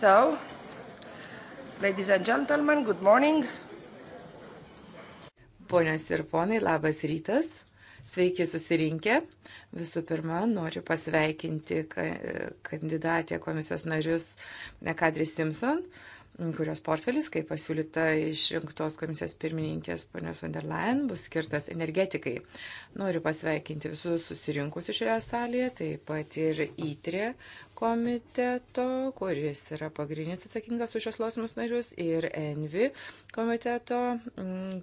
So, ladies and gentlemen, good morning. Ponios ir ponai, labas rytas. Sveiki susirinkę. Visų pirma, noriu pasveikinti kandidatę komisijos narius Nekadri Simpson. Uh, kurios portfelis, kaip pasiūlyta išrinktos komisijos pirmininkės ponios van der Leyen, bus skirtas energetikai. Noriu pasveikinti visus susirinkusius šioje salėje, taip pat ir įtrė e komiteto, kuris yra pagrindinis atsakingas už šios lausimus narius, ir ENVI komiteto,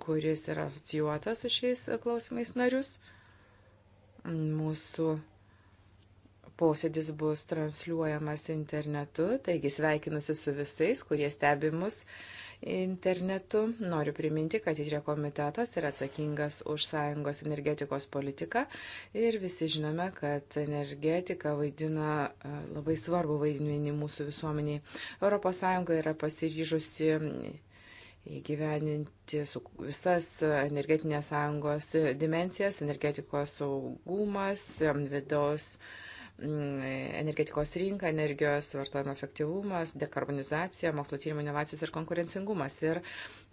kuris yra asocijuotas su šiais klausimais narius. Mūsų Posėdis bus transliuojamas internetu, taigi sveikinusi su visais, kurie stebimus internetu. Noriu priminti, kad įtrė komitetas yra atsakingas už sąjungos energetikos politiką ir visi žinome, kad energetika vaidina e, labai svarbu vaidmenį mūsų visuomeniai. ES yra pasiryžusi įgyveninti visas energetinės sąjungos dimensijas - energetikos saugumas, vidaus Mm, energetikos rinka, energijos vartojimo efektyvumas, dekarbonizacija, mokslo tyrimo inovacijos ir konkurencingumas. Ir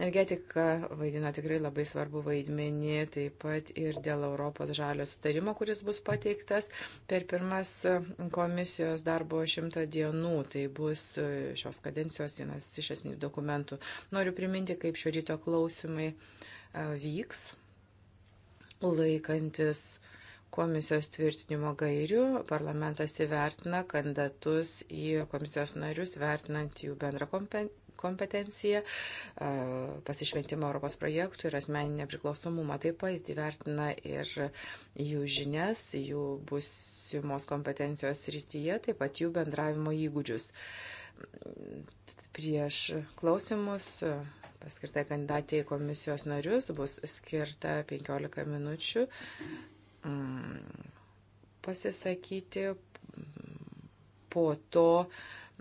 energetika vaidino tikrai labai svarbu vaidmenį, taip pat ir dėl Europos žalio sutarimo, kuris bus pateiktas per pirmas mm, komisijos darbo šimtą dienų. Tai bus e, šios kadencijos vienas iš esminių dokumentų. Noriu priminti, kaip šio ryto klausimai e, vyks laikantis komisijos tvirtinimo gairių parlamentas įvertina kandidatus į komisijos narius, vertinant jų bendrą kompetenciją, pasišventimą Europos projektų ir asmeninę priklausomumą. Taip pat įvertina ir jų žinias, jų busimos kompetencijos rytyje, taip pat jų bendravimo įgūdžius. Prieš klausimus paskirtai kandidatė į komisijos narius bus skirta 15 minučių pasisakyti, po to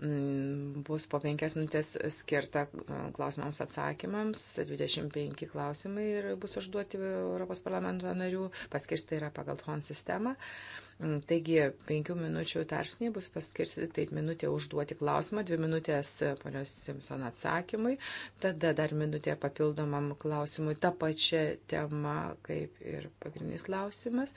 mm, bus po penkias minutės skirta e, klausimams atsakymams, 25 klausimai ir bus užduoti Europos parlamento narių, paskirsti yra pagal FON sistemą. Um, Mm, taigi, penkių minučių tarpsniai bus paskirsti, taip, minutė užduoti klausimą, dvi minutės e, ponios Simpson atsakymui, tada dar minutė papildomam klausimui tą pačią temą, kaip ir pagrindinis klausimas,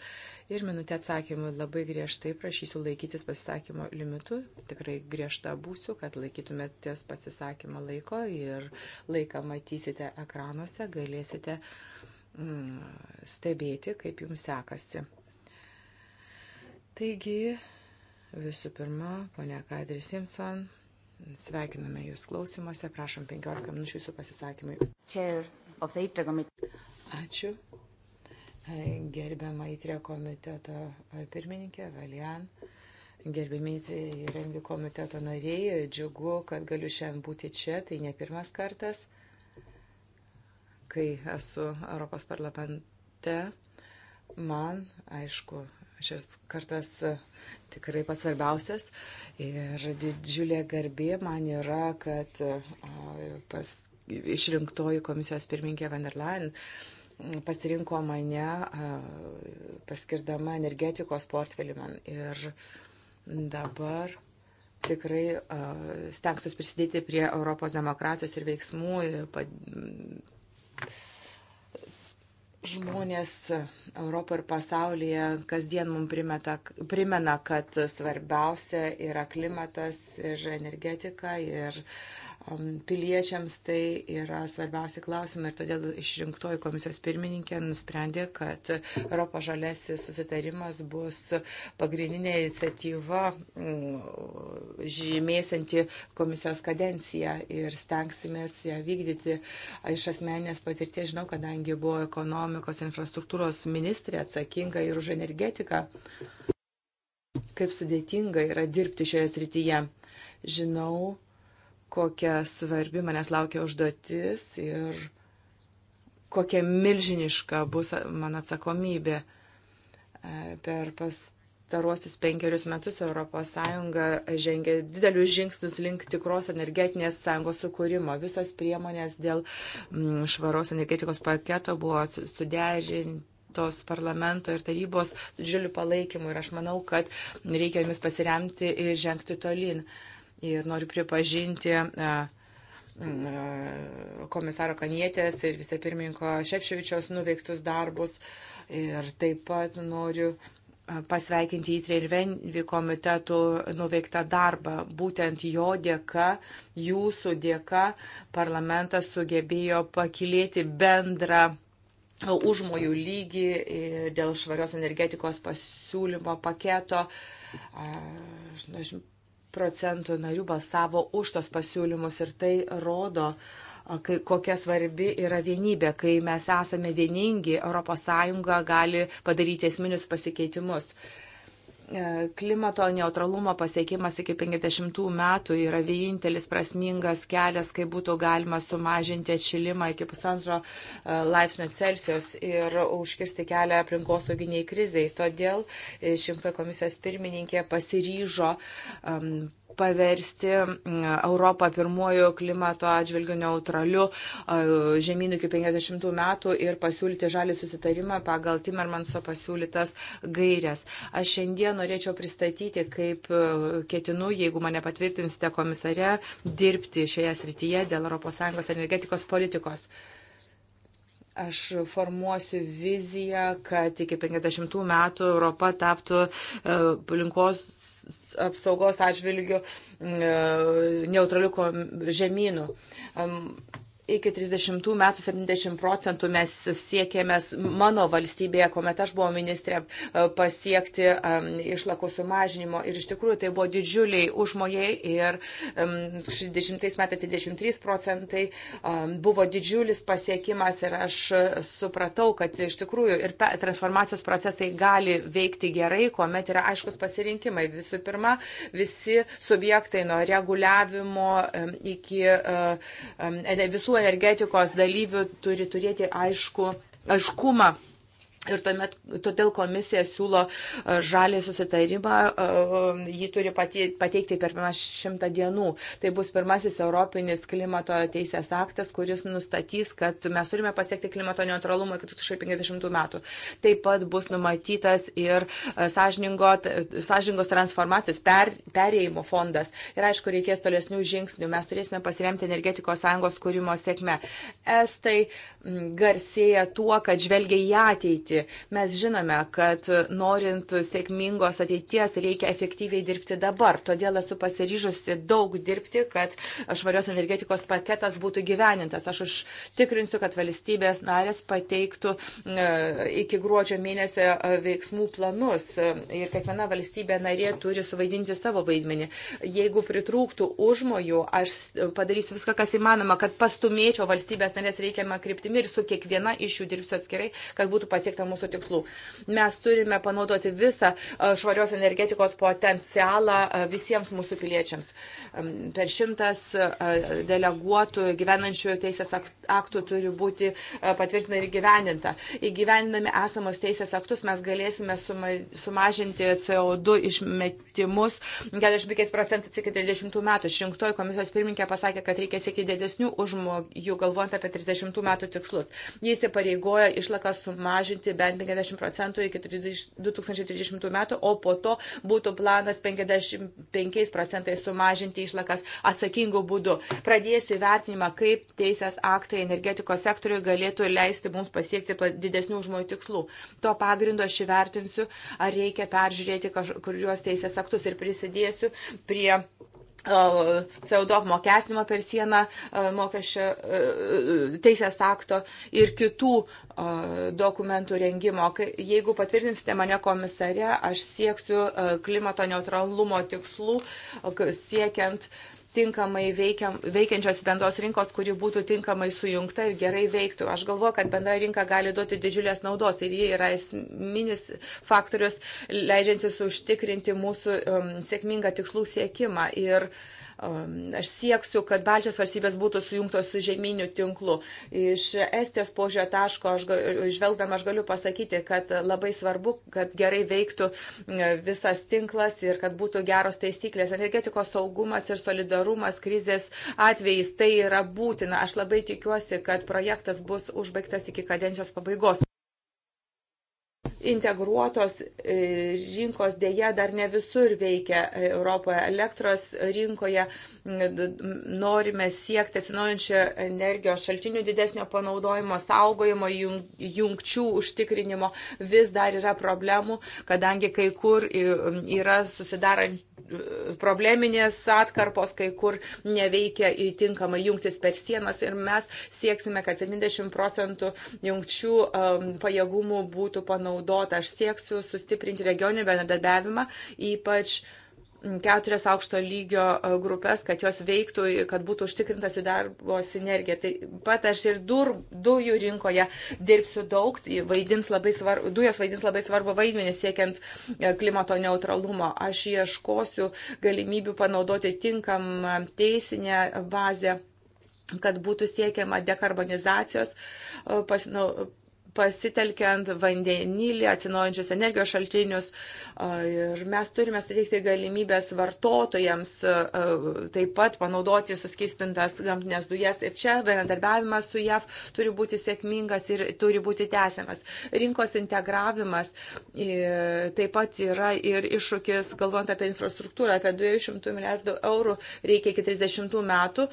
ir minutė atsakymui labai griežtai prašysiu laikytis pasisakymo limitų, tikrai griežta būsiu, kad laikytumėtės pasisakymo laiko ir laiką matysite ekranuose, galėsite mm, stebėti, kaip jums sekasi. Taigi, visų pirma, ponia Kadri Simpson, sveikiname jūs klausimuose, prašom 15 minučių jūsų pasisakymai. Ačiū. Gerbiama įtrė komiteto pirmininkė Valian. Gerbimi ir rengi komiteto nariai, džiugu, kad galiu šiandien būti čia, tai ne pirmas kartas, kai esu Europos parlamente. Man, aišku, šis kartas e, tikrai pats svarbiausias ir didžiulė garbė man yra, kad e, pas, išrinktoji komisijos pirmininkė Van der Leyen pasirinko mane e, paskirdama energetikos portfelį man ir dabar tikrai stengsiuosi prisidėti prie Europos demokratijos ir veiksmų. Ir pad žmonės Europoje ir pasaulyje kasdien mums primeta, primena, kad svarbiausia yra klimatas ir energetika ir uh, Um, piliečiams tai yra svarbiausi klausimai ir todėl išrinktoji komisijos pirmininkė nusprendė, kad Europos žalesis susitarimas bus pagrindinė iniciatyva mm, žymėsianti komisijos kadenciją ir stengsimės ją vykdyti. Iš asmenės patirties žinau, kadangi buvo ekonomikos infrastruktūros ministrė atsakinga ir už energetiką kaip sudėtinga yra dirbti šioje srityje. Žinau, kokia svarbi manęs laukia užduotis ir kokia milžiniška bus mano atsakomybė. Per pastaruosius penkerius metus ES žengia didelius žingsnius link tikros energetinės sąjungos sukūrimo. Visas priemonės dėl mm, švaros energetikos paketo buvo suderinti tos parlamento ir tarybos didžiuliu palaikymu ir aš manau, kad reikia jomis pasiremti ir žengti tolin. Uh, Ir noriu pripažinti komisaro Kanietės ir vicepirmininko Šepševičios nuveiktus darbus. Ir taip pat noriu pasveikinti įtrį ir venvi komitetų nuveiktą darbą. Būtent jo dėka, jūsų dėka, parlamentas sugebėjo pakilėti bendrą užmojų lygį dėl švarios energetikos pasiūlymo paketo. Aš, aš procentų narių balsavo už tos pasiūlymus ir tai rodo, kai, kokia svarbi yra vienybė, kai mes esame vieningi, ES gali padaryti esminius pasikeitimus. Uh, E, klimato neutralumo pasiekimas iki 50 metų yra vienintelis prasmingas kelias, kaip būtų galima sumažinti atšilimą iki pusantro e, laipsnio Celsijos ir užkirsti kelią aplinkosauginiai kriziai. Todėl e, šimtojo komisijos pirmininkė pasiryžo um, paversti Europą pirmuoju klimato atžvilgiu neutraliu žemynu iki 50 metų ir pasiūlyti žalį susitarimą pagal Timmermanso pasiūlytas gairias. Aš šiandien norėčiau pristatyti, kaip ketinu, jeigu mane patvirtinsite komisare, dirbti šioje srityje dėl ES energetikos politikos aš formuosiu viziją, kad iki 50 metų Europa taptų e, aplinkos apsaugos atžvilgių mm, e, neutralių žemynų iki 30 metų 70 procentų mes siekėme mano valstybėje, kuomet aš buvau ministrė, e, pasiekti um, išlakų sumažinimo. Ir iš tikrųjų tai buvo didžiuliai užmojai ir um, 60 metais 23 procentai um, buvo didžiulis pasiekimas ir aš supratau, kad iš tikrųjų ir transformacijos procesai gali veikti gerai, kuomet yra aiškus pasirinkimai. Visų pirma, visi subjektai nuo reguliavimo um, iki uh, um, visų energetikos dalyvių turi turėti aišku, aiškumą Ir tuomet, todėl komisija siūlo e, žalį susitarimą, e, jį turi pateikti per pirmas šimtą dienų. Tai bus pirmasis Europinis klimato teisės aktas, kuris nustatys, kad mes turime pasiekti klimato neutralumą iki 2050 metų. Taip pat bus numatytas ir e, sąžiningos transformacijos per, perėjimo fondas. Ir aišku, reikės tolesnių žingsnių. Mes turėsime pasiremti energetikos sąjungos kūrimo sėkme. Estai garsėja tuo, kad žvelgia į ateitį. Mes žinome, kad norint sėkmingos ateities reikia efektyviai dirbti dabar. Todėl esu pasiryžusi daug dirbti, kad švarios energetikos paketas būtų gyvenintas. Aš užtikrinsiu, kad valstybės narės pateiktų e, iki gruodžio mėnesio e, veiksmų planus e, ir kiekviena valstybė narė turi suvaidinti savo vaidmenį. Jeigu pritrūktų užmojų, aš padarysiu viską, kas įmanoma, kad pastumėčiau valstybės narės reikiamą kryptimį sritimi ir su kiekviena iš jų dirbsiu atskirai, kad būtų pasiekta mūsų tikslų. Mes turime panaudoti visą švarios energetikos potencialą visiems mūsų piliečiams. Per šimtas deleguotų gyvenančių teisės aktų turi būti patvirtina ir gyveninta. Įgyvendinami esamos teisės aktus mes galėsime sumažinti CO2 išmetimus 45 procentais iki 30 metų. Šrinktoji komisijos pirmininkė pasakė, kad reikia siekti didesnių užmojų, galvojant apie 30 metų tikslus tikslus. Jis įpareigoja išlakas sumažinti bent 50 procentų iki 2030 metų, o po to būtų planas 55 procentai sumažinti išlakas atsakingų būdų. Pradėsiu įvertinimą, kaip teisės aktai energetikos sektoriui galėtų leisti mums pasiekti didesnių užmojų tikslų. Tuo pagrindu aš įvertinsiu, ar reikia peržiūrėti kažkuriuos teisės aktus ir prisidėsiu prie CO2 apmokestinimo per sieną mokesčio teisės akto ir kitų dokumentų rengimo. Jeigu patvirtinsite mane komisare, aš sieksiu klimato neutralumo tikslų, siekiant uh, tinkamai veikiam, veikiančios bendros rinkos, kuri būtų tinkamai sujungta ir gerai veiktų. Aš galvoju, kad bendra rinka gali duoti didžiulės naudos ir jie yra esminis faktorius, leidžiantis užtikrinti mūsų um, sėkmingą tikslų siekimą. Ir uh, Aš sieksiu, kad Baltijos valstybės būtų sujungtos su žemyniu tinklu. Iš Estijos požio taško, aš, žvelgdama, aš galiu pasakyti, kad labai svarbu, kad gerai veiktų visas tinklas ir kad būtų geros taisyklės. Energetikos saugumas ir solidarumas krizės atvejais tai yra būtina. Aš labai tikiuosi, kad projektas bus užbaigtas iki kadencijos pabaigos integruotos e, rinkos dėje dar ne visur veikia e, Europoje. Elektros rinkoje norime siekti atsinaujančio energijos šaltinių didesnio panaudojimo, saugojimo, jungčių užtikrinimo. Vis dar yra problemų, kadangi kai kur yra susidarant probleminės atkarpos, kai kur neveikia įtinkamai jungtis per sienas ir mes sieksime, kad 70 procentų jungčių um, pajėgumų būtų panaudota. Aš sieksiu sustiprinti regioninį bendradarbiavimą, ypač uh, keturias aukšto lygio e, grupės, kad jos veiktų, kad būtų užtikrintas jų darbo sinergija. Taip pat aš ir dur, dujų rinkoje dirbsiu daug, tai vaidins svar, dujos vaidins labai svarbu vaidmenį siekiant e, klimato neutralumo. Aš ieškosiu galimybių panaudoti tinkamą teisinę bazę kad būtų siekiama dekarbonizacijos, e, pasinau, pasitelkiant vandenilį, atsinaujančius energijos šaltinius. Ir mes turime suteikti galimybės vartotojams taip pat panaudoti suskistintas gamtinės dujas. Ir čia bendradarbiavimas su JAV turi būti sėkmingas ir turi būti tęsiamas. Rinkos integravimas taip pat yra ir iššūkis, galvojant apie infrastruktūrą, apie 200 milijardų eurų reikia iki 30 metų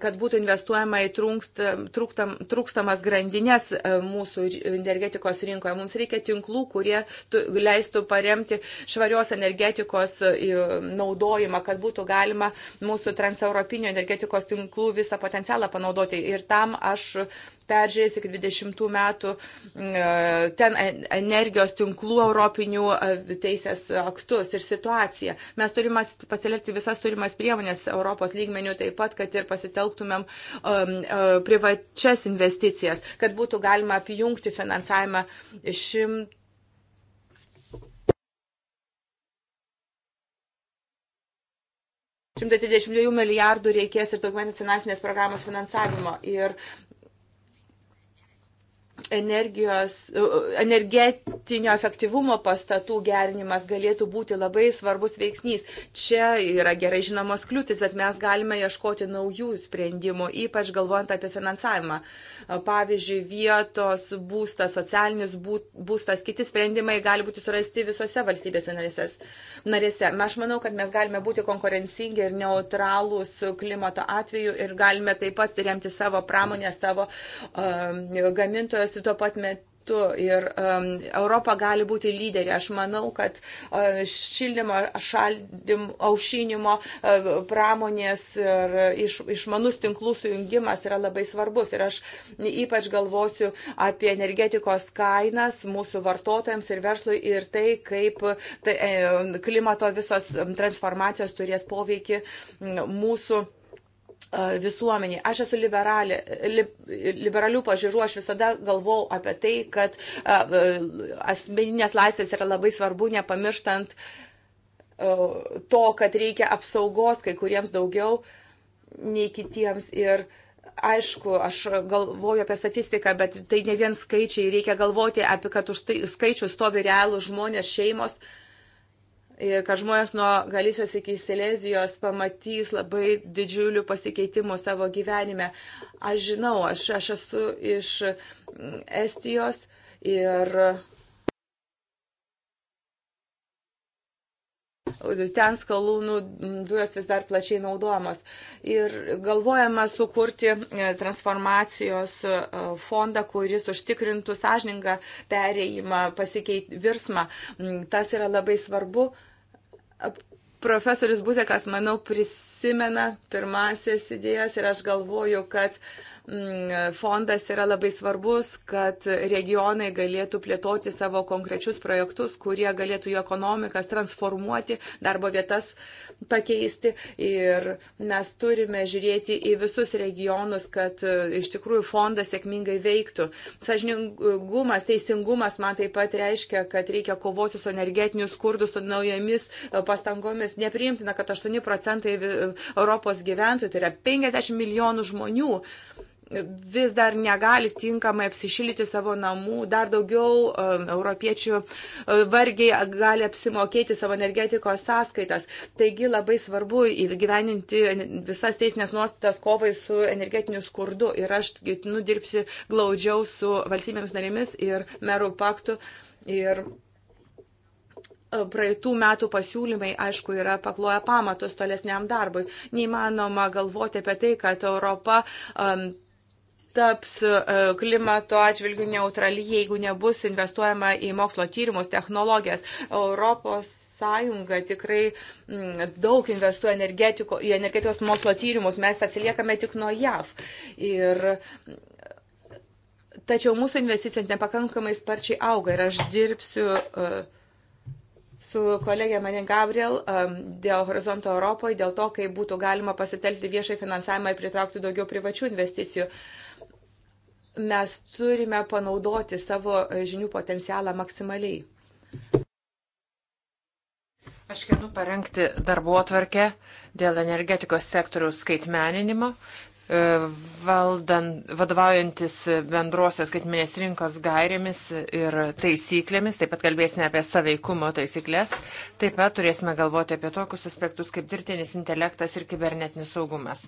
kad būtų investuojama į trūkstam, trūkstamas grandinės e, mūsų energetikos rinkoje. Mums reikia tinklų, kurie leistų paremti švarios energetikos e, naudojimą, kad būtų galima mūsų transeuropinio energetikos tinklų visą potencialą panaudoti. Ir tam aš peržiūrėjus iki 20 metų mm, e, ten energijos tinklų europinių e, teisės aktus ir situaciją. Mes turime pasitelkti visas turimas priemonės Europos lygmenių taip pat, kad ir pasitelktumėm um, e, privačias investicijas, kad būtų galima apjungti finansavimą šimtų. šimtas dvidešimt dviejų milijardų reikės ir dokumentinės finansinės programos finansavimo ir energijos, energetinio efektyvumo pastatų gerinimas galėtų būti labai svarbus veiksnys. Čia yra gerai žinomos kliūtis, bet mes galime ieškoti naujų sprendimų, ypač galvojant apie finansavimą. Pavyzdžiui, vietos būstas, socialinis būstas, kiti sprendimai gali būti surasti visose valstybėse narėse. Aš manau, kad mes galime būti konkurencingi ir neutralūs klimato atveju ir galime taip pat remti savo pramonę, savo um, gamintojus vystosi tuo pat metu metu ir um, Europa gali būti lyderė. Aš manau, kad uh, šildymo, šaldim, aušinimo uh, pramonės ir iš, išmanus tinklų sujungimas yra labai svarbus. Ir aš ypač galvosiu apie energetikos kainas mūsų vartotojams ir verslui ir tai, kaip tai, um, klimato visos um, transformacijos turės poveikį um, mūsų visuomeniai. Aš esu liberali, li, liberalių pažiūrų, aš visada galvau apie tai, kad asmeninės laisvės yra labai svarbu, nepamirštant to, kad reikia apsaugos kai kuriems daugiau nei kitiems. Ir aišku, aš galvoju apie statistiką, bet tai ne vien skaičiai, reikia galvoti apie, kad už tai skaičių stovi realų žmonės, šeimos. Uh, ir kad žmonės nuo Galisijos iki Silezijos pamatys labai didžiulių pasikeitimų savo gyvenime. Aš žinau, aš, aš esu iš Estijos ir ten skalūnų dujos vis dar plačiai naudojamos. Ir galvojama sukurti e, transformacijos e, fondą, kuris užtikrintų sąžiningą pereimą, pasikeit virsmą. Mm, tas yra labai svarbu profesorius Buzekas, manau, prisimena pirmasias idėjas ir aš galvoju, kad mm, fondas yra labai svarbus, kad regionai galėtų plėtoti savo konkrečius projektus, kurie galėtų jų ekonomikas transformuoti, darbo vietas pakeisti ir mes turime žiūrėti į visus regionus, kad e, iš tikrųjų fondas sėkmingai veiktų. Sažiningumas, teisingumas man taip pat reiškia, kad reikia kovoti su energetiniu skurdu, su naujomis e, pastangomis. Nepriimtina, kad 8 procentai Europos gyventojų, tai yra 50 milijonų žmonių, vis dar negali tinkamai apsišilyti savo namų, dar daugiau um, europiečių uh, vargiai gali apsimokėti savo energetikos sąskaitas. Taigi labai svarbu įgyveninti visas teisinės nuostatas kovai su energetiniu skurdu ir aš ketinu dirbsi glaudžiau su valstybėms narėmis ir merų paktu. Ir uh, praeitų metų pasiūlymai, aišku, yra pakloja pamatus tolesniam darbui. Neįmanoma galvoti apie tai, kad Europa um, taps e, klimato atžvilgių neutrali, jeigu nebus investuojama į mokslo tyrimus, technologijas. Europos sąjunga tikrai mm, daug investuoja į energetikos mokslo tyrimus, mes atsiliekame tik nuo JAV. Ir mm, tačiau mūsų investicijos nepakankamai sparčiai auga ir aš dirbsiu. Uh, su kolegė Marin Gabriel e, dėl Horizonto Europoje, dėl to, kaip būtų galima pasitelkti viešai finansavimą ir pritraukti daugiau privačių investicijų. Uh, mes turime panaudoti savo e, žinių potencialą maksimaliai. Aš ketinu parengti darbo atvarkę dėl energetikos sektoriaus skaitmeninimo. E, Valdant, vadovaujantis bendrosios skaitminės rinkos gairėmis ir taisyklėmis, taip pat kalbėsime apie saveikumo taisyklės, taip pat turėsime galvoti apie tokius aspektus kaip dirbtinis intelektas ir kibernetinis saugumas.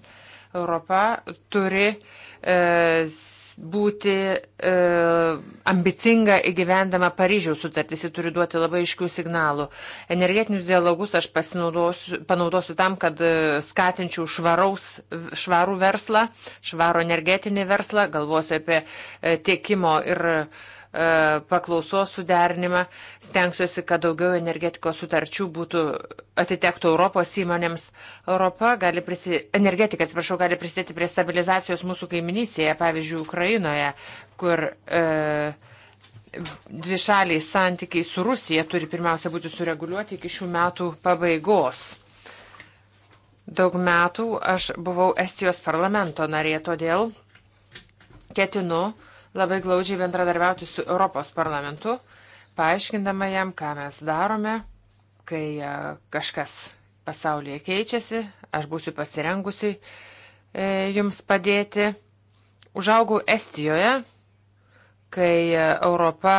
Europa turi e, būti e, ambicinga įgyvendama Paryžiaus sutartis, ji turi duoti labai iškių signalų. Energetinius dialogus aš panaudosiu tam, kad e, skatinčiau švaraus, švarų verslą, švaro energetinį verslą, galvosiu apie e, tiekimo ir E, paklausos suderinimą. Stengsiuosi, kad daugiau energetikos sutarčių būtų atitektų Europos įmonėms. Europa gali prisidėti, energetika, atsiprašau, gali prisidėti prie stabilizacijos mūsų kaiminysėje, pavyzdžiui, Ukrainoje, kur e, dvišaliai santykiai su Rusija turi pirmiausia būti sureguliuoti iki šių metų pabaigos. Daug metų aš buvau Estijos parlamento narė, todėl ketinu uh, labai glaudžiai bendradarbiauti su Europos parlamentu, paaiškindama jam, ką mes darome, kai e, kažkas pasaulyje keičiasi, aš būsiu pasirengusi e, jums padėti. Užaugau Estijoje, kai e, Europa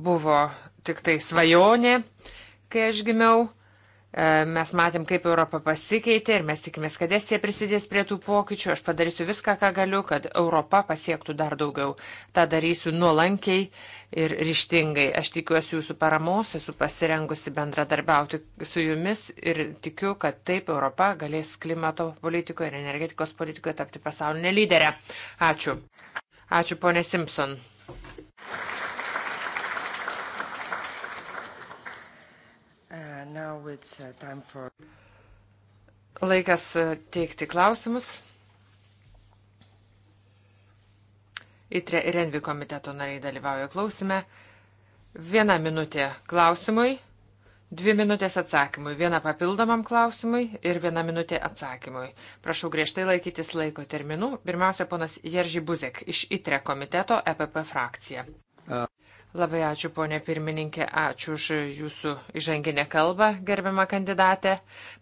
buvo tik tai svajonė, kai aš gimiau E, mes matėm, kaip Europa pasikeitė ir mes tikimės, kad Estija prisidės prie tų pokyčių. Aš padarysiu viską, ką galiu, kad Europa pasiektų dar daugiau. Ta darysiu nuolankiai ir ryštingai. Aš tikiuosi jūsų paramos, esu pasirengusi bendradarbiauti su jumis ir tikiu, kad taip Europa galės klimato politikoje ir energetikos politikoje tapti pasaulinė lyderė. Ačiū. Ačiū, ponė Simpson. Uh, for... Laikas uh, teikti klausimus. Įtre ir Envi komiteto nariai dalyvauja klausime. Viena minutė klausimui, dvi minutės atsakymui, viena papildomam klausimui ir viena minutė atsakymui. Prašau griežtai laikytis laiko terminų. Pirmiausia, ponas Jerži Buzek iš ITRE komiteto EPP frakcija. Labai ačiū, ponė pirmininkė, ačiū už jūsų įžanginę kalbą, gerbiamą kandidatę.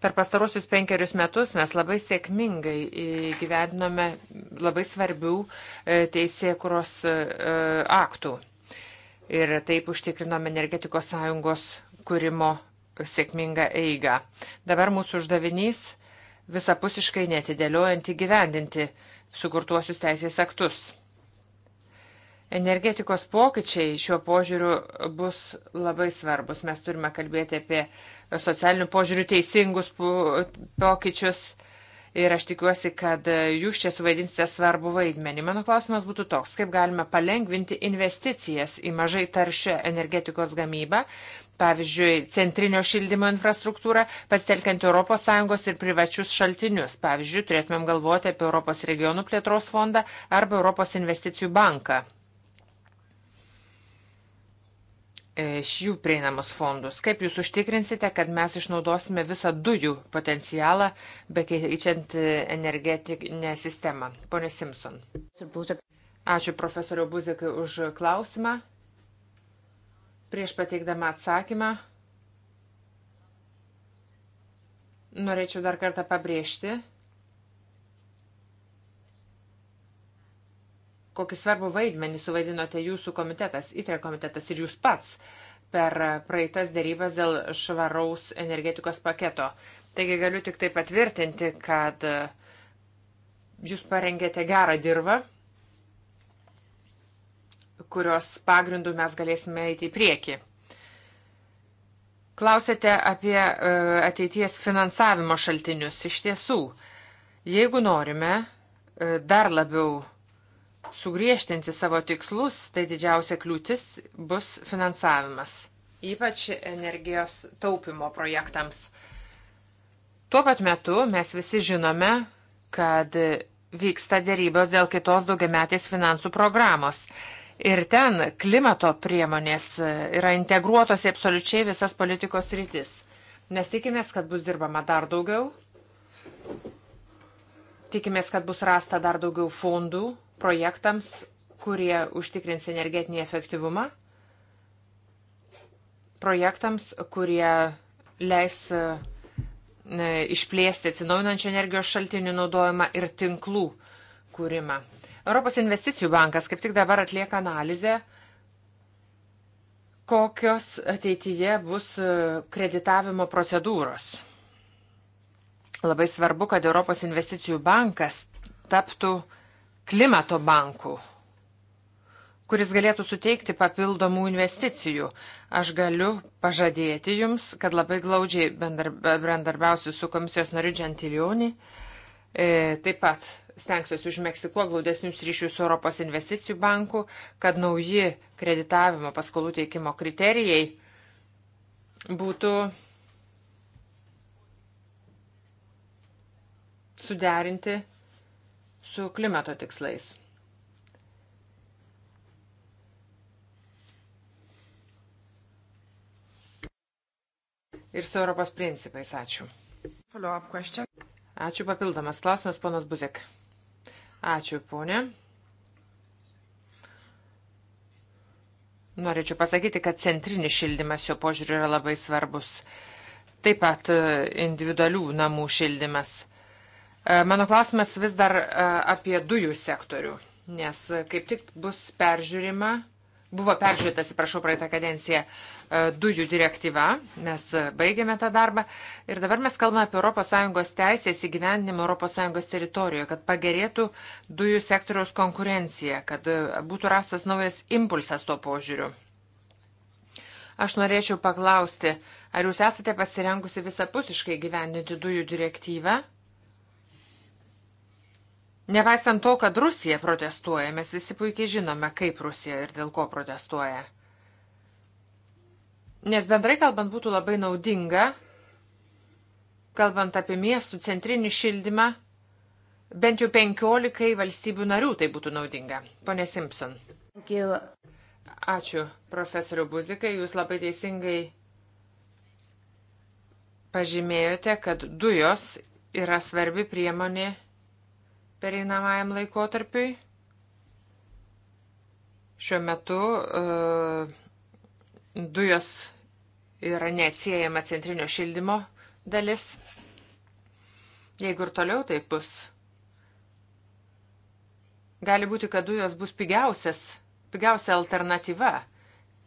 Per pastarosius penkerius metus mes labai sėkmingai gyvendinome labai svarbių e, teisėkuros e, aktų. Ir taip užtikrinome energetikos sąjungos kūrimo sėkmingą eigą. Dabar mūsų uždavinys visapusiškai netidėliojant įgyvendinti sukurtuosius teisės aktus. Energetikos pokyčiai šiuo požiūriu bus labai svarbus. Mes turime kalbėti apie socialinių požiūrių teisingus pokyčius ir aš tikiuosi, kad jūs čia suvaidinsite svarbų vaidmenį. Mano klausimas būtų toks, kaip galime palengvinti investicijas į mažai taršią energetikos gamybą, pavyzdžiui, centrinio šildymo infrastruktūrą, pasitelkiant ES ir privačius šaltinius. Pavyzdžiui, turėtumėm galvoti apie Europos regionų plėtros fondą arba Europos investicijų banką. E, iš jų prieinamus fondus. Kaip jūs užtikrinsite, kad mes išnaudosime visą dujų potencialą, be keičiant e, energetinę sistemą? Pone Simpson. Ačiū profesoriu Buzikai už klausimą. Prieš pateikdama atsakymą, norėčiau dar kartą pabrėžti, kokį svarbų vaidmenį suvaidinote jūsų komitetas, ITRE komitetas ir jūs pats per praeitas dėrybas dėl švaraus energetikos paketo. Taigi galiu tik tai patvirtinti, kad e, jūs parengėte gerą dirbą, kurios pagrindų mes galėsime eiti į priekį. Klausėte apie e, ateities finansavimo šaltinius. Iš tiesų, jeigu norime e, dar labiau sugriežtinti savo tikslus, tai didžiausia kliūtis bus finansavimas, ypač energijos taupimo projektams. Tuo pat metu mes visi žinome, kad vyksta dėrybos dėl kitos daugiametės finansų programos. Ir ten klimato priemonės yra integruotos į absoliučiai visas politikos rytis. Nes tikimės, kad bus dirbama dar daugiau. Tikimės, kad bus rasta dar daugiau fondų projektams, kurie užtikrins energetinį efektyvumą, projektams, kurie leis e, išplėsti atsinaujinančių energijos šaltinių naudojimą ir tinklų kūrimą. Europos investicijų bankas kaip tik dabar atlieka analizę, kokios ateityje bus e, kreditavimo procedūros. Labai svarbu, kad Europos investicijų bankas taptų uh, klimato banku, kuris galėtų suteikti papildomų investicijų. Aš galiu pažadėti Jums, kad labai glaudžiai bendarbiausiu su komisijos nariu Džentilionį. E, taip pat stengsiuosi užmėgsti kuo glaudesnius ryšius su Europos investicijų banku, kad nauji kreditavimo paskolų teikimo kriterijai būtų suderinti su klimato tikslais. Ir su Europos principais. Ačiū. Ačiū papildomas klausimas, ponas Buzek. Ačiū, ponė. Norėčiau pasakyti, kad centrinis šildymas jo požiūriu yra labai svarbus. Taip pat e, individualių namų šildymas. E, mano klausimas vis dar e, apie dujų sektorių, nes kaip tik bus peržiūrima, buvo peržiūrėta, atsiprašau, praeitą kadenciją e, dujų direktyva, mes baigėme tą darbą ir dabar mes kalbame apie ES teisės įgyvendinimą ES teritorijoje, kad pagerėtų dujų sektoriaus konkurencija, kad būtų rastas naujas impulsas tuo požiūriu. Aš norėčiau paklausti, ar jūs esate pasirengusi visapusiškai gyvendinti dujų direktyvą? Nepaisant to, kad Rusija protestuoja, mes visi puikiai žinome, kaip Rusija ir dėl ko protestuoja. Nes bendrai kalbant būtų labai naudinga, kalbant apie miestų centrinį šildymą, bent jau penkiolikai valstybių narių tai būtų naudinga. Pone Simpson. Ačiū, profesoriu Buzikai, jūs labai teisingai pažymėjote, kad dujos yra svarbi priemonė pereinamajam laikotarpiui. Šiuo metu uh, dujos yra neatsiejama centrinio šildymo dalis. Jeigu ir toliau taip bus, gali būti, kad dujos bus pigiausias, pigiausia alternatyva,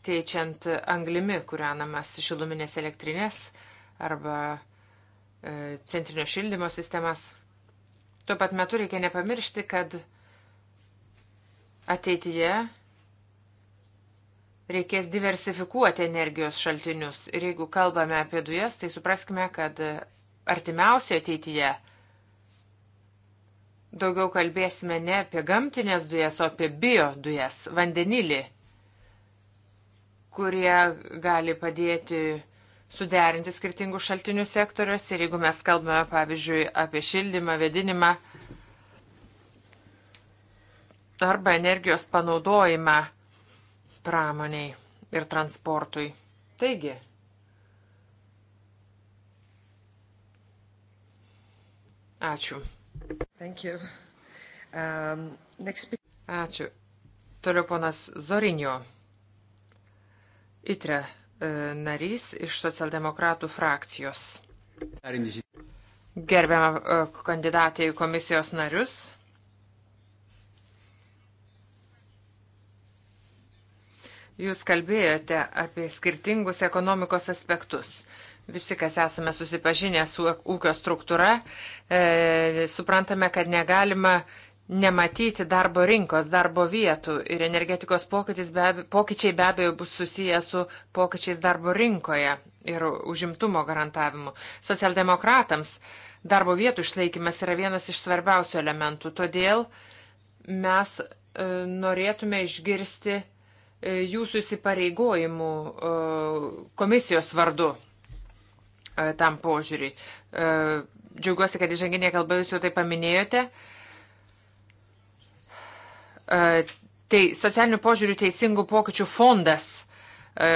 keičiant anglimi kūrenamas šiluminės elektrinės arba e, centrinio šildymo sistemas. Tuo pat metu reikia nepamiršti, kad ateityje reikės diversifikuoti energijos šaltinius. Ir jeigu kalbame apie dujas, tai supraskime, kad artimiausioje ateityje daugiau kalbėsime ne apie gamtinės dujas, o apie biodujas, vandenilį, kurie gali padėti suderinti skirtingų šaltinių sektorius ir jeigu mes kalbame, pavyzdžiui, apie šildymą, vedinimą arba energijos panaudojimą pramoniai ir transportui. Taigi, ačiū. Um, next... Ačiū. Toliau ponas Zorinio. Itre E, narys iš socialdemokratų frakcijos. Gerbiamą e, kandidatę į komisijos narius. Jūs kalbėjote apie skirtingus ekonomikos aspektus. Visi, kas esame susipažinę su ūkio struktūra, e, suprantame, kad negalima nematyti darbo rinkos, darbo vietų ir energetikos be abejo, pokyčiai be abejo bus susiję su pokyčiais darbo rinkoje ir užimtumo garantavimu. Socialdemokratams darbo vietų išlaikymas yra vienas iš svarbiausių elementų, todėl mes e, norėtume išgirsti e, jūsų įsipareigojimų e, komisijos vardu e, tam požiūriui. E, džiaugiuosi, kad įžanginė kalba jūs jau tai paminėjote. E, tai socialinių požiūrių teisingų pokyčių fondas e,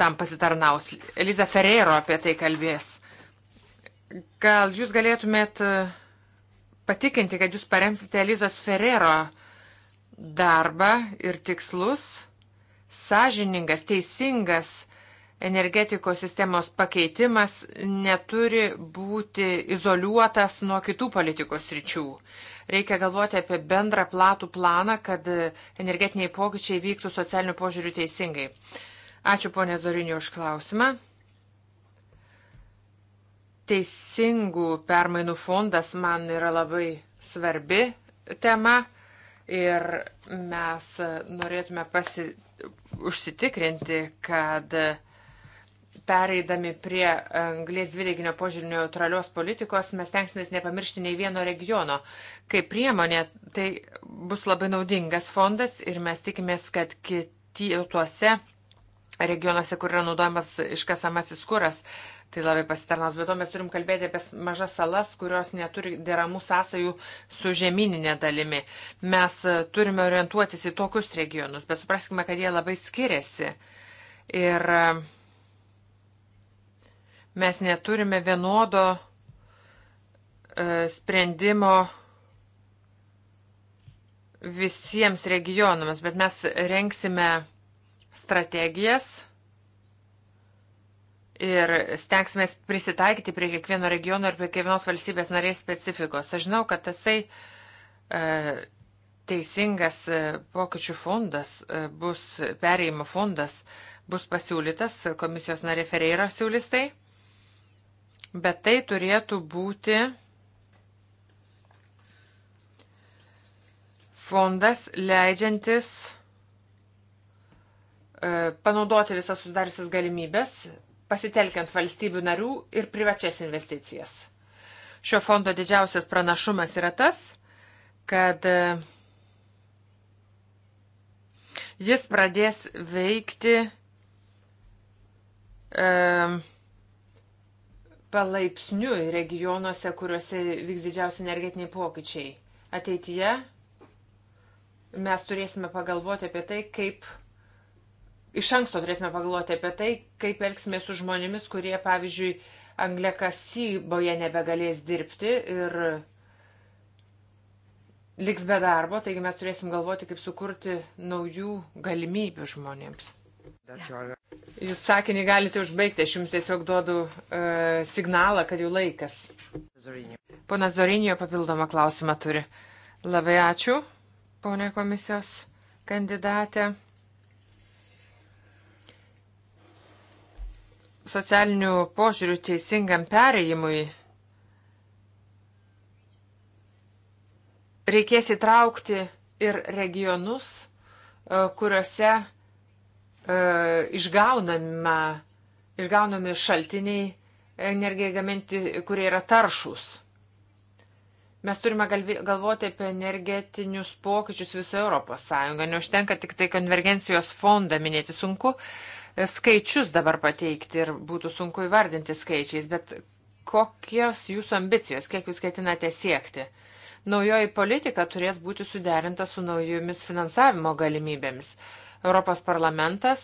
tam pasitarnaus. Eliza Ferrero apie tai kalbės. Gal jūs galėtumėt e, patikinti, kad jūs paremsite Elizos Ferrero darbą ir tikslus? Sažiningas, teisingas energetikos sistemos pakeitimas neturi būti izoliuotas nuo kitų politikos ryčių. Reikia galvoti apie bendrą platų planą, kad energetiniai pokyčiai vyktų socialiniu požiūriu teisingai. Ačiū ponė Zorinio už klausimą. Teisingų permainų fondas man yra labai svarbi tema ir mes norėtume pasi... užsitikrinti, kad uh, pereidami prie anglės dvideginio požiūrį neutralios politikos, mes tenksimės nepamiršti nei vieno regiono. Kaip priemonė, tai bus labai naudingas fondas ir mes tikimės, kad kituose regionuose, kur yra naudojamas iškasamasis kuras, tai labai pasitarnaus. Bet to mes turim kalbėti apie mažas salas, kurios neturi deramų sąsajų su žemyninė dalimi. Mes e, turime orientuotis į tokius regionus, bet supraskime, kad jie labai skiriasi. Ir uh, Mes neturime vienodo e, sprendimo visiems regionams, bet mes renksime strategijas ir stengsime prisitaikyti prie kiekvieno regiono ir prie kiekvienos valstybės narės specifikos. Aš žinau, kad tasai e, teisingas e, pokyčių fondas e, bus, perėjimo fondas bus pasiūlytas, komisijos narė Ferreira siūlys tai bet tai turėtų būti fondas leidžiantis e, panaudoti visas susidariusias galimybės, pasitelkiant valstybių narių ir privačias investicijas. Šio fondo didžiausias pranašumas yra tas, kad e, jis pradės veikti e, palaipsniui regionuose, kuriuose vyks didžiausi energetiniai pokyčiai. Ateityje mes turėsime pagalvoti apie tai, kaip iš anksto turėsime pagalvoti apie tai, kaip elgsime su žmonėmis, kurie, pavyzdžiui, anglekasyboje nebegalės dirbti ir liks be darbo. Taigi mes turėsim galvoti, kaip sukurti naujų galimybių žmonėms. Jūs sakinį galite užbaigti, aš jums tiesiog duodu uh, signalą, kad jau laikas. Zorinio. Pana Zorinio papildomą klausimą turi. Labai ačiū, ponė komisijos kandidatė. Socialinių požiūrių teisingam perėjimui reikės įtraukti ir regionus, e, kuriuose E, išgaunama, išgaunami šaltiniai energijai gaminti, kurie yra taršus. Mes turime galvoti apie energetinius pokyčius visoje Europos Sąjungoje. Neužtenka tik tai konvergencijos fondą minėti sunku, e, skaičius dabar pateikti ir būtų sunku įvardinti skaičiais, bet kokios jūsų ambicijos, kiek jūs ketinate siekti? Naujoji politika turės būti suderinta su naujomis finansavimo galimybėmis. Uh, Europos parlamentas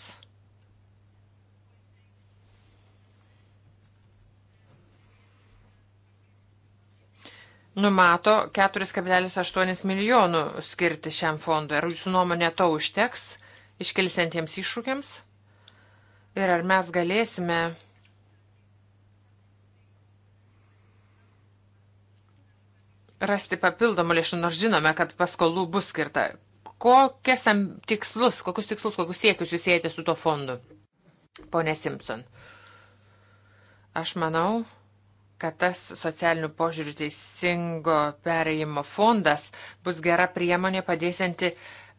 numato 4,8 milijonų skirti šiam fondui. Ar jūsų nuomonė to užteks iškilsiantiems iššūkiams? Ir ar mes galėsime rasti papildomų lėšų, nors žinome, kad paskolų bus skirta kokias tikslus, kokius tikslus, kokius siekius jūs siejate su tuo fondu, ponė Simpson? Aš manau, kad tas socialinių požiūrių teisingo pereimo fondas bus gera priemonė padėsianti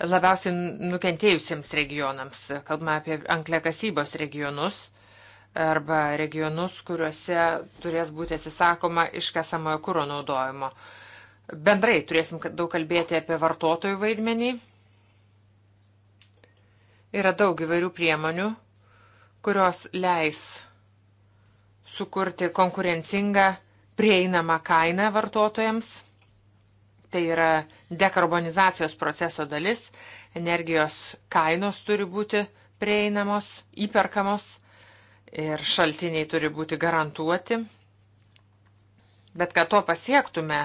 labiausiai nukentėjusiems regionams. Kalbame apie anklekasybos regionus arba regionus, kuriuose turės būti atsisakoma iškasamojo kūro naudojimo. Bendrai turėsim daug kalbėti apie vartotojų vaidmenį Yra daug įvairių priemonių, kurios leis sukurti konkurencingą, prieinamą kainą vartotojams. Tai yra dekarbonizacijos proceso dalis. Energijos kainos turi būti prieinamos, įperkamos ir šaltiniai turi būti garantuoti. Bet kad to pasiektume,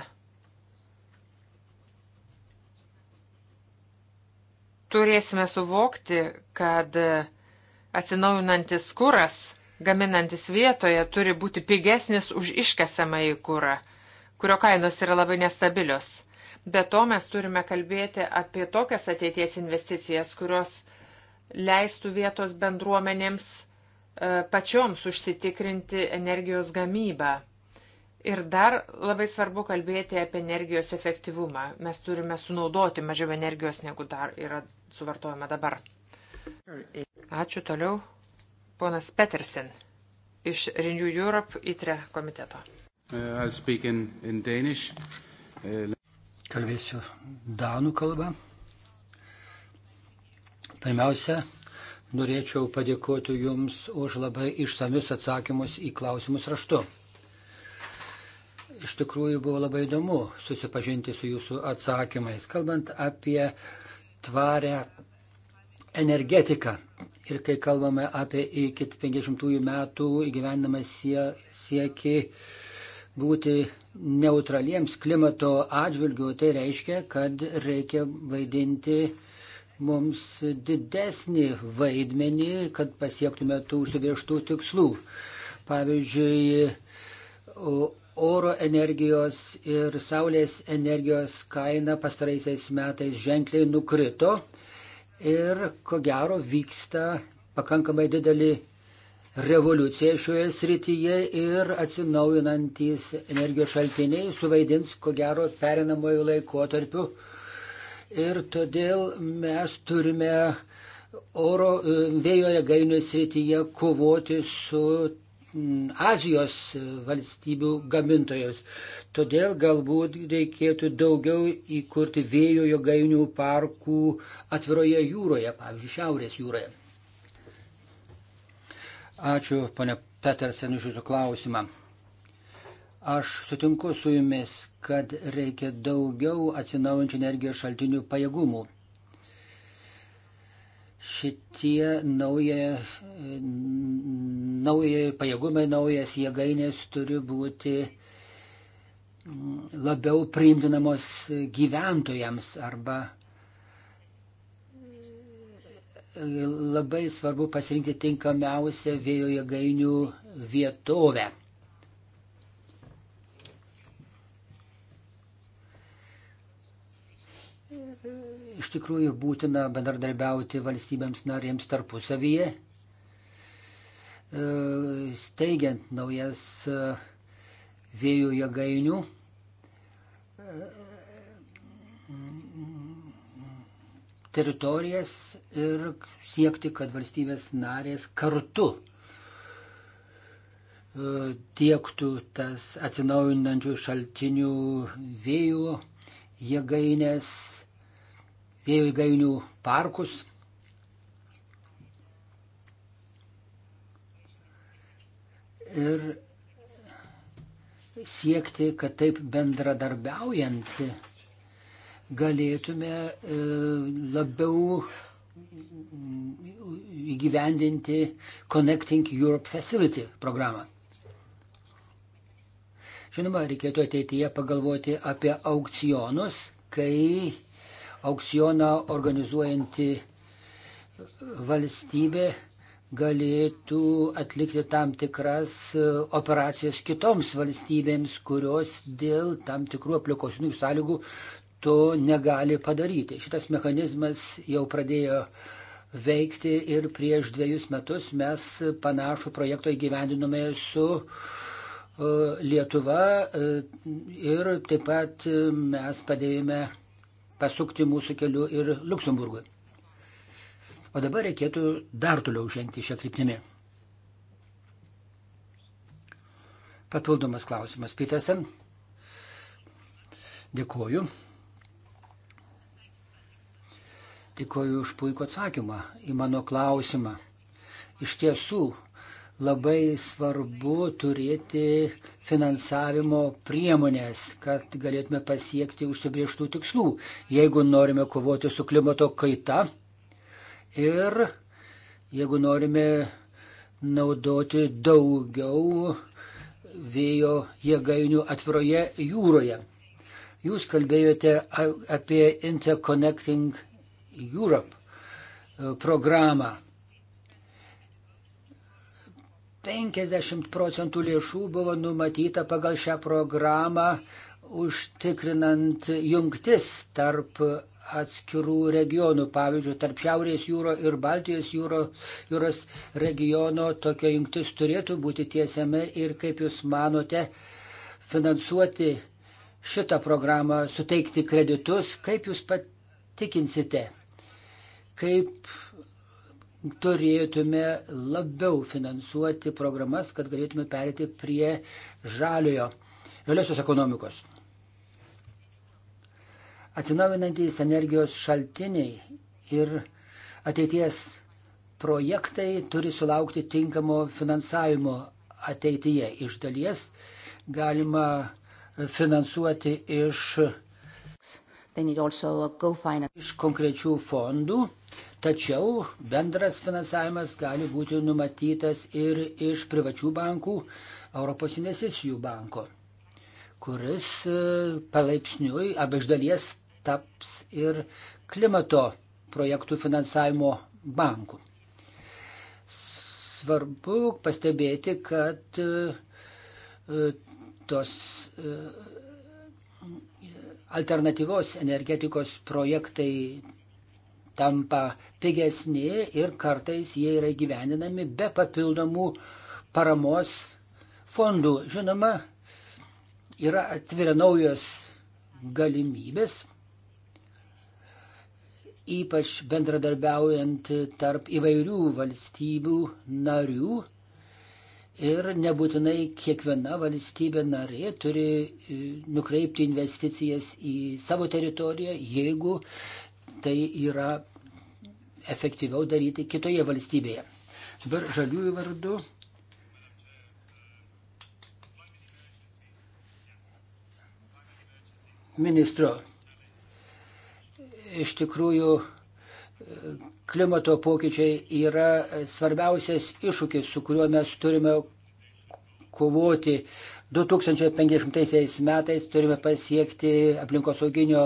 turėsime suvokti, kad atsinaujinantis kuras, gaminantis vietoje, turi būti pigesnis už iškesamą į kurą, kurio kainos yra labai nestabilios. Be to mes turime kalbėti apie tokias ateities investicijas, kurios leistų vietos bendruomenėms e, pačioms užsitikrinti energijos gamybą. Ir dar labai svarbu kalbėti apie energijos efektyvumą. Mes turime sunaudoti mažiau energijos, negu dar yra suvartojama dabar. Ačiū toliau. Ponas Petersen iš Renew Europe ITRE komiteto. Uh, uh, Kalbėsiu danų kalbą. Pirmiausia, norėčiau padėkoti Jums už labai išsamius atsakymus į klausimus raštu. Iš tikrųjų buvo labai įdomu susipažinti su jūsų atsakymais, kalbant apie tvarę energetiką. Ir kai kalbame apie iki 50 metų įgyvendamą sie, siekį būti neutraliems klimato atžvilgių, tai reiškia, kad reikia vaidinti mums didesnį vaidmenį, kad pasiektume tų užsibrieštų tikslų. Pavyzdžiui, Oro energijos ir saulės energijos kaina pastaraisiais metais ženkliai nukrito ir ko gero vyksta pakankamai didelį revoliucija šioje srityje ir atsinaujinantys energijos šaltiniai suvaidins, ko gero, perinamojų laikotarpių. Ir todėl mes turime oro e, vėjo jėgainių srityje kovoti su Mm, Azijos valstybių gamintojus. Todėl galbūt reikėtų daugiau įkurti vėjo jėgainių parkų atviroje jūroje, pavyzdžiui, Šiaurės jūroje. Ačiū, pane Petersen, už Jūsų klausimą. Aš sutinku su Jumis, kad reikia daugiau atsinaujančių energijos šaltinių pajėgumų šitie nauja, nauja pajėgumai, naujas jėgainės turi būti mm, labiau priimtinamos gyventojams arba labai svarbu pasirinkti tinkamiausią vėjo jėgainių vietovę. iš tikrųjų būtina bendradarbiauti valstybėms narėms tarpusavyje, e, steigiant naujas e, vėjų jėgainių. E, teritorijas ir siekti, kad valstybės narės kartu tiektų tas atsinaujinančių šaltinių vėjų jėgainės vėjo įgainių parkus. Ir siekti, kad taip bendradarbiaujant galėtume e, labiau įgyvendinti Connecting Europe Facility programą. Žinoma, reikėtų ateityje pagalvoti apie aukcionus, kai aukcioną organizuojanti valstybė galėtų atlikti tam tikras e, operacijas kitoms valstybėms, kurios dėl tam tikrų aplikosinių sąlygų to negali padaryti. Šitas mechanizmas jau pradėjo veikti ir prieš dviejus metus mes panašų projektą įgyvendinome su e, Lietuva e, ir taip pat mes padėjome pasukti mūsų keliu ir Luksemburgui. O dabar reikėtų dar toliau žengti šią kryptimį. Papildomas klausimas, Pytesen. Dėkuoju. Dėkuoju už puikų atsakymą į mano klausimą. Iš tiesų, labai svarbu turėti finansavimo priemonės, kad galėtume pasiekti užsibrieštų tikslų, jeigu norime kovoti su klimato kaita ir jeigu norime naudoti daugiau vėjo jėgainių atviroje jūroje. Jūs kalbėjote apie Interconnecting Europe e, programą 50 procentų lėšų buvo numatyta pagal šią programą užtikrinant jungtis tarp atskirų regionų, pavyzdžiui, tarp Šiaurės jūro ir Baltijos jūro, jūros regiono tokia jungtis turėtų būti tiesiama ir kaip Jūs manote, finansuoti šitą programą, suteikti kreditus, kaip Jūs patikinsite, kaip turėtume labiau finansuoti programas, kad galėtume perėti prie žaliojo, žaliosios ekonomikos. Atsinaujinantys energijos šaltiniai ir ateities projektai turi sulaukti tinkamo finansavimo ateityje. Iš dalies galima finansuoti iš, iš konkrečių fondų Tačiau bendras finansavimas gali būti numatytas ir iš privačių bankų, Europos investicijų banko, kuris e, palaipsniui arba iš dalies taps ir klimato projektų finansavimo banku. Svarbu pastebėti, kad e, e, tos alternatyvos energetikos projektai tampa pigesni ir kartais jie yra gyveninami be papildomų paramos fondų. Žinoma, yra atveria naujos galimybės, ypač bendradarbiaujant tarp įvairių valstybių narių. Ir nebūtinai kiekviena valstybė narė turi e, nukreipti investicijas į savo teritoriją, jeigu tai yra efektyviau daryti kitoje valstybėje. Dabar žaliųjų vardu. Ministro, iš tikrųjų klimato pokyčiai yra svarbiausias iššūkis, su kuriuo mes turime kovoti. 2050 metais turime pasiekti aplinkosauginio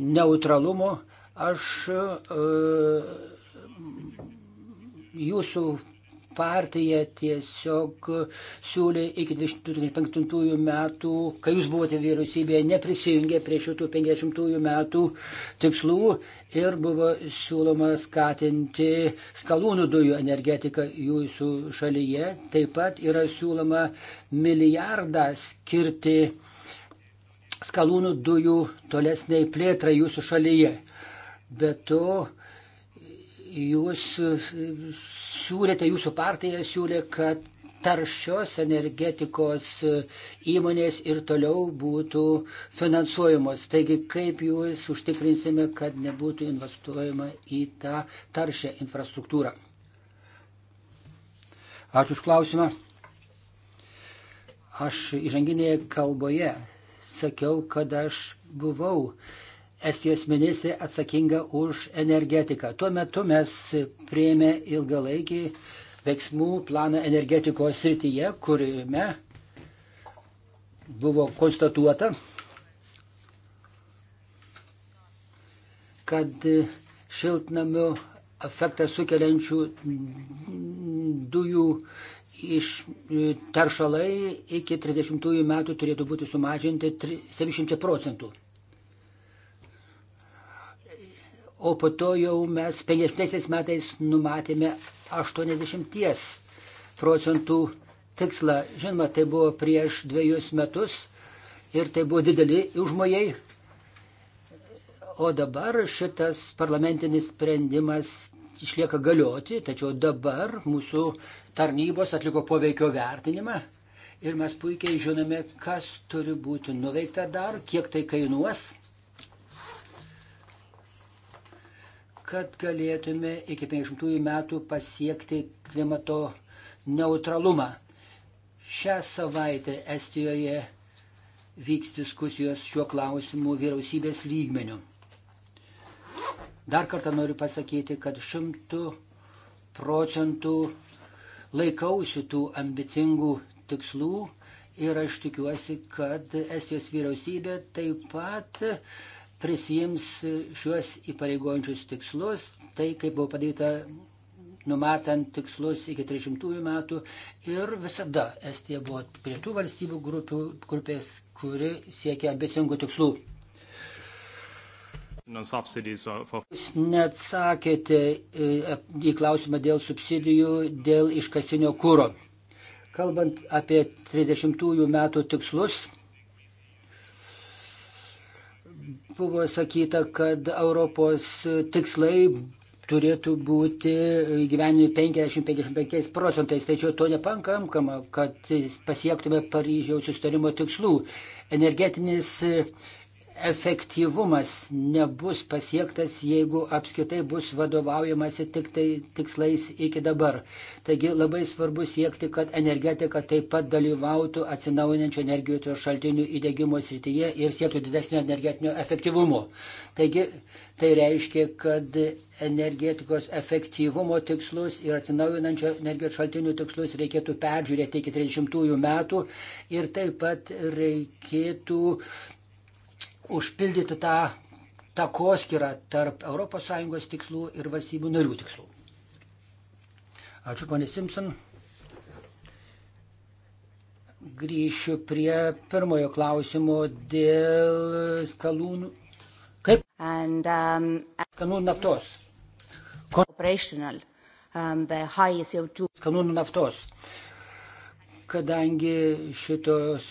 neutralumo Aš e, jūsų partija tiesiog siūlė iki 2025 metų, kai jūs buvote vyriausybėje, neprisijungė prie šitų 50 metų tikslų ir buvo siūloma skatinti skalūnų dujų energetiką jūsų šalyje. Taip pat yra siūloma milijardą skirti skalūnų dujų tolesniai plėtrai jūsų šalyje. Bet to jūs siūlėte, jūsų partija siūlė, kad taršios energetikos įmonės ir toliau būtų finansuojamos. Taigi, kaip jūs užtikrinsime, kad nebūtų investuojama į tą taršę infrastruktūrą? Ačiū už klausimą. Aš įžanginėje kalboje sakiau, kad aš buvau uh, Estijos ministrė atsakinga už energetiką. Tuo metu mes prieėmė ilgalaikį veiksmų planą energetikos srityje, kuriame buvo konstatuota, kad šiltnamių efektą sukeliančių dujų iš e, taršalai iki 30 metų turėtų būti sumažinti 700 procentų. o po to jau mes 50 metais numatėme 80 procentų tikslą. Žinoma, tai buvo prieš dviejus metus ir tai buvo dideli užmojai. O dabar šitas parlamentinis sprendimas išlieka galioti, tačiau dabar mūsų tarnybos atliko poveikio vertinimą ir mes puikiai žinome, kas turi būti nuveikta dar, kiek tai kainuos. kad galėtume iki 50 metų pasiekti klimato neutralumą. Šią savaitę Estijoje vyks diskusijos šiuo klausimu vyriausybės lygmeniu. Dar kartą noriu pasakyti, kad šimtų procentų laikausi tų ambicingų tikslų ir aš tikiuosi, kad Estijos vyriausybė taip pat prisijims šiuos įpareigojančius tikslus, tai kaip buvo padaryta numatant tikslus iki 30 metų ir visada Estija buvo prie tų valstybių grupių, grupės, kuri siekia ambicingų tikslų. Jūs neatsakėte e, e, į klausimą dėl subsidijų, dėl iškasinio kūro. Kalbant apie 30 metų tikslus, Buvo sakyta, kad Europos tikslai turėtų būti gyvenimi 50-55 procentais, tačiau to nepankama, kad pasiektume Paryžiaus sustarimo tikslų. Energetinis uh, efektyvumas nebus pasiektas, jeigu apskritai bus vadovaujamasi tik tai tikslais iki dabar. Taigi labai svarbu siekti, kad energetika taip pat dalyvautų atsinaujinančio energijos šaltinių įdėgymo srityje ir siektų didesnio energetinio efektyvumo. Taigi tai reiškia, kad energetikos efektyvumo tikslus ir atsinaujinančio energijos šaltinių tikslus reikėtų peržiūrėti iki 30 metų ir taip pat reikėtų užpildyti tą takoskirą tarp ES tikslų ir valstybių narių tikslų. Ačiū, ponė Simpson. Grįšiu prie pirmojo klausimo dėl skalūnų. Kaip? And, um, skalūnų naftos. Kon... Um, Skalūnų naftos kadangi šitos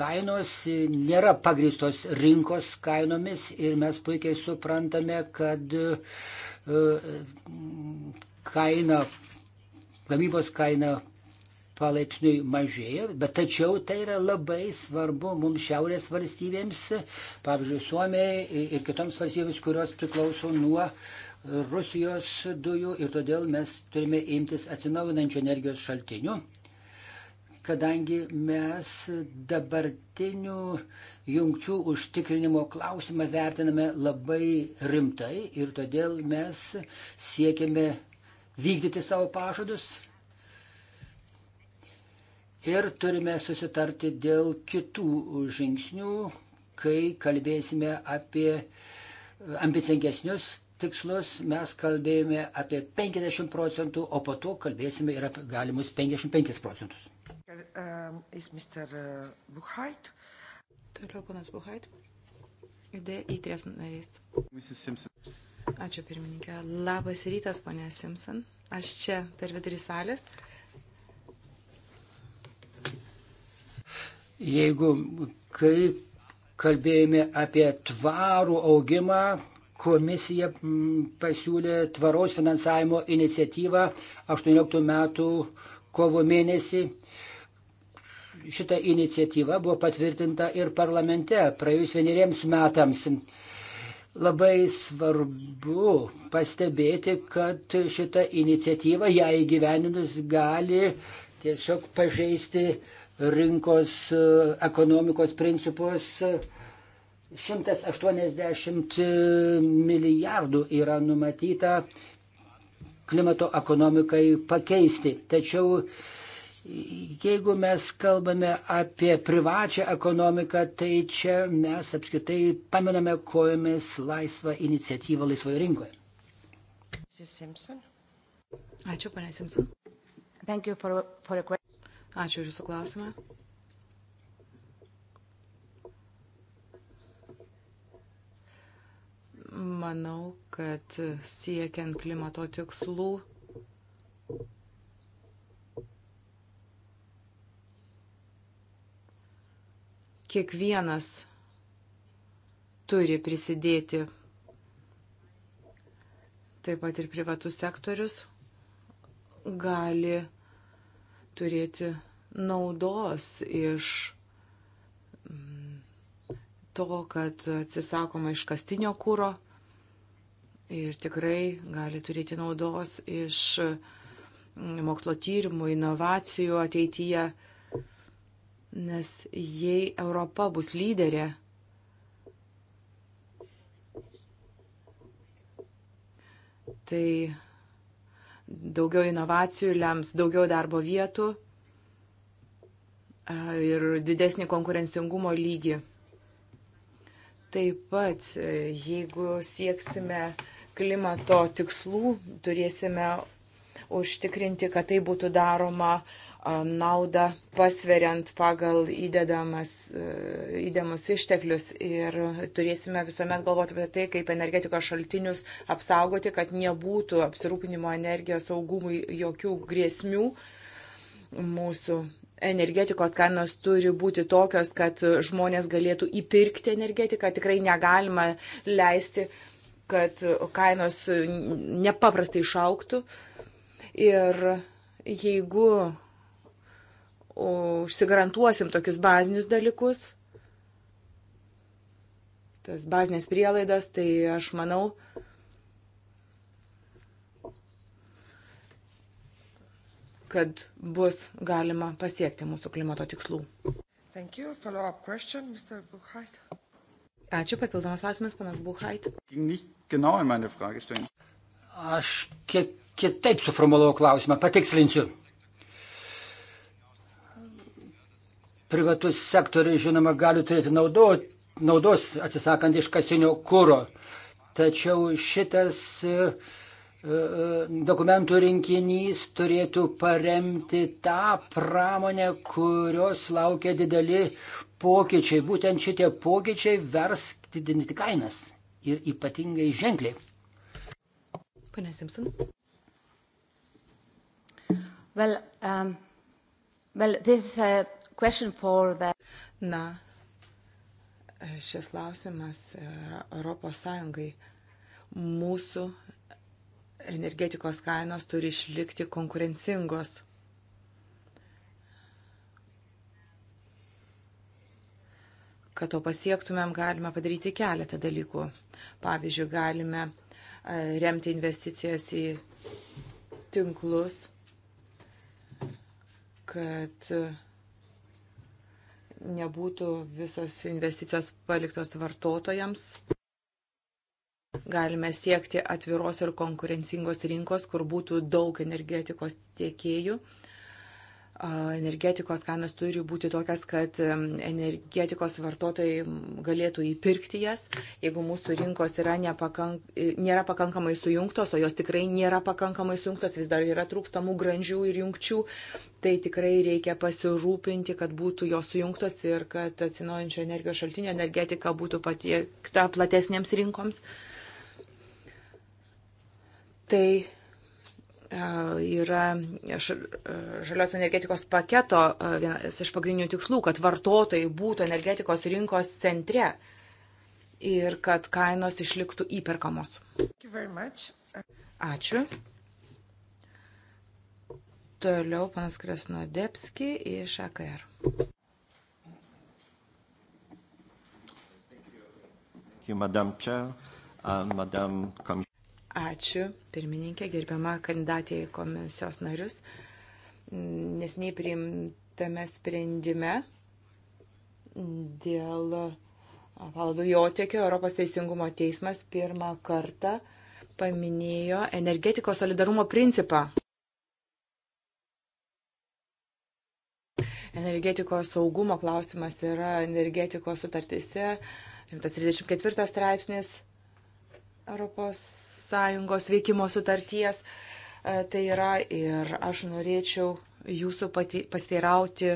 kainos nėra pagristos rinkos kainomis ir mes puikiai suprantame, kad e, kaina, gamybos kaina palaipsniui mažėja, bet tačiau tai yra labai svarbu mums šiaurės valstybėms, pavyzdžiui, Suomijai ir kitoms valstybėms, kurios priklauso nuo Rusijos dujų ir todėl mes turime imtis atsinaujinančių energijos šaltinių kadangi mes dabartinių jungčių užtikrinimo klausimą vertiname labai rimtai ir todėl mes siekiame vykdyti savo pažadus ir turime susitarti dėl kitų žingsnių, kai kalbėsime apie ambicingesnius tikslus mes kalbėjome apie 50 procentų, o po to kalbėsime ir apie galimus 55 procentus. Uh, uh, Toliau panas Buhait. ID į tris narys. Ačiū pirmininkė. Labas rytas, ponė Simpson. Aš čia per vidurį salės. Jeigu kai kalbėjome apie tvarų augimą, komisija pasiūlė tvaraus finansavimo iniciatyvą 18 metų kovo mėnesį šita iniciatyva buvo patvirtinta ir parlamente praėjus vieneriems metams. Labai svarbu pastebėti, kad šita iniciatyva, ją įgyveninus, gali tiesiog pažeisti rinkos ekonomikos principus. 180 milijardų yra numatyta klimato ekonomikai pakeisti. Tačiau Jeigu mes kalbame apie privačią ekonomiką, tai čia mes apskritai paminame kojomis laisvą iniciatyvą laisvoje rinkoje. Ačiū, panė Simpson. For, for a... Ačiū už Jūsų klausimą. Manau, kad siekiant klimato tikslų kiekvienas turi prisidėti. Taip pat ir privatus sektorius gali turėti naudos iš mm, to, kad atsisakoma iškastinio kūro ir tikrai gali turėti naudos iš mm, mokslo tyrimų, inovacijų ateityje. Nes jei Europa bus lyderė, tai daugiau inovacijų lems daugiau darbo vietų ir didesnį konkurencingumo lygį. Taip pat, e, jeigu sieksime klimato tikslų, turėsime užtikrinti, kad tai būtų daroma naudą pasveriant pagal įdedamas, e, įdedamus išteklius ir turėsime visuomet galvoti apie tai, kaip energetikos šaltinius apsaugoti, kad nebūtų apsirūpinimo energijos saugumui jokių grėsmių mūsų. Energetikos kainos turi būti tokios, kad žmonės galėtų įpirkti energetiką. Tikrai negalima leisti, kad kainos nepaprastai išauktų. Ir jeigu užsigarantuosim tokius bazinius dalykus, tas bazinės prielaidas, tai aš manau, kad bus galima pasiekti mūsų klimato tikslų. Question, Ačiū, papildomas klausimas, panas Buhait. Aš kiek kitaip suformulavau klausimą, patikslinsiu. privatus sektorius, žinoma, gali turėti naudo, naudos atsisakant iškasinio kūro. Tačiau šitas e, e, dokumentų rinkinys turėtų paremti tą pramonę, kurios laukia dideli pokyčiai. Būtent šitie pokyčiai vers didinti kainas ir ypatingai ženkliai. Pane Simpson. Well, um, well, this, uh... Na, šis klausimas Europos Sąjungai. Mūsų energetikos kainos turi išlikti konkurencingos. Kad to pasiektumėm, galime padaryti keletą dalykų. Pavyzdžiui, galime e, remti investicijas į tinklus, kad uh, nebūtų visos investicijos paliktos vartotojams. Galime siekti atviros ir konkurencingos rinkos, kur būtų daug energetikos tiekėjų. Uh, energetikos kainos turi būti tokias, kad energetikos vartotojai galėtų įpirkti jas. Jeigu mūsų rinkos yra nepakank, e, nėra pakankamai sujungtos, o jos tikrai nėra pakankamai sujungtos, vis dar yra trūkstamų grandžių ir jungčių, tai tikrai reikia pasirūpinti, kad būtų jos sujungtos ir kad atsinaujančio energijos šaltinio energetika būtų patiekta platesnėms rinkoms. Tai E, yra e, žalios energetikos paketo e, vienas iš pagrindinių tikslų, kad vartotojai būtų energetikos rinkos centre ir kad kainos išliktų įperkamos. Ačiū. Toliau panas Krasnodepski iš AKR. Madam Chair, uh, Madam Commissioner. Ačiū, pirmininkė, gerbiama kandidatė į komisijos narius. Nesiniai priimtame sprendime dėl valdų jotiekio Europos Teisingumo teismas pirmą kartą paminėjo energetikos solidarumo principą. Energetikos saugumo klausimas yra energetikos sutartyse, 134 straipsnis Europos sąjungos veikimo sutarties. E, tai yra ir aš norėčiau jūsų pasiteirauti,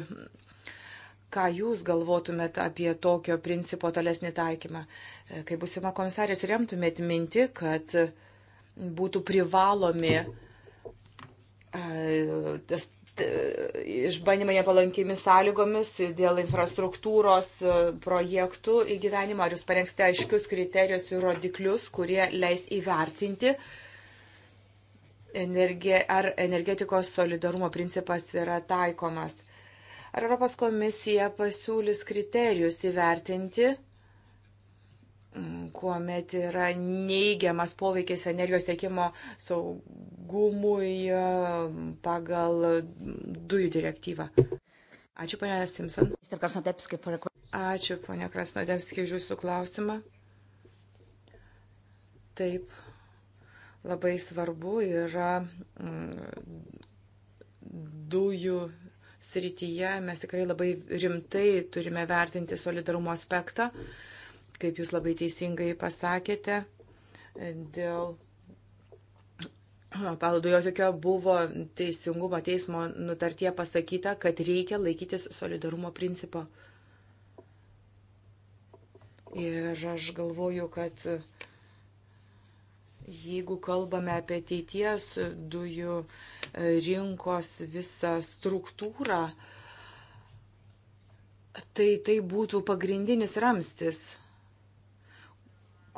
ką jūs galvotumėt apie tokio principo tolesnį taikymą. E, kai busima komisarės remtumėt minti, kad būtų privalomi e, tas E, išbandymai nepalankimis sąlygomis dėl infrastruktūros e, projektų įgyvenimo. Ar jūs parengsite aiškius kriterijus ir rodiklius, kurie leis įvertinti, energie, ar energetikos solidarumo principas yra taikomas? Ar Europos komisija pasiūlys kriterijus įvertinti? kuomet yra neigiamas poveikis energijos tiekimo saugumui e, pagal dujų direktyvą. Ačiū, ponia Simpson. Ačiū, ponia Krasnodemskė, už jūsų klausimą. Taip, labai svarbu yra mm, dujų srityje. Mes tikrai labai rimtai turime vertinti solidarumo aspektą. Mm kaip jūs labai teisingai pasakėte, dėl palaidojotikio buvo teisingumo teismo nutartie pasakyta, kad reikia laikytis solidarumo principo. Ir aš galvoju, kad jeigu kalbame apie ateities dujų e, rinkos visą struktūrą, tai tai būtų pagrindinis ramstis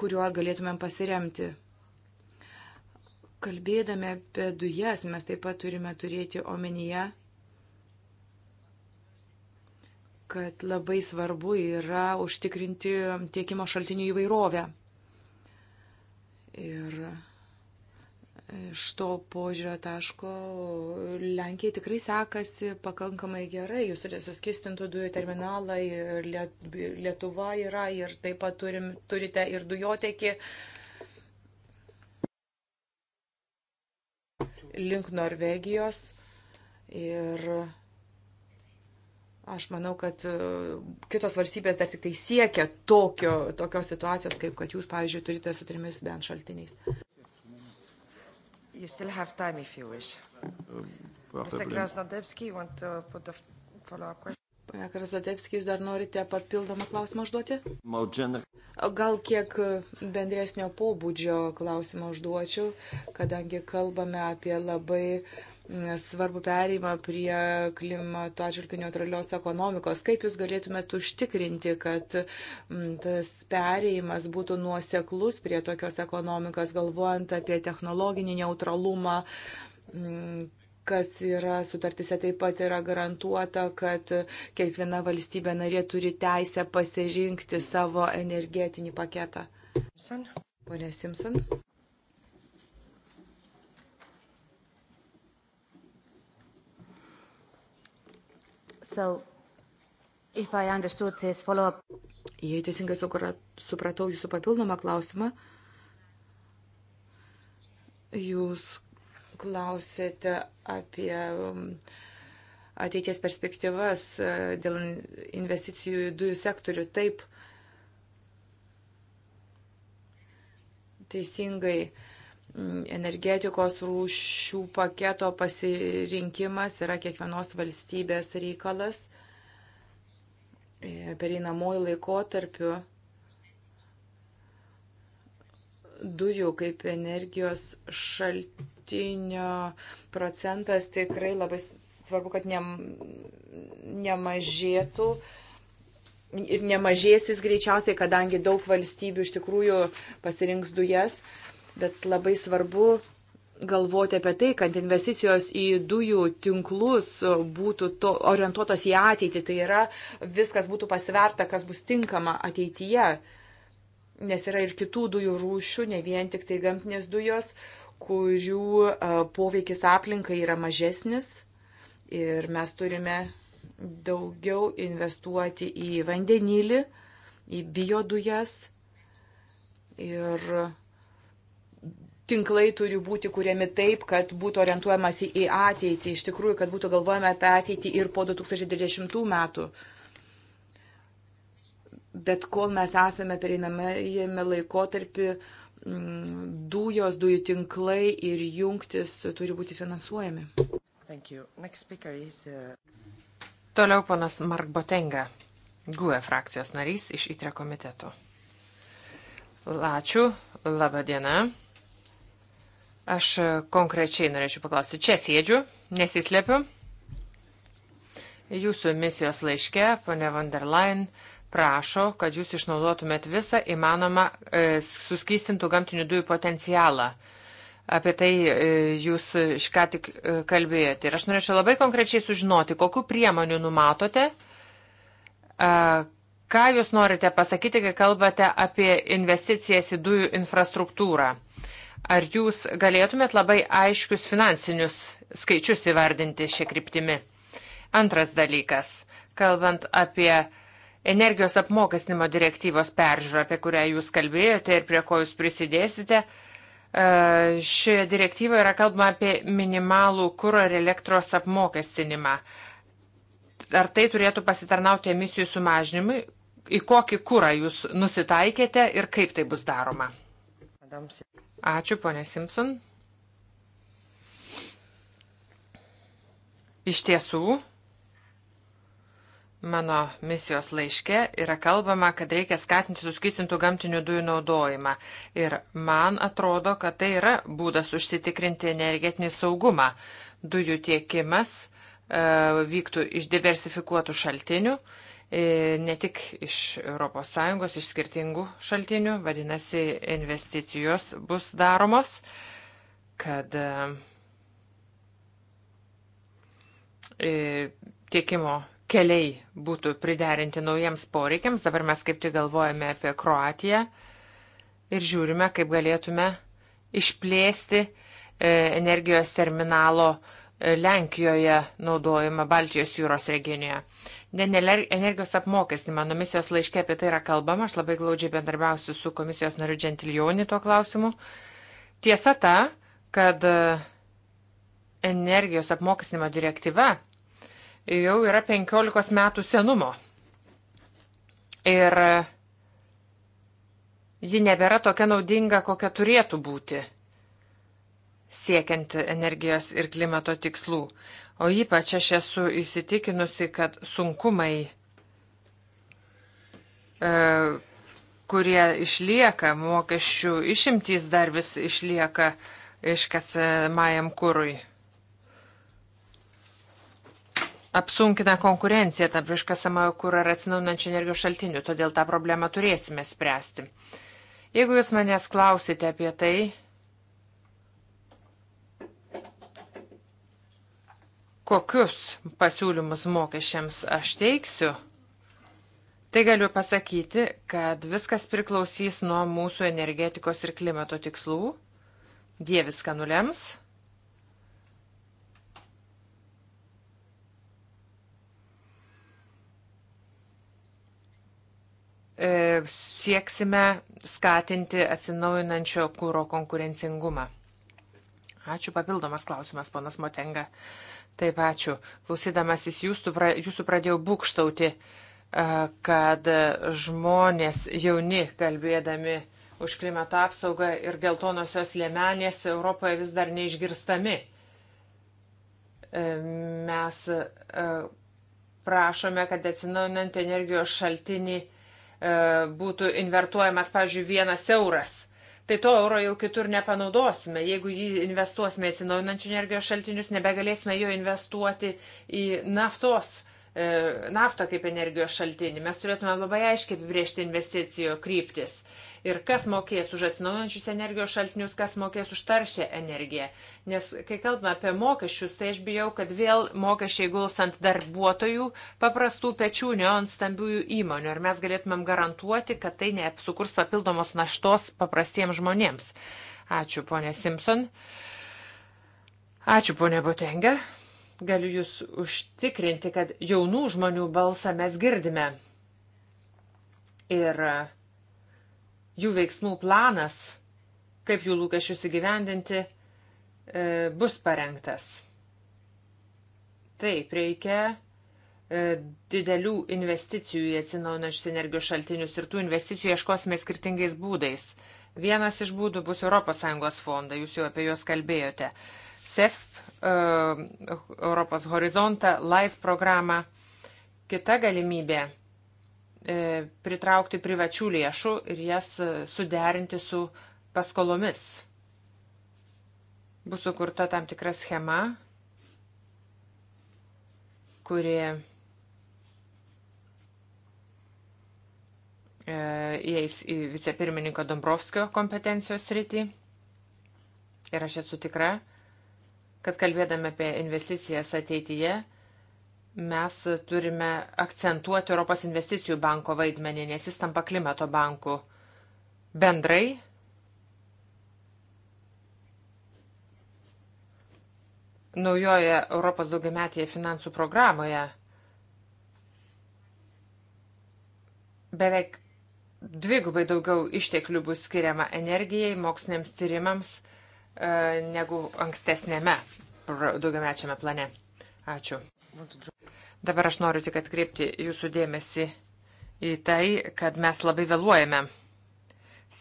kuriuo galėtumėm pasiremti. Kalbėdami apie dujas, mes taip pat turime turėti omenyje, kad labai svarbu yra užtikrinti tiekimo šaltinių įvairovę. Ir Iš to požiūrio taško Lenkijai tikrai sekasi pakankamai gerai. Jūs turite suskistintų dujų terminalą ir Lietuva yra ir taip pat turim, turite ir dujotekį link Norvegijos. Ir aš manau, kad e, kitos valstybės dar tik tai siekia tokio, tokios situacijos, kaip kad jūs, pavyzdžiui, turite su trimis bent šaltiniais. You still have time if you wish. Um, Mr. Krasnodebski, you want to put the follow-up question? Pane Krasodepski, jūs dar norite papildomą klausimą užduoti? Gal kiek uh, bendresnio pobūdžio klausimą užduočiau, kadangi kalbame apie labai uh, svarbu perėjimą prie klimato atžvilgių neutralios ekonomikos. Kaip jūs galėtumėte užtikrinti, kad mm, tas perėjimas būtų nuoseklus prie tokios ekonomikos, galvojant apie technologinį neutralumą? Mm, kas yra sutartise taip pat yra garantuota, kad kiekviena valstybė narė turi teisę pasirinkti savo energetinį paketą. Pone Simpson. So, if I understood this follow-up. Jei teisingai supratau jūsų papildomą klausimą, jūs klausėte apie um, ateities perspektyvas e, dėl investicijų į dujų sektorių. Taip, teisingai Mm, energetikos rūšių paketo pasirinkimas yra kiekvienos valstybės reikalas. Pereinamoji laikotarpiu dujų kaip energijos šaltinio procentas tikrai labai svarbu, kad ne, nemažėtų ir nemažės jis greičiausiai, kadangi daug valstybių iš tikrųjų pasirinks dujas. Uh, Bet labai svarbu galvoti apie tai, kad investicijos į dujų tinklus būtų to, orientuotos į ateitį. Tai yra, viskas būtų pasverta, kas bus tinkama ateityje. Nes yra ir kitų dujų rūšių, ne vien tik tai gamtinės dujos, kurių e, poveikis aplinkai yra mažesnis. Ir mes turime daugiau investuoti į vandenilį, į biodujas. Ir tinklai turi būti kuriami taip, kad būtų orientuojamasi į ateitį, iš tikrųjų, kad būtų galvojama apie ateitį ir po 2020 metų. Bet kol mes esame pereinamajame laikotarpį, mm, dujos, dujų tinklai ir jungtis turi būti finansuojami. Is, uh... Toliau panas Mark Botenga, GUE frakcijos narys iš ITRE komiteto. Ačiū, laba diena. Aš konkrečiai norėčiau paklausti. Čia sėdžiu, nesislepiu. Jūsų misijos laiške, ponė van der Leyen, prašo, kad jūs išnaudotumėt visą įmanomą e, suskystintų gamtinių dujų potencialą. Apie tai e, jūs ką tik e, kalbėjote. Ir aš norėčiau labai konkrečiai sužinoti, kokiu priemonių numatote, e, ką jūs norite pasakyti, kai kalbate apie investicijas į dujų infrastruktūrą. E, Ar jūs galėtumėt labai aiškius finansinius skaičius įvardinti šią kryptimį? Antras dalykas, kalbant apie energijos apmokestinimo direktyvos peržiūrą, apie kurią jūs kalbėjote ir prie ko jūs prisidėsite, e, šioje direktyvoje yra kalbama apie minimalų kūro ir elektros apmokestinimą. Ar tai turėtų pasitarnauti emisijų sumažinimui? Į kokį kūrą jūs nusitaikėte ir kaip tai bus daroma? Ačiū, ponė Simpson. Iš tiesų, mano misijos laiške yra kalbama, kad reikia skatinti suskistintų gamtinių dujų naudojimą. Ir man atrodo, kad tai yra būdas užsitikrinti energetinį saugumą. Dujų tiekimas e, vyktų iš diversifikuotų šaltinių. E, E, ne tik iš ES, iš skirtingų šaltinių, vadinasi, investicijos bus daromos, kad e, e, tiekimo keliai būtų priderinti naujiems poreikiams. Dabar mes kaip tik galvojame apie Kroatiją ir žiūrime, kaip galėtume išplėsti energijos terminalo Lenkijoje naudojimą Baltijos jūros regione energijos apmokestimą. Numis jos laiškė apie tai yra kalbama, aš labai glaudžiai bendarbiausiu su komisijos nariu Džentilijoni tuo klausimu. Tiesa ta, kad e, energijos apmokestinimo direktyva jau yra 15 metų senumo. Ir e, ji nebėra tokia naudinga, kokia turėtų būti siekiant energijos ir klimato tikslų. O ypač aš esu įsitikinusi, kad sunkumai, e, kurie išlieka, mokesčių išimtys dar vis išlieka iškasamajam kūrui. Apsunkina konkurencija tarp iškasamojo kūro ir atsinaunančių energijos šaltinių, todėl tą problemą turėsime spręsti. Jeigu jūs manęs klausite apie tai, kokius pasiūlymus mokesčiams aš teiksiu, tai galiu pasakyti, kad viskas priklausys nuo mūsų energetikos ir klimato tikslų. Jie viską nulems. E, sieksime skatinti atsinaujinančio kūro konkurencingumą. Ačiū papildomas klausimas, panas Motenga. Uh, Taip, ačiū. Klausydamasis jūsų, jūsų pradėjau būkštauti, kad žmonės jauni kalbėdami už klimato apsaugą ir geltonosios lėmenės Europoje vis dar neišgirstami. E, mes e, prašome, kad atsinaujinant energijos šaltinį e, būtų invertuojamas, pavyzdžiui, vienas euras – tai to euro jau kitur nepanaudosime. Jeigu jį investuosime į atsinaujinančių energijos šaltinius, nebegalėsime jo investuoti į naftos E, naftą kaip energijos šaltinį. Mes turėtume labai aiškiai apibriežti investicijų kryptis. Ir kas mokės už atsinaujančius energijos šaltinius, kas mokės už taršę energiją. Nes kai kalbame apie mokesčius, tai aš bijau, kad vėl mokesčiai guls ant darbuotojų, paprastų pečių, ne ant stambiųjų įmonių. Ir mes galėtumėm garantuoti, kad tai nesukurs papildomos naštos paprastiems žmonėms. Ačiū, ponė Simpson. Ačiū, ponė Botenga galiu Jūs užtikrinti, kad jaunų žmonių balsą mes girdime. Ir e, jų veiksmų planas, kaip jų lūkesčius įgyvendinti, e, bus parengtas. Taip, reikia e, didelių investicijų į atsinaujinančius energijos šaltinius ir tų investicijų ieškosime skirtingais būdais. Vienas iš būdų bus ES fondai, jūs jau apie juos kalbėjote. SEF Uh, Europos horizontą, LIFE programą. Kita galimybė e, - pritraukti privačių lėšų ir jas e, suderinti su paskolomis. Bus sukurta tam tikra schema, kuri e, įeis į vicepirmininko Dombrovskio kompetencijos rytį. Ir aš esu tikra, kad kalbėdami apie investicijas ateityje, mes turime akcentuoti Europos investicijų banko vaidmenį, nes jis tampa klimato banku bendrai. Naujoje Europos daugiametėje finansų programoje beveik dvigubai daugiau išteklių bus skiriama energijai, moksliniams tyrimams E, negu ankstesnėme daugiamečiame plane. Ačiū. Dabar aš noriu tik atkreipti jūsų dėmesį į tai, kad mes labai vėluojame.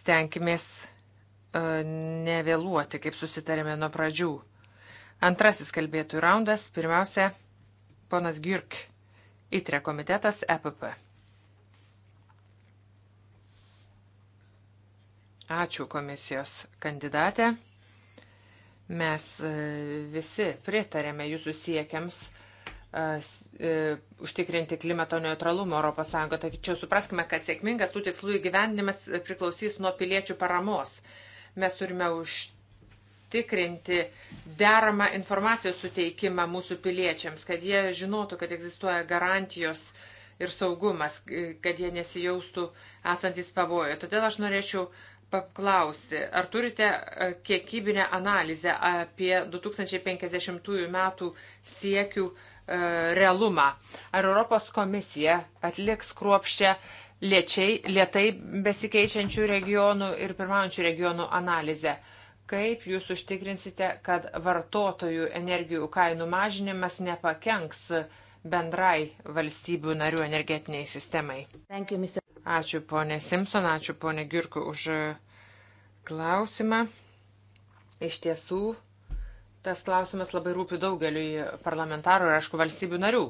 Stenkimės e, nevėluoti, kaip susitarėme nuo pradžių. Antrasis kalbėtų raundas. Pirmiausia, ponas Girk, ITRE komitetas EPP. Ačiū komisijos kandidatė. Mes e, visi pritarėme jūsų siekiams e, e, užtikrinti klimato neutralumą ES. Tačiau supraskime, kad sėkmingas tų tikslų įgyvendinimas priklausys nuo piliečių paramos. Mes turime užtikrinti deramą informacijos suteikimą mūsų piliečiams, kad jie žinotų, kad egzistuoja garantijos ir saugumas, kad jie nesijaustų esantis pavojo. Todėl aš norėčiau uh, paklausti, ar turite e, kiekybinę analizę apie 2050 metų siekių e, realumą? Ar Europos komisija atliks kruopščią liečiai, lietai besikeičiančių regionų ir pirmaujančių regionų analizę? Kaip jūs užtikrinsite, kad vartotojų energijų kainų mažinimas nepakenks bendrai valstybių narių energetiniai sistemai? Thank you, Ačiū ponė Simpson, ačiū ponė Girku už e, klausimą. Iš tiesų, tas klausimas labai rūpi daugeliui parlamentarų ir, aišku, valstybių narių.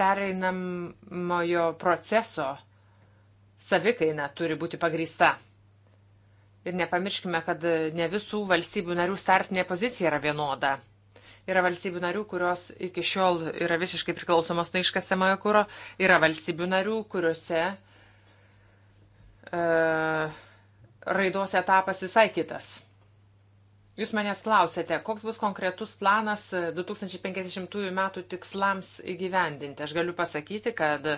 Pereinamojo proceso savikaina turi būti pagrįsta. Ir nepamirškime, kad ne visų valstybių narių startinė pozicija yra vienoda. Yra valstybių narių, kurios iki šiol yra visiškai priklausomos nuo iškasamojo kūro. Yra valstybių narių, kuriuose uh, raidos etapas visai kitas. Jūs manęs klausėte, koks bus konkretus planas 2050 e, metų tikslams įgyvendinti. Aš galiu pasakyti, kad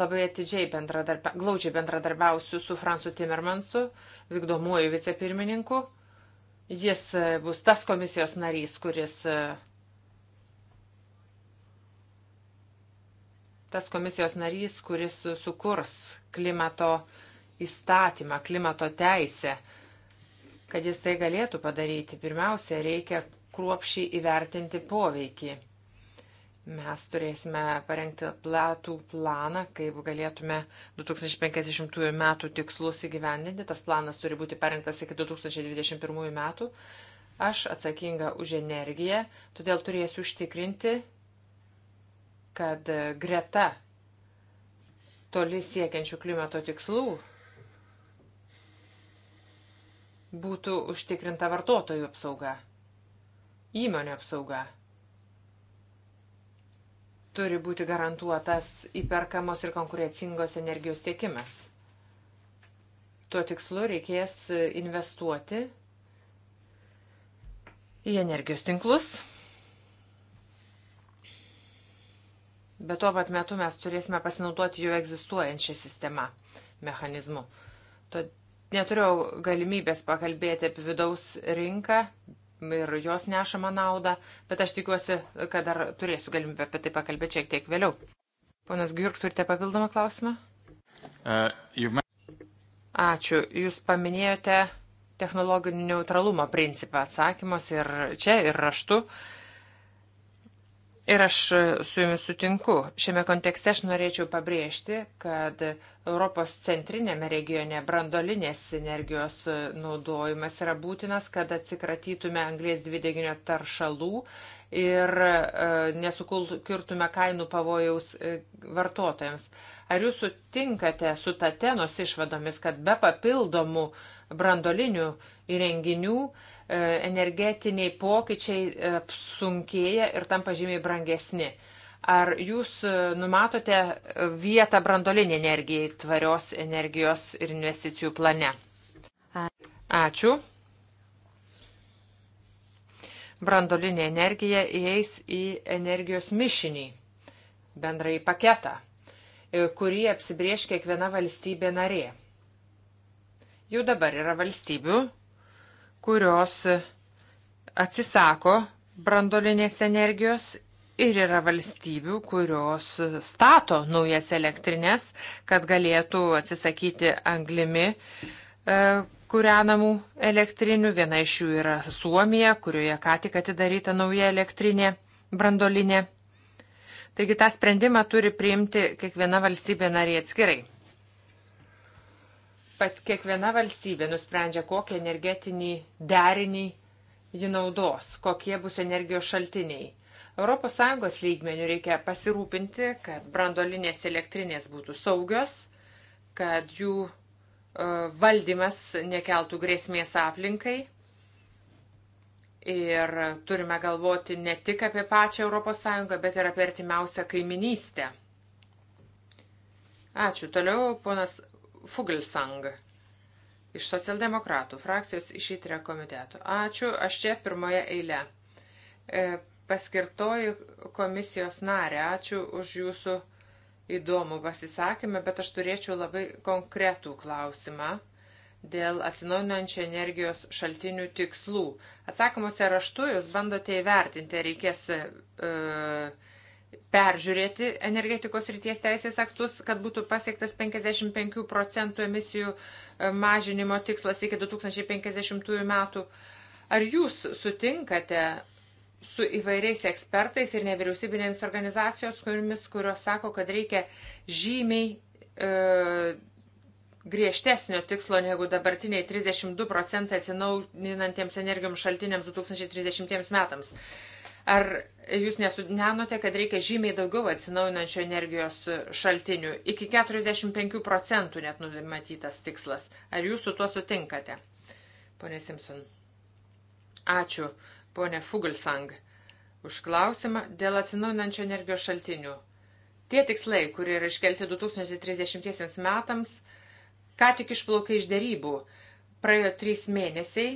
labai atidžiai bendradarbi... glaudžiai bendradarbiausiu su Fransu Timmermansu, vykdomuoju vicepirmininku. Uh, Jis e, bus tas komisijos narys, kuris. E, tas komisijos narys, kuris sukurs klimato įstatymą, klimato teisę. Kad jis tai galėtų padaryti, pirmiausia, reikia kruopšiai įvertinti poveikį. Mes turėsime parengti platų planą, kaip galėtume 2050 metų tikslus įgyvendinti. Tas planas turi būti parengtas iki 2021 metų. Aš atsakinga už energiją, todėl turėsiu užtikrinti, kad greta toli siekiančių klimato tikslų būtų užtikrinta vartotojų apsauga, įmonių apsauga turi būti garantuotas įperkamos ir konkurencingos energijos tiekimas. Tuo tikslu reikės investuoti į energijos tinklus. Bet tuo pat metu mes turėsime pasinaudoti jau egzistuojančią sistemą, mechanizmu. Todėl neturėjau galimybės pakalbėti apie vidaus rinką, ir jos nešamą naudą, bet aš tikiuosi, kad dar turėsiu galimybę apie tai pakalbėti šiek tiek vėliau. Ponas Gjurk, turite papildomą klausimą? Uh, you've... Ačiū. Jūs paminėjote technologinį neutralumo principą atsakymus ir čia, ir raštu. Uh, Ir aš e, su jumis sutinku. Šiame kontekste aš norėčiau pabrėžti, kad Europos centrinėme regione brandolinės energijos e, naudojimas yra būtinas, kad atsikratytume anglės dvideginio taršalų ir e, nesukirtume kainų pavojaus vartotojams. Ar jūs sutinkate su Tatenos išvadomis, kad be papildomų brandolinių įrenginių E, energetiniai pokyčiai e, sunkėja ir tampa žymiai brangesni. Ar jūs e, numatote vietą brandolinį energijai tvarios energijos ir investicijų plane? Ačiū. Brandolinė energija įeis į energijos mišinį, bendrąjį paketą, kurį apsibrieš kiekviena valstybė narė. Jau dabar yra valstybių, kurios atsisako brandolinės energijos ir yra valstybių, kurios stato naujas elektrinės, kad galėtų atsisakyti anglimi e, kūrenamų elektrinių. Viena iš jų yra Suomija, kurioje ką tik atidaryta nauja elektrinė brandolinė. Taigi tą sprendimą turi priimti kiekviena valstybė narė atskirai pat kiekviena valstybė nusprendžia, kokį energetinį derinį ji naudos, kokie bus energijos šaltiniai. ES lygmenių reikia pasirūpinti, kad brandolinės elektrinės būtų saugios, kad jų e, valdymas nekeltų grėsmės aplinkai. Ir turime galvoti ne tik apie pačią ES, bet ir apie artimiausią kaiminystę. Ačiū. Toliau ponas Fugelsang iš socialdemokratų frakcijos iš įtrio komiteto. Ačiū, aš čia pirmoje eilė. E, paskirtoji komisijos narė, ačiū už jūsų įdomų pasisakymą, bet aš turėčiau labai konkretų klausimą dėl atsinaujinančio energijos šaltinių tikslų. Atsakymuose raštu jūs bandote įvertinti, reikės e, peržiūrėti energetikos ryties teisės aktus, kad būtų pasiektas 55 procentų emisijų e, mažinimo tikslas iki 2050 metų. Ar jūs sutinkate su įvairiais ekspertais ir nevyriausybinėmis organizacijos, kuriamis, kurios sako, kad reikia žymiai e, griežtesnio tikslo negu dabartiniai 32 procentai atsinaujinantiems energijom šaltiniams 2030 metams. Ar jūs nesudnenote, kad reikia žymiai daugiau atsinaujinančio energijos šaltinių, iki 45 procentų net numatytas tikslas. Ar jūs su tuo sutinkate? Pone Simpson. Ačiū, ponė Fuglsang, už klausimą dėl atsinaujinančio energijos šaltinių. Tie tikslai, kurie yra iškelti 2030 metams, ką tik išplaukia iš dėrybų. Praėjo trys mėnesiai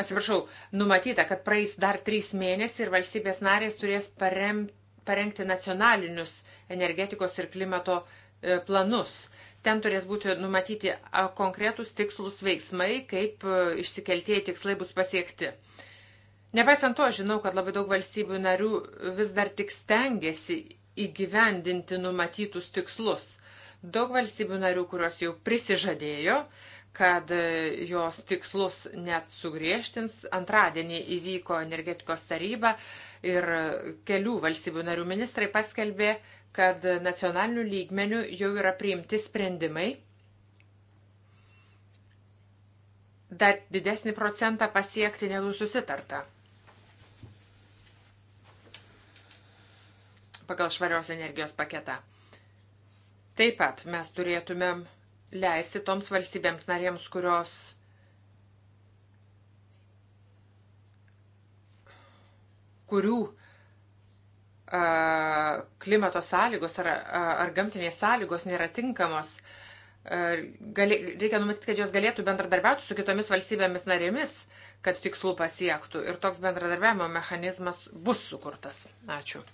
atsiprašau, numatyta, kad praeis dar trys mėnesiai ir valstybės narės turės parem, parengti nacionalinius energetikos ir klimato e, planus. Ten turės būti numatyti konkretūs tikslus veiksmai, kaip e, išsikeltieji tikslai bus pasiekti. Nepaisant to, žinau, kad labai daug valstybių narių vis dar tik stengiasi įgyvendinti numatytus tikslus. Daug valstybių narių, kurios jau prisižadėjo, kad e, jos tikslus net sugriežtins. Antradienį įvyko energetikos taryba ir kelių valstybių narių ministrai paskelbė, kad nacionalinių lygmenių jau yra priimti sprendimai. Dar didesnį procentą pasiekti negu susitarta. Pagal švarios energijos paketą. Taip pat mes turėtumėm leisti toms valstybėms narėms, kurios kurių a, klimato sąlygos ar, ar gamtinės sąlygos nėra tinkamos, gali, reikia numatyti, kad jos galėtų bendradarbiauti su kitomis valstybėmis narėmis, kad tikslų pasiektų. Ir toks bendradarbiavimo mechanizmas bus sukurtas. Ačiū.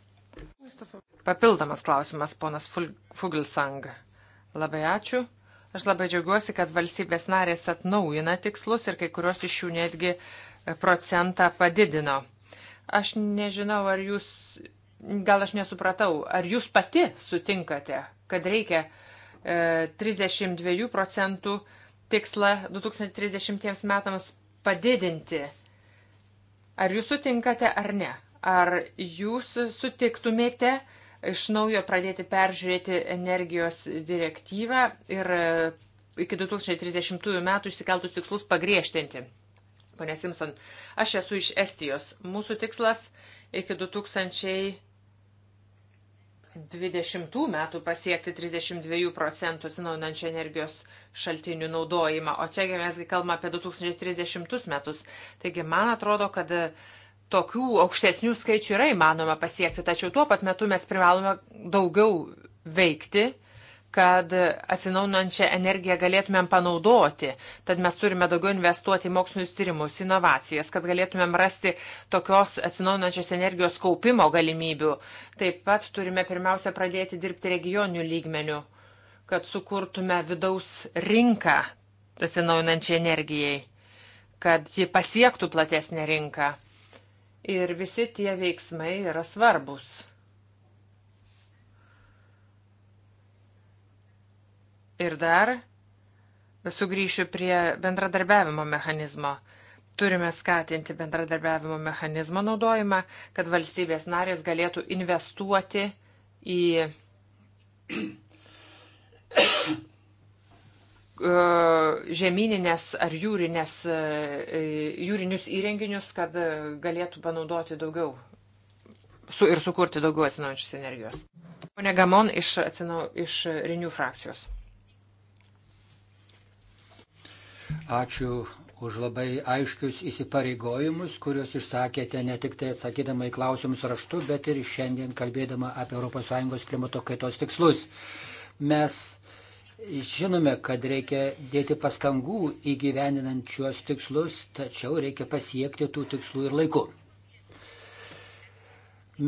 Papildomas klausimas, ponas Fugilsang. Labai ačiū. Aš labai džiaugiuosi, kad valstybės narės atnaujina tikslus ir kai kurios iš jų netgi e, procentą padidino. Aš nežinau, ar jūs, gal aš nesupratau, ar jūs pati sutinkate, kad reikia e, 32 procentų tikslą 2030 metams padidinti. Ar jūs sutinkate ar ne? Ar jūs sutiktumėte, iš naujo pradėti peržiūrėti energijos direktyvą ir e, iki 2030 metų išsikeltus tikslus pagriežtinti. Pone Simpson, aš esu iš Estijos. Mūsų tikslas iki 2020 metų pasiekti 32 procentų atsinaujinančių energijos šaltinių naudojimą, o čia mesgi kalbame apie 2030 metus. Taigi, man atrodo, kad tokių aukštesnių skaičių yra įmanoma pasiekti, tačiau tuo pat metu mes privalome daugiau veikti kad atsinaunančią energiją galėtumėm panaudoti. Tad mes turime daugiau investuoti į mokslinius tyrimus, inovacijas, kad galėtumėm rasti tokios atsinaunančios energijos kaupimo galimybių. Taip pat turime pirmiausia pradėti dirbti regioninių lygmenių, kad sukurtume vidaus rinką atsinaunančiai energijai, kad ji pasiektų platesnę rinką Ir visi tie veiksmai yra svarbus. Ir dar sugrįšiu prie bendradarbiavimo mechanizmo. Turime skatinti bendradarbiavimo mechanizmo naudojimą, kad valstybės narės galėtų investuoti į E, žemyninės ar jūrinės, e, jūrinius įrenginius, kad galėtų panaudoti daugiau su, ir sukurti daugiau atsinaujančios energijos. Pone Gamon iš, atsinau, iš Rinių frakcijos. Ačiū už labai aiškius įsipareigojimus, kuriuos išsakėte ne tik tai atsakydama į klausimus raštu, bet ir šiandien kalbėdama apie ES klimato kaitos tikslus. Mes Žinome, kad reikia dėti pastangų įgyveninant šiuos tikslus, tačiau reikia pasiekti tų tikslų ir laiku.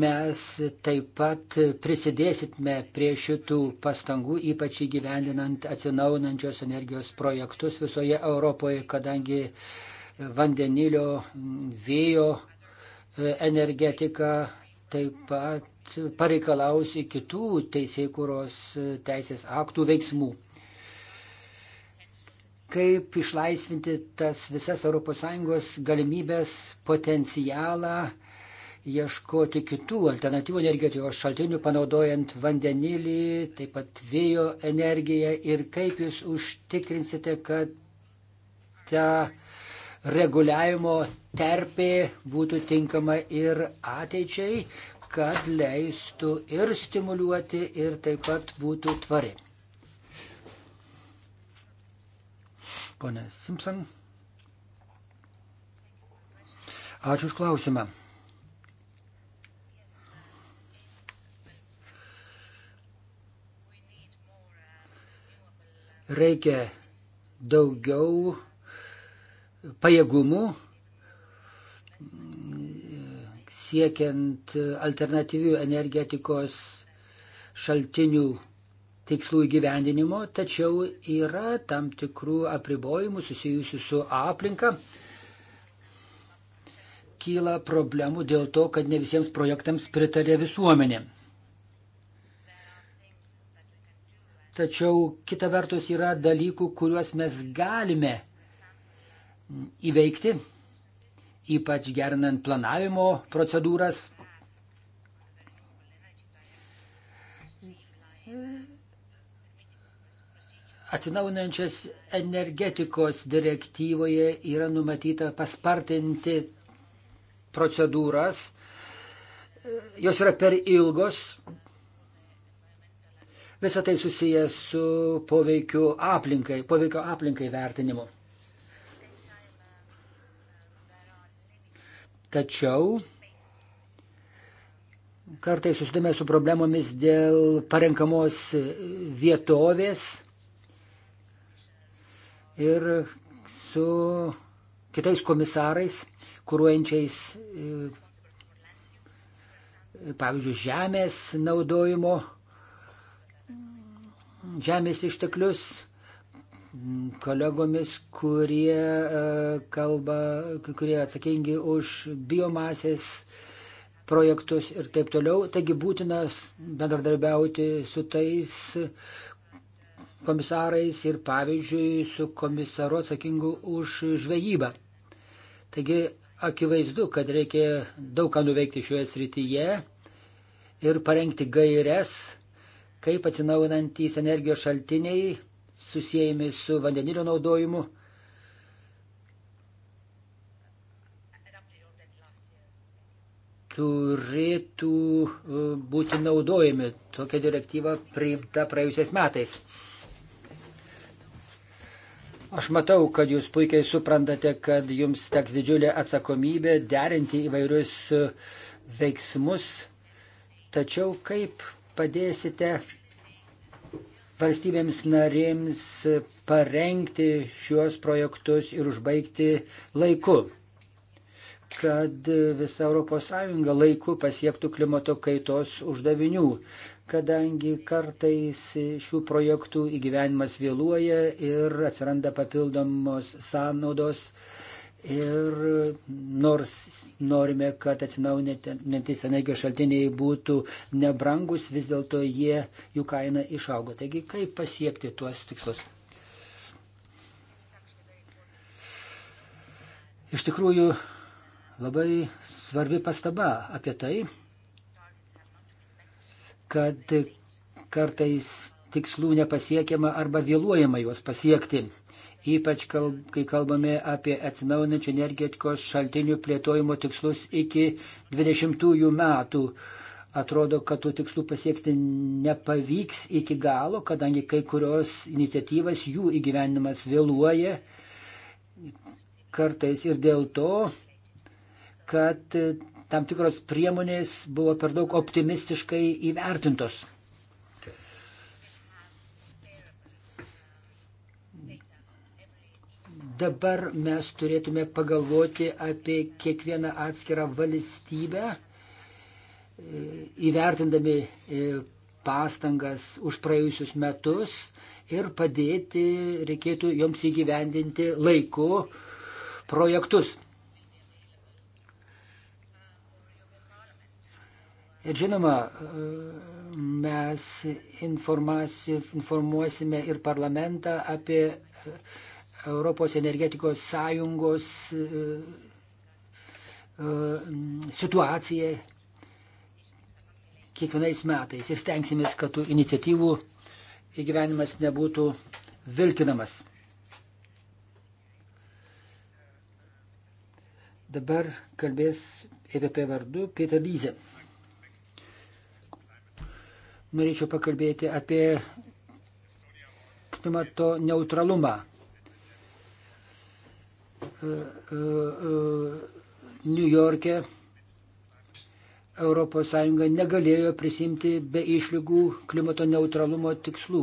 Mes taip pat prisidėsime prie šitų pastangų, ypač įgyvendinant atsinaunančios energijos projektus visoje Europoje, kadangi vandenilio vėjo e, energetika taip pat pareikalaus kitų teisėkuros e, teisės aktų veiksmų kaip išlaisvinti tas visas ES galimybės, potencialą, ieškoti kitų alternatyvų energetikos šaltinių, panaudojant vandenilį, taip pat vėjo energiją ir kaip jūs užtikrinsite, kad ta reguliavimo terpė būtų tinkama ir ateičiai, kad leistų ir stimuliuoti, ir taip pat būtų tvari. Pone Simpson. Ačiū už klausimą. Reikia daugiau pajėgumų siekiant alternatyvių energetikos šaltinių tikslų įgyvendinimo, tačiau yra tam tikrų apribojimų susijusių su aplinka. Kyla problemų dėl to, kad ne visiems projektams pritarė visuomenė. Tačiau kita vertus yra dalykų, kuriuos mes galime įveikti, ypač gernant planavimo procedūras, Atsinaujančios energetikos direktyvoje yra numatyta paspartinti procedūras. Jos yra per ilgos. Visą tai susijęs su poveikiu aplinkai, poveikio aplinkai vertinimu. Tačiau kartais susidame su problemomis dėl parenkamos vietovės ir su kitais komisarais, kūruojančiais, e, pavyzdžiui, žemės naudojimo, žemės išteklius, kolegomis, kurie e, kalba, kurie atsakingi už biomasės projektus ir taip toliau. Taigi būtinas bendradarbiauti su tais, komisarais ir pavyzdžiui su komisaru atsakingu už žvejybą. Taigi akivaizdu, kad reikia daug ką nuveikti šioje srityje ir parengti gairias, kaip atsinaujinantys energijos šaltiniai susijęjami su vandenilio naudojimu. turėtų e, būti naudojami. Tokia direktyva priimta praėjusiais metais. Aš matau, kad jūs puikiai suprantate, kad jums teks didžiulė atsakomybė derinti įvairius e, veiksmus, tačiau kaip padėsite valstybėms narėms e, parengti šiuos projektus ir užbaigti laiku, kad visa ES laiku pasiektų klimato kaitos uždavinių kadangi kartais šių projektų įgyvenimas vėluoja ir atsiranda papildomos sąnaudos. Ir nors norime, kad atsinaujinantis energijos šaltiniai būtų nebrangus, vis dėlto jie, jų kaina išaugo. Taigi, kaip pasiekti tuos tikslus? Iš tikrųjų, labai svarbi pastaba apie tai, kad kartais tikslų nepasiekiama arba vėluojama juos pasiekti. Ypač kalb, kai kalbame apie atsinaujinančių energetikos šaltinių plėtojimo tikslus iki 20 metų. Atrodo, kad tų tikslų pasiekti nepavyks iki galo, kadangi kai kurios iniciatyvas jų įgyvenimas vėluoja kartais ir dėl to, kad tam tikros priemonės buvo per daug optimistiškai įvertintos. Dabar mes turėtume pagalvoti apie kiekvieną atskirą valstybę, įvertindami e, pastangas už praėjusius metus ir padėti reikėtų joms įgyvendinti laiku projektus. Ir žinoma, mes informuosime ir parlamentą apie Europos energetikos sąjungos e, e, situaciją kiekvienais metais ir stengsimės, kad tų iniciatyvų įgyvenimas nebūtų vilkinamas. Dabar kalbės EVP vardu Peter Lyze norėčiau pakalbėti apie klimato neutralumą. E, e, e, New York'e ES negalėjo prisimti be išlygų klimato neutralumo tikslų.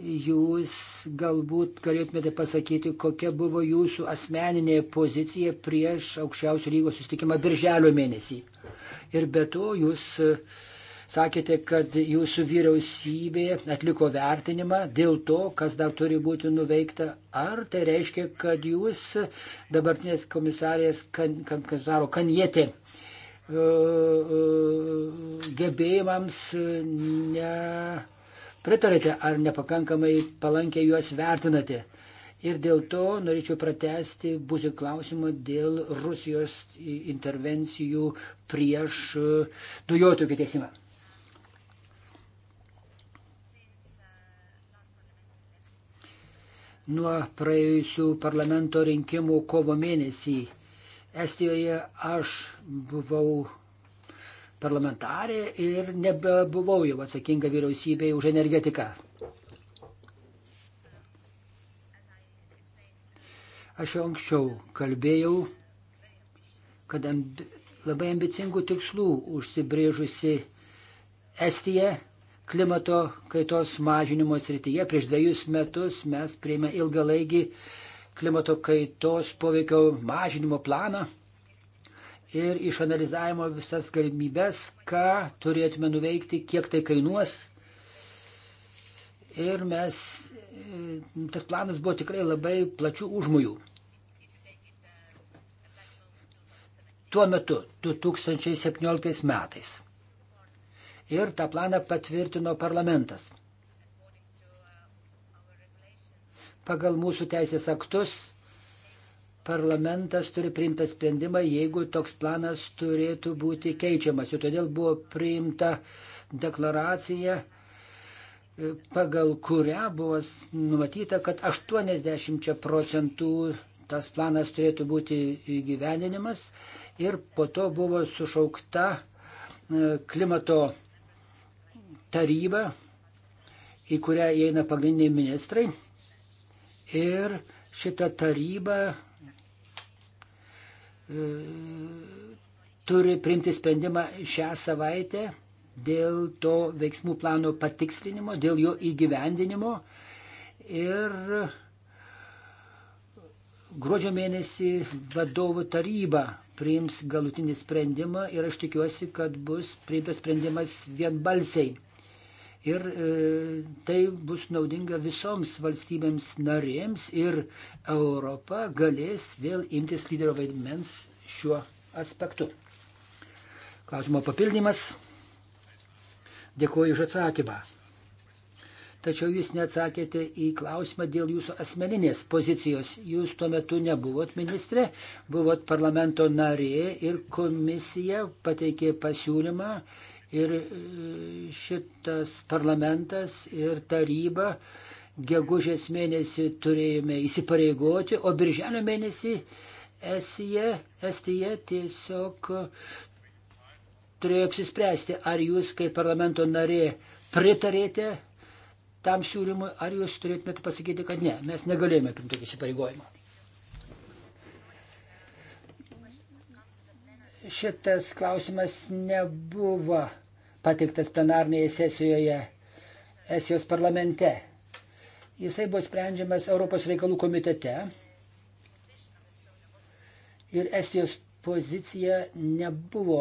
Jūs galbūt galėtumėte pasakyti, kokia buvo jūsų asmeninė pozicija prieš aukščiausių lygos susitikimą birželio mėnesį. Ir be to jūs uh, Sakėte, kad jūsų vyriausybė atliko vertinimą dėl to, kas dar turi būti nuveikta. Ar tai reiškia, kad jūs dabartinės komisarės kan, kan, komisaro Kanjetė e, e, gebėjimams nepritarėte ar nepakankamai palankiai juos vertinate? Ir dėl to norėčiau pratesti būsį klausimą dėl Rusijos intervencijų prieš e, dujotų kitiesimą. nuo praėjusių parlamento rinkimų kovo mėnesį. Estijoje aš buvau parlamentarė ir nebebuvau jau atsakinga vyriausybė už energetiką. Aš jau anksčiau kalbėjau, kad ambi, labai ambicingų tikslų užsibrėžusi Estija klimato kaitos mažinimo srityje. Prieš dviejus metus mes prieimė ilgalaigį klimato kaitos poveikio mažinimo planą ir išanalizavimo visas galimybės, ką turėtume nuveikti, kiek tai kainuos. Ir mes, e, tas planas buvo tikrai labai plačių užmojų. Tuo metu, 2017 metais ir tą planą patvirtino parlamentas. Pagal mūsų teisės aktus parlamentas turi priimtą sprendimą, jeigu toks planas turėtų būti keičiamas. Ir todėl buvo priimta deklaracija, pagal kurią buvo numatyta, kad 80 procentų tas planas turėtų būti įgyveninimas. Ir po to buvo sušaukta e, klimato taryba, į kurią įeina pagrindiniai ministrai. Ir šita taryba e, turi priimti sprendimą šią savaitę dėl to veiksmų plano patikslinimo, dėl jo įgyvendinimo. Ir gruodžio mėnesį vadovų taryba priims galutinį sprendimą ir aš tikiuosi, kad bus priimtas sprendimas vienbalsiai ir e, tai bus naudinga visoms valstybėms narėms ir Europa galės vėl imtis lyderio vaidmens šiuo aspektu. Klausimo papildymas. Dėkuoju už atsakymą. Tačiau jūs neatsakėte į klausimą dėl jūsų asmeninės pozicijos. Jūs tuo metu nebuvot ministrė, buvot parlamento narė ir komisija pateikė pasiūlymą Ir e, šitas parlamentas ir taryba gegužės mėnesį turėjome įsipareigoti, o birželio mėnesį Estija, Estija tiesiog turėjo apsispręsti, ar jūs kaip parlamento narė pritarėte tam siūlymui, ar jūs turėtumėte pasakyti, kad ne, mes negalėjome primti tokį įsipareigojimą. Šitas klausimas nebuvo pateiktas plenarnėje sesijoje Esijos parlamente. Jisai buvo sprendžiamas Europos reikalų komitete ir Estijos pozicija nebuvo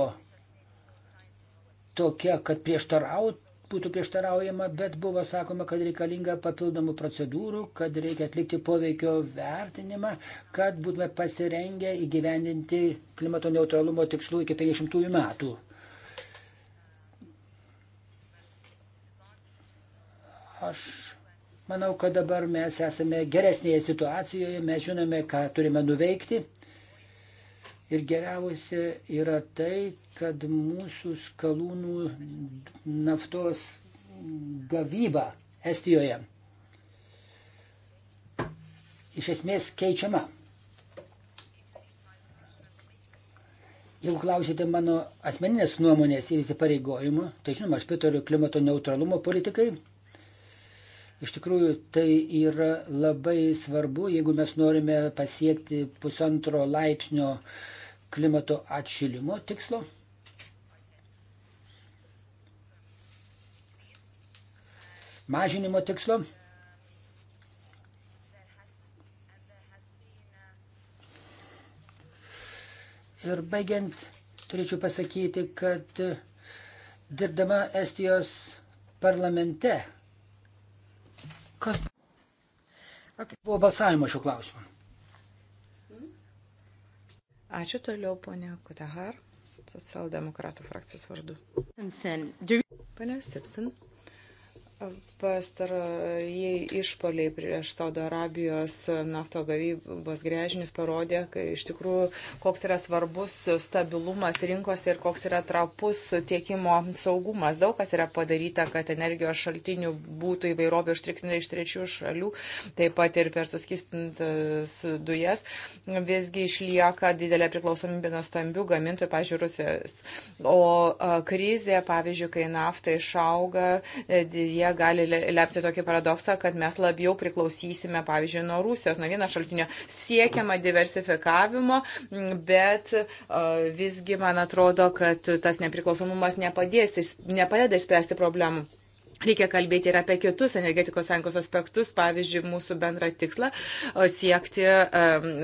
tokia, kad prieštaraut, būtų prieštaraujama, bet buvo sakoma, kad reikalinga papildomų procedūrų, kad reikia atlikti poveikio vertinimą, kad būtume pasirengę įgyvendinti klimato neutralumo tikslų iki 50 metų. Aš manau, kad dabar mes esame geresnėje situacijoje, mes žinome, ką turime nuveikti. Ir geriausia yra tai, kad mūsų skalūnų naftos gavyba Estijoje iš esmės keičiama. Jeigu klausite mano asmeninės nuomonės ir įsipareigojimų, tai žinoma, aš pritariu klimato neutralumo politikai Iš tikrųjų, tai yra labai svarbu, jeigu mes norime pasiekti pusantro laipsnio klimato atšilimo tikslo. Mažinimo tikslo. Ir baigiant, turėčiau pasakyti, kad dirbdama Estijos parlamente Kas okay. buvo balsavimo šiuo klausimu? Ačiū toliau, ponia Kutahar, socialdemokratų frakcijos vardu. Pane Simpson, Pastarojai išpoliai prieš Saudo Arabijos nafto gavybos grėžinius parodė, kai iš tikrųjų koks yra svarbus stabilumas rinkose ir koks yra trapus tiekimo saugumas. Daug kas yra padaryta, kad energijos šaltinių būtų įvairovė užtriktinė iš trečių šalių, taip pat ir per suskistintas dujas. Visgi išlieka didelė priklausomybė nuo stambių gamintojų, pažiūrėjau, Rusijos. O krizė, pavyzdžiui, kai nafta išauga, e, jie gali lepti tokį paradoksą, kad mes labiau priklausysime, pavyzdžiui, nuo Rusijos, nuo vieno šaltinio siekiama diversifikavimo, bet e, visgi man atrodo, kad tas nepriklausomumas nepadės, nepadeda išspręsti problemų. Reikia kalbėti ir apie kitus energetikos sąjungos aspektus, pavyzdžiui, mūsų bendrą tikslą siekti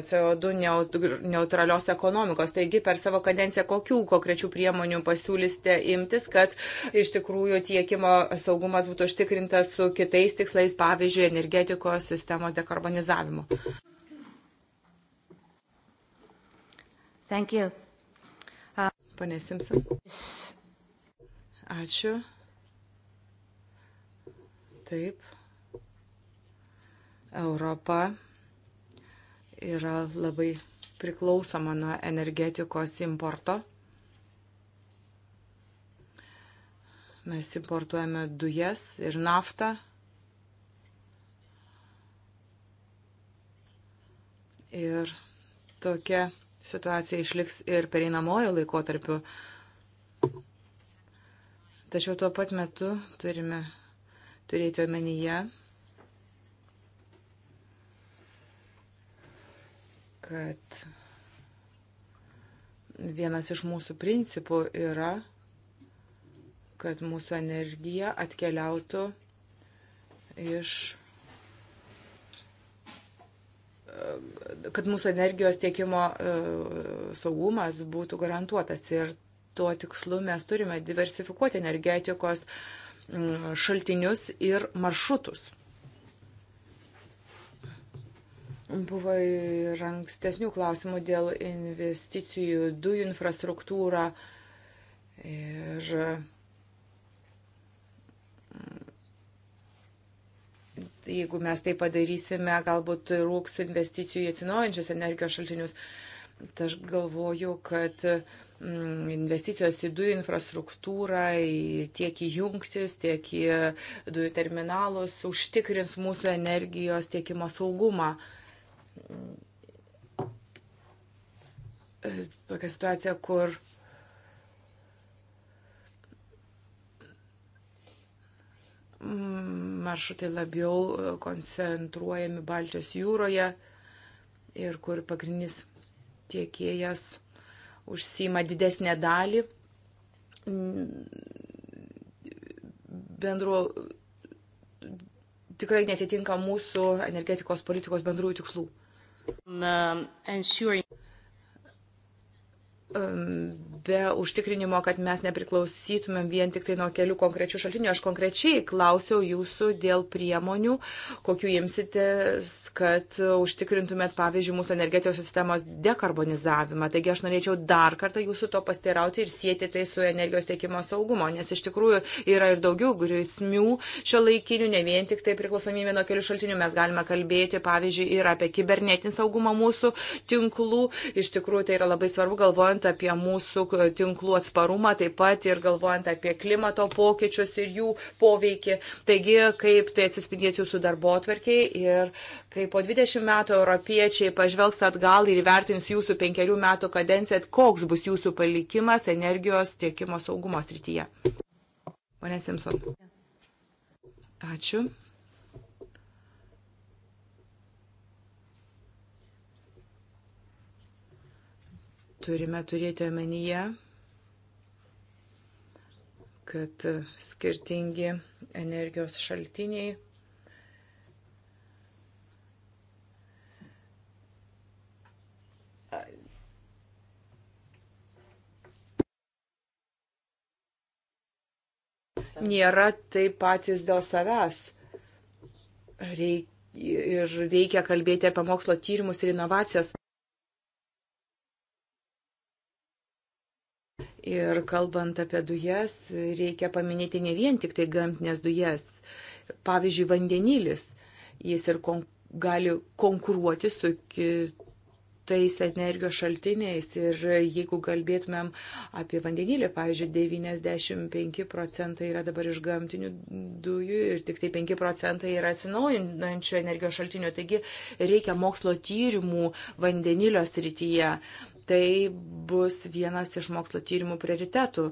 CO2 neutralios ekonomikos. Taigi, per savo kadenciją kokių konkrečių priemonių pasiūlysite imtis, kad iš tikrųjų tiekimo saugumas būtų užtikrintas su kitais tikslais, pavyzdžiui, energetikos sistemos dekarbonizavimu. Uh... Pane Simpson. Ačiū. Taip, Europa yra labai priklausoma nuo energetikos importo. Mes importuojame dujas ir naftą. Ir tokia situacija išliks ir pereinamojo laikotarpiu. Tačiau tuo pat metu turime turėti omenyje, kad vienas iš mūsų principų yra, kad mūsų energija atkeliautų iš kad mūsų energijos tiekimo e, saugumas būtų garantuotas. Ir tuo tikslu mes turime diversifikuoti energetikos uh, Mm, šaltinius ir maršrutus. Buvo ir ankstesnių klausimų dėl investicijų dujų infrastruktūrą ir mm, jeigu mes tai padarysime, galbūt rūks investicijų į atsinaujančius energijos šaltinius. Tai aš galvoju, kad uh, Mm, investicijos į dujų infrastruktūrą, į tiek į jungtis, tiek į e, dujų terminalus užtikrins mūsų energijos tiekimo saugumą mm. e, tokia situacija, kur mm, maršrutai labiau e, koncentruojami Baltijos jūroje ir kur pagrindinis tiekėjas užsima didesnę dalį bendru tikrai netitinka mūsų energetikos politikos bendrųjų tikslų. Um, um be užtikrinimo, kad mes nepriklausytumėm vien tik tai nuo kelių konkrečių šaltinių. Aš konkrečiai klausiau jūsų dėl priemonių, kokiu imsitės, kad užtikrintumėt, pavyzdžiui, mūsų energetijos sistemos dekarbonizavimą. Taigi aš norėčiau dar kartą jūsų to pasteirauti ir sėti tai su energijos tiekimo saugumo, nes iš tikrųjų yra ir daugiau grėsmių šio laikinių, ne vien tik tai priklausomybė nuo kelių šaltinių. Mes galime kalbėti, pavyzdžiui, ir apie kibernetinį saugumą mūsų tinklų. Iš tikrųjų tai yra labai svarbu, galvojant apie mūsų E, tinklų atsparumą, taip pat ir galvojant apie klimato pokyčius ir jų poveikį. Taigi, kaip tai atsispindės jūsų darbo atverkiai ir kai po 20 metų europiečiai pažvelgs atgal ir įvertins jūsų penkerių metų kadenciją, koks bus jūsų palikimas energijos tiekimo saugumo srityje. Pane Simpson. Ačiū. turime turėti omenyje, kad skirtingi energijos šaltiniai nėra taip patys dėl savęs. Reik, ir reikia kalbėti apie mokslo tyrimus ir inovacijas. Ir kalbant apie dujas, reikia paminėti ne vien tik tai gamtinės dujas. Pavyzdžiui, vandenilis, jis ir kon gali konkuruoti su kitais energijos šaltiniais. Ir jeigu kalbėtumėm apie vandenilį, pavyzdžiui, 95 procentai yra dabar iš gamtinių dujų ir tik tai 5 procentai yra atsinaujinančių energijos šaltinių. Taigi reikia mokslo tyrimų vandenilio srityje. Uh, Tai bus vienas iš mokslo tyrimų prioritetų.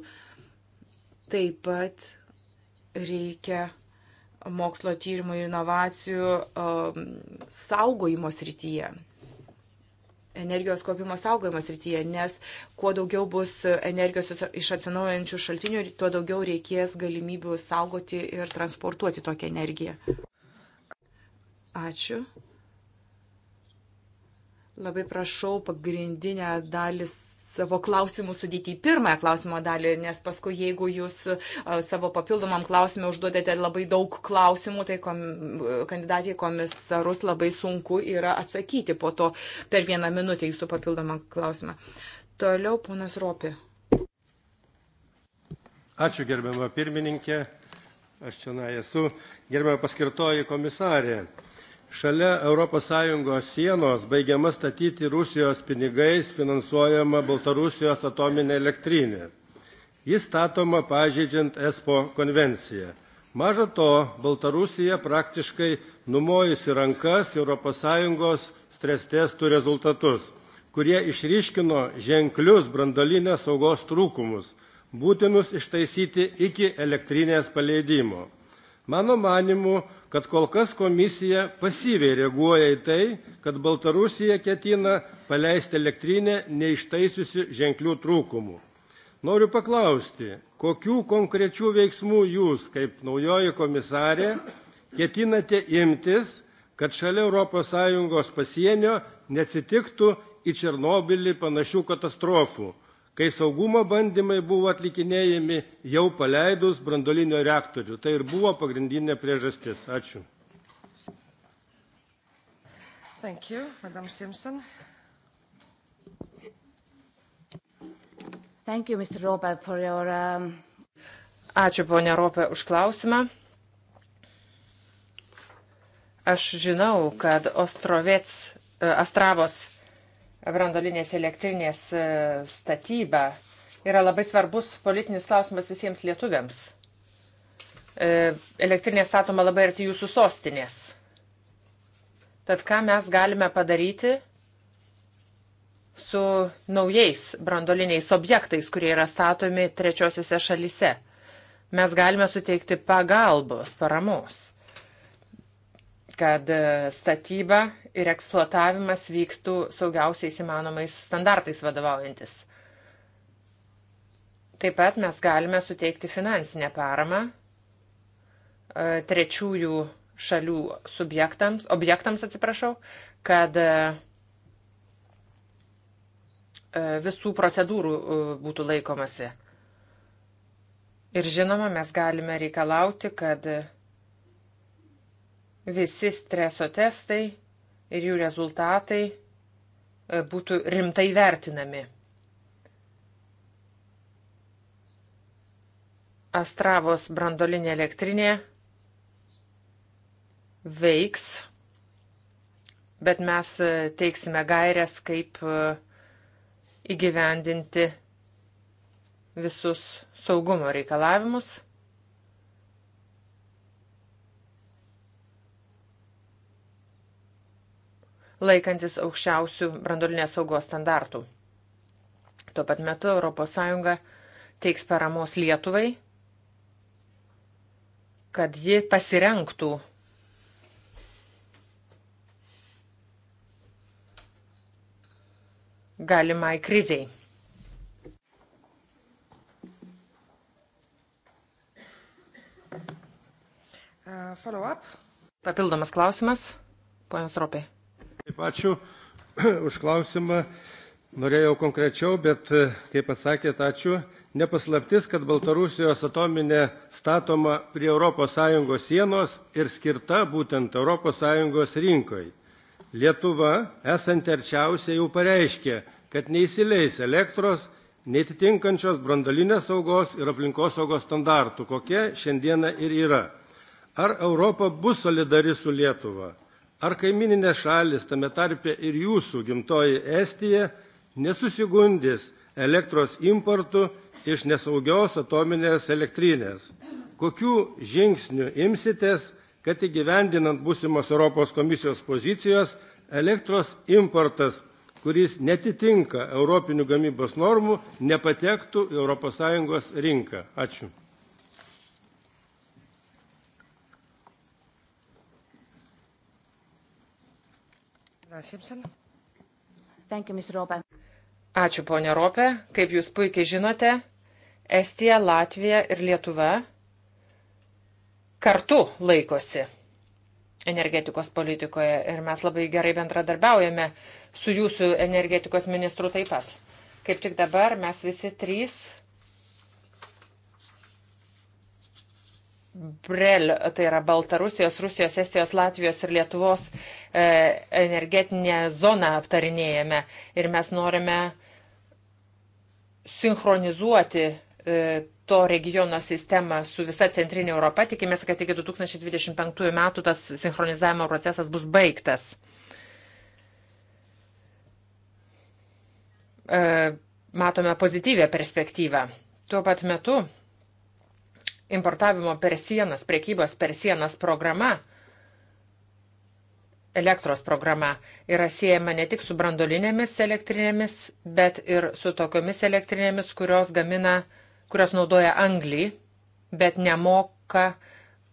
Taip pat reikia mokslo tyrimų ir inovacijų um, saugojimo srityje energijos kaupimo saugojimo srityje, nes kuo daugiau bus energijos iš atsinaujančių šaltinių, tuo daugiau reikės galimybių saugoti ir transportuoti tokią energiją. Ačiū. Labai prašau pagrindinę dalį savo klausimų sudėti į pirmąją klausimo dalį, nes paskui jeigu jūs e, savo papildomam klausimui užduodate labai daug klausimų, tai kom, e, kandidatė į komisarus labai sunku yra atsakyti po to per vieną minutę jūsų papildomą klausimą. Toliau ponas Ropi. Ačiū gerbiama pirmininkė, aš čia na esu, gerbiama paskirtoji komisarė šalia ES sienos baigiama statyti Rusijos pinigais finansuojama Baltarusijos atominė elektrinė. Jis statoma pažeidžiant ESPO konvenciją. Maža to, Baltarusija praktiškai numojusi rankas ES stres testų rezultatus, kurie išryškino ženklius brandolinės saugos trūkumus, būtinus ištaisyti iki elektrinės paleidimo. Mano manimu, kad kol kas komisija pasyviai reaguoja į tai, kad Baltarusija ketina paleisti elektrinę neištaisiusi ženklių trūkumų. Noriu paklausti, kokių konkrečių veiksmų jūs, kaip naujoji komisarė, ketinate imtis, kad šalia ES pasienio neatsitiktų į Černobilį panašių katastrofų, kai saugumo bandymai buvo atlikinėjami jau paleidus branduolinio reaktorių. Tai ir buvo pagrindinė priežastis. Ačiū. Thank you, Madam Simpson. Thank you, Mr. Rope, for your, um... Ačiū, ponė Rope, už klausimą. Aš žinau, kad Ostrovets, e, Astravos brandolinės elektrinės e, statyba yra labai svarbus politinis klausimas visiems lietuviams. E, elektrinė statoma labai arti jūsų sostinės. Tad ką mes galime padaryti su naujais brandoliniais objektais, kurie yra statomi trečiosiuose šalise? Mes galime suteikti pagalbos, paramos kad e, statyba ir eksploatavimas vyktų saugiausiais įmanomais standartais vadovaujantis. Taip pat mes galime suteikti finansinę paramą e, trečiųjų šalių subjektams, objektams, atsiprašau, kad e, visų procedūrų būtų laikomasi. Ir žinoma, mes galime reikalauti, kad visi streso testai ir jų rezultatai e, būtų rimtai vertinami. Astravos brandolinė elektrinė veiks, bet mes e, teiksime gairias, kaip e, įgyvendinti visus saugumo reikalavimus. laikantis aukščiausių brandolinės saugos standartų. Tuo pat metu ES teiks paramos Lietuvai, kad ji pasirenktų galimai kriziai. Uh, Papildomas klausimas, ponas Ropė. Taip, ačiū už klausimą. Norėjau konkrečiau, bet e, kaip atsakėte, ačiū. Nepaslaptis, kad Baltarusijos atominė statoma prie ES sienos ir skirta būtent ES rinkoje. Lietuva, esanti arčiausiai, jau pareiškė, kad neįsileis elektros netitinkančios brandolinės saugos ir aplinkosaugos standartų, kokie šiandieną ir yra. Ar Europa bus solidari su Lietuva? ar kaimininės šalis, tame tarpe ir jūsų gimtoji Estija, nesusigundys elektros importu iš nesaugios atominės elektrinės. Kokių žingsnių imsitės, kad įgyvendinant būsimas Europos komisijos pozicijos elektros importas kuris netitinka europinių gamybos normų, nepatektų į ES rinką. Ačiū. Simpson. Thank you, Ms. Robė. Ačiū, ponė Ropė. Kaip jūs puikiai žinote, Estija, Latvija ir Lietuva kartu laikosi energetikos politikoje ir mes labai gerai bendradarbiaujame su jūsų energetikos ministru taip pat. Kaip tik dabar mes visi trys Brel, tai yra Baltarusijos, Rusijos, Estijos, Latvijos ir Lietuvos e, energetinę zoną aptarinėjame ir mes norime sinchronizuoti e, to regiono sistemą su visa Centrinė Europa. Tikimės, kad iki 2025 metų tas sinchronizavimo procesas bus baigtas. E, matome pozityvę perspektyvą. Tuo pat metu importavimo per sienas, priekybos per sienas programa, elektros programa yra siejama ne tik su brandolinėmis elektrinėmis, bet ir su tokiomis elektrinėmis, kurios gamina, kurios naudoja anglį, bet nemoka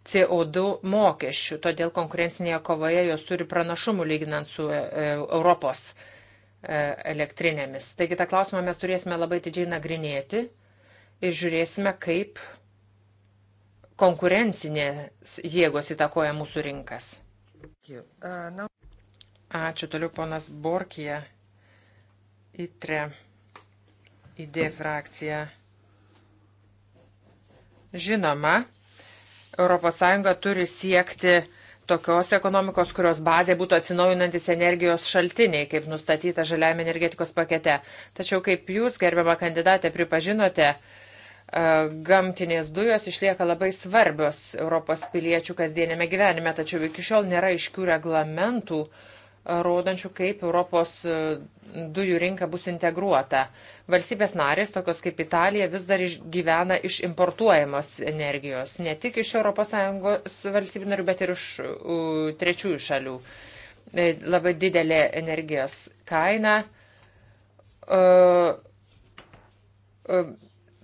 CO2 mokesčių. Todėl konkurencinėje kovoje jos turi pranašumų lyginant su e, e, Europos e, elektrinėmis. Taigi tą klausimą mes turėsime labai didžiai nagrinėti ir žiūrėsime, kaip konkurencinės jėgos įtakoja mūsų rinkas. Ačiū toliau ponas Borkija, ITRE, ID frakcija. Žinoma, ES turi siekti tokios ekonomikos, kurios bazė būtų atsinaujinantis energijos šaltiniai, kaip nustatyta žaliajame energetikos pakete. Tačiau, kaip jūs, gerbiama kandidatė, pripažinote, E, gamtinės dujos išlieka labai svarbios Europos piliečių kasdienėme gyvenime, tačiau iki šiol nėra iškių reglamentų, e, rodančių, kaip Europos e, dujų rinka bus integruota. Valstybės narės, tokios kaip Italija, vis dar gyvena iš importuojamos energijos, ne tik iš ES valstybių narių, bet ir iš trečiųjų šalių. Labai didelė energijos kaina. Uh, uh,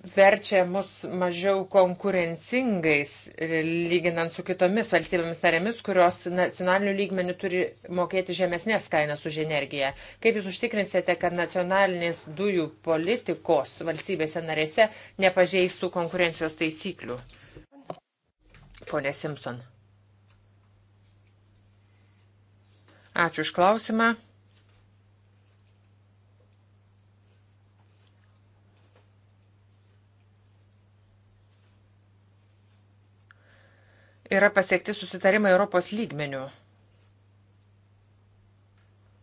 verčia mus mažiau konkurencingais, e, lyginant su kitomis valstybėmis narėmis, kurios nacionaliniu lygmeniu turi mokėti žemesnės kainas už energiją. Kaip jūs užtikrinsite, kad nacionalinės dujų politikos valstybėse narėse nepažeistų konkurencijos taisyklių? Pone Simpson. Ačiū už klausimą. yra pasiekti susitarimai Europos lygmenių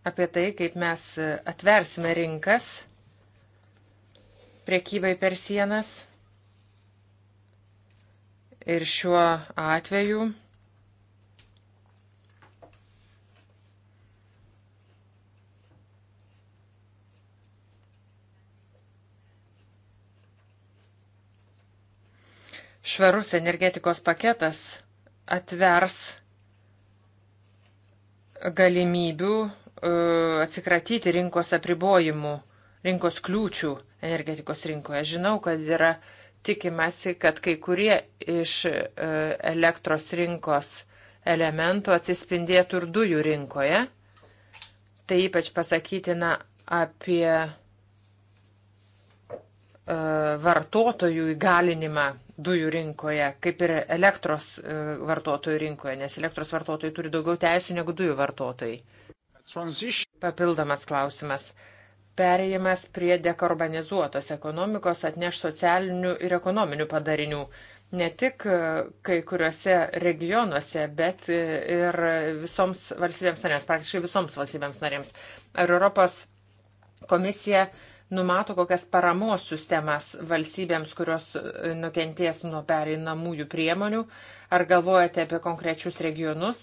apie tai, kaip mes atversime rinkas priekybai per sienas. Ir šiuo atveju švarus energetikos paketas atvers galimybių e, atsikratyti rinkos apribojimų, rinkos kliūčių energetikos rinkoje. Žinau, kad yra tikimasi, kad kai kurie iš e, elektros rinkos elementų atsispindėtų ir dujų rinkoje. Tai ypač pasakytina apie e, vartotojų įgalinimą dujų rinkoje, kaip ir elektros e, vartotojų rinkoje, nes elektros vartotojai turi daugiau teisų negu dujų vartotojai. Papildomas klausimas. Perėjimas prie dekarbonizuotos ekonomikos atneš socialinių ir ekonominių padarinių ne tik e, kai kuriuose regionuose, bet e, ir visoms valstybėms narėms, praktiškai visoms valstybėms narėms. Ar Europos komisija uh, numato kokias paramos sistemas valstybėms, kurios e, nukentės nuo pereinamųjų priemonių, ar galvojate apie konkrečius regionus.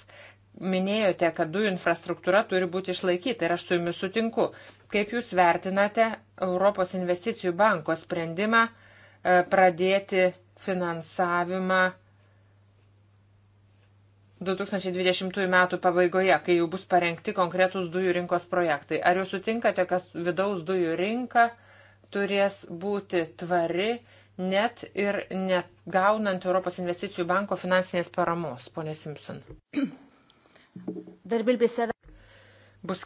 Minėjote, kad dujų infrastruktūra turi būti išlaikyta ir aš su jumis sutinku. Kaip jūs vertinate Europos investicijų banko sprendimą e, pradėti finansavimą 2020 metų pabaigoje, kai jau bus parengti konkretūs dujų rinkos projektai. Ar jūs sutinkate, kad vidaus dujų rinka turės būti tvari, net ir negaunant Europos investicijų banko finansinės paramos, ponė Simpson? Bus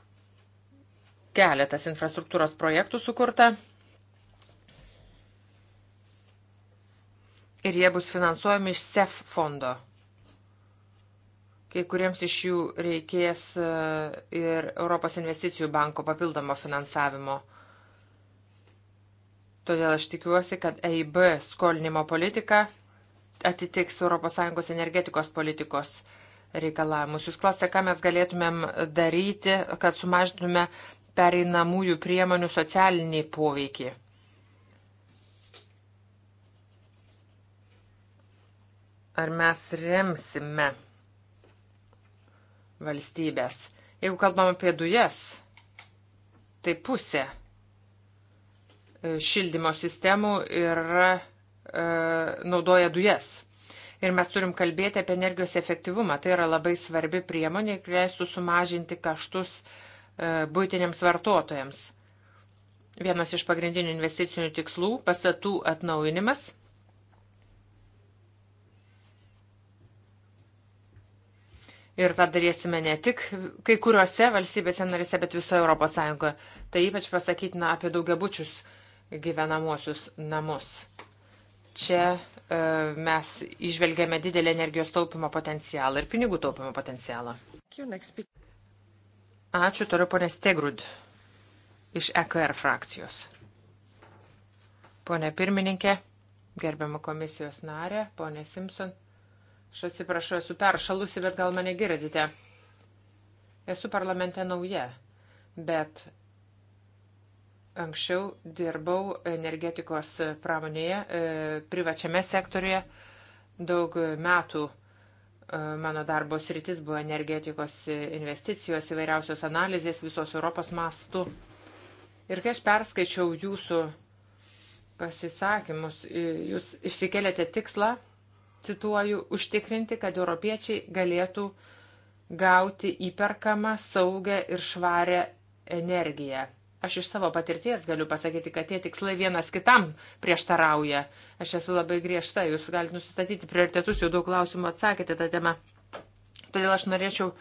keletas infrastruktūros projektų sukurta ir jie bus finansuojami iš SEF fondo. Kai kuriems iš jų reikės e, ir Europos investicijų banko papildomo finansavimo. Todėl aš tikiuosi, kad EIB skolinimo politika atitiks ES energetikos politikos reikalavimus. Jūs klausėte, ką mes galėtumėm daryti, kad sumažintume pereinamųjų priemonių socialinį poveikį. Ar mes remsime valstybės. Jeigu kalbam apie dujas, tai pusė e, šildymo sistemų yra e, naudoja dujas. Ir mes turim kalbėti apie energijos efektyvumą. Tai yra labai svarbi priemonė, kuri leistų sumažinti kaštus e, būtiniams vartotojams. Vienas iš pagrindinių investicinių tikslų - pastatų atnaujinimas ir tą darysime ne tik kai kuriuose valstybėse narise, bet visoje Europos Sąjungoje. Tai ypač pasakytina apie daugiabučius gyvenamuosius namus. Čia e, mes išvelgėme didelį energijos taupimo potencialą ir pinigų taupimo potencialą. Ačiū, turiu ponę Stegrud iš EKR frakcijos. Pone pirmininkė, gerbiama komisijos narė, ponė Simpson. Aš atsiprašau, esu peršalusi, bet gal mane girdite. Esu parlamente nauja, bet anksčiau dirbau energetikos pramonėje, e, privačiame sektorėje daug metų. E, mano darbo sritis buvo energetikos investicijos, įvairiausios analizės visos Europos mastų. Ir kai aš perskaičiau jūsų pasisakymus, e, jūs išsikelėte tikslą cituoju, užtikrinti, kad europiečiai galėtų gauti įperkamą, saugę ir švarę energiją. Aš iš savo patirties galiu pasakyti, kad tie tikslai vienas kitam prieštarauja. Aš esu labai griežta, jūs galite nusistatyti prioritetus, jau daug klausimų atsakėte tą temą. Todėl aš norėčiau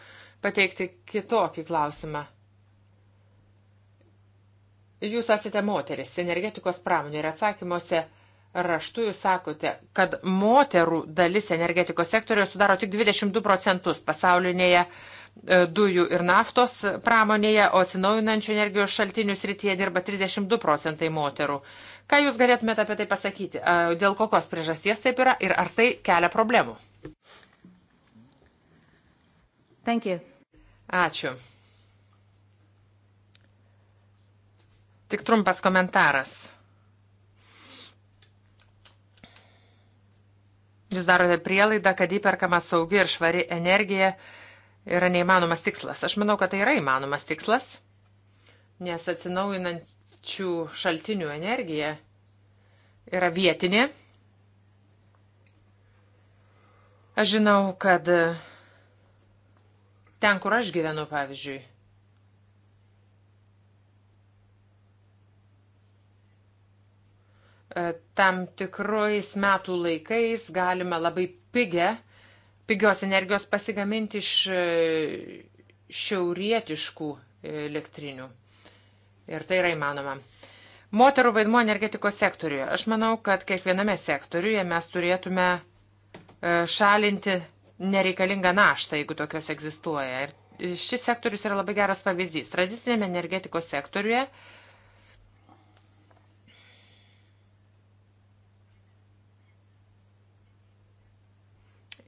pateikti kitokį klausimą. Jūs esate moteris energetikos pramonė ir atsakymuose raštu jūs sakote, kad moterų dalis energetikos sektorijoje sudaro tik 22 procentus pasaulinėje e, dujų ir naftos pramonėje, o atsinaujinančių energijos šaltinių srityje dirba 32 procentai moterų. Ką Jūs galėtumėte apie tai pasakyti? Dėl kokios priežasties taip yra ir ar tai kelia problemų? Ačiū. Tik trumpas komentaras. Jūs darote prielaidą, kad įperkama saugi ir švari energija yra neįmanomas tikslas. Aš manau, kad tai yra įmanomas tikslas, nes atsinaujinančių šaltinių energija yra vietinė. Aš žinau, kad ten, kur aš gyvenu, pavyzdžiui, E, tam tikrais metų laikais galima labai pigę, pigios energijos pasigaminti iš e, šiaurietiškų elektrinių. Ir tai yra įmanoma. Moterų vaidmuo energetikos sektoriuje. Aš manau, kad kiekviename sektoriuje mes turėtume e, šalinti nereikalingą naštą, jeigu tokios egzistuoja. Ir šis sektorius yra labai geras pavyzdys. Tradicinėme energetikos sektoriuje uh,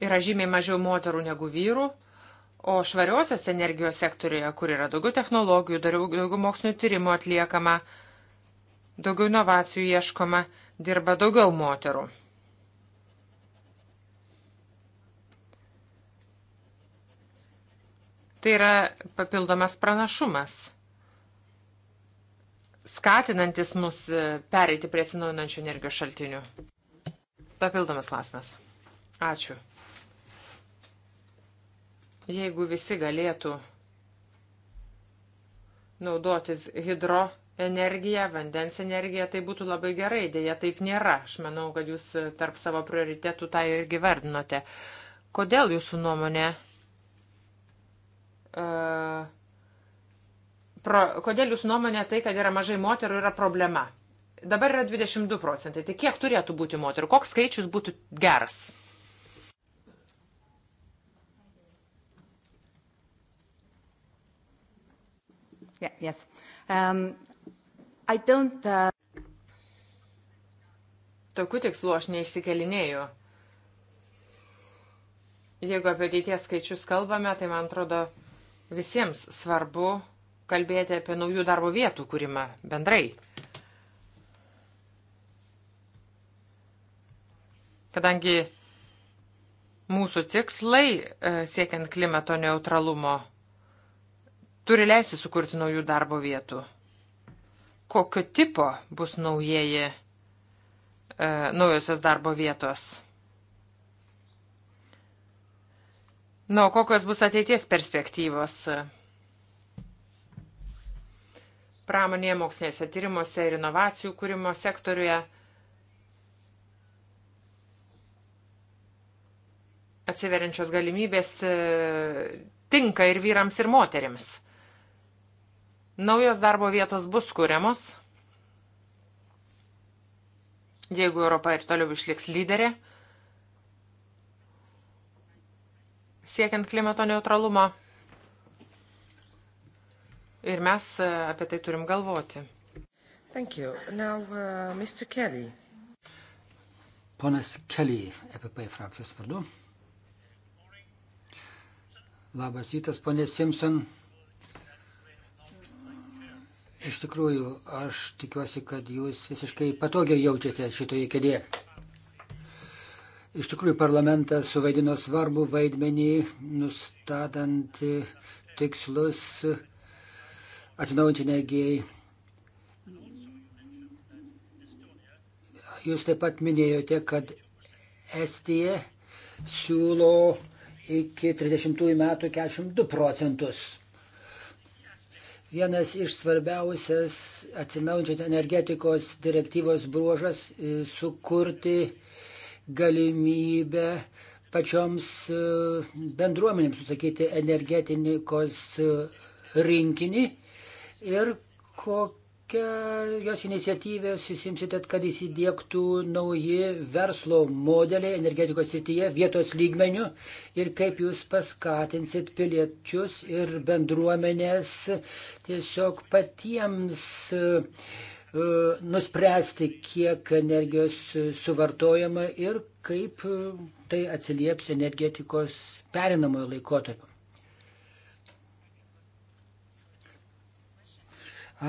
yra žymiai mažiau moterų negu vyrų, o švariosios energijos sektorioje, kur yra daugiau technologijų, daugiau mokslinių tyrimų atliekama, daugiau inovacijų ieškoma, dirba daugiau moterų. Tai yra papildomas pranašumas, skatinantis mus e, pereiti prie atsinaujinančių energijos šaltinių. Papildomas klausimas. Ačiū. Jeigu visi galėtų naudotis hidro energiją, vandens energiją, tai būtų labai gerai, dėja taip nėra. Aš manau, kad jūs tarp savo prioritetų tą irgi vardinote. Kodėl jūsų nuomonė, uh, pro, kodėl jūsų nuomonė tai, kad yra mažai moterų, yra problema? Dabar yra 22 procentai, tai kiek turėtų būti moterų? Koks skaičius būtų geras? Yeah, yes. Um, I don't. Uh... Tokių tikslų aš neišsikelinėjau. Jeigu apie ateities skaičius kalbame, tai man atrodo visiems svarbu kalbėti apie naujų darbo vietų kūrimą bendrai. Kadangi mūsų tikslai e, siekiant klimato neutralumo turi leisti sukurti naujų darbo vietų. Kokio tipo bus naujieji, e, naujosios darbo vietos? Na, nu, kokios bus ateities perspektyvos? E, pramonėje, mokslinėse tyrimuose ir inovacijų kūrimo sektoriuje. Atsiveriančios galimybės e, tinka ir vyrams, ir moteriams. Naujos darbo vietos bus kuriamos, jeigu Europa ir toliau išliks lyderė, siekiant klimato neutralumo. Ir mes e, apie tai turim galvoti. Thank you. Now, uh, Mr. Kelly. Ponas Kelly, EPP frakcijos vardu. Labas rytas, ponė Simpson. Iš tikrųjų, aš tikiuosi, kad jūs visiškai patogiai jaučiate šitoje kėdėje. Iš tikrųjų, parlamentas suvaidino svarbų vaidmenį, nustatant tikslus atsinaujinti energijai. Jūs taip pat minėjote, kad Estija siūlo iki 30 metų 42 procentus Vienas iš svarbiausias atsinaujančios energetikos direktyvos bruožas e, - sukurti galimybę pačioms e, bendruomenėms susakyti energetikos e, rinkinį ir ko, kokios iniciatyvės jūs imsitėt, kad įsidėktų nauji verslo modeliai energetikos srityje vietos lygmenių ir kaip jūs paskatinsit piliečius ir bendruomenės tiesiog patiems uh, nuspręsti, kiek energijos suvartojama ir kaip tai atsilieps energetikos perinamojo laikotarpiu.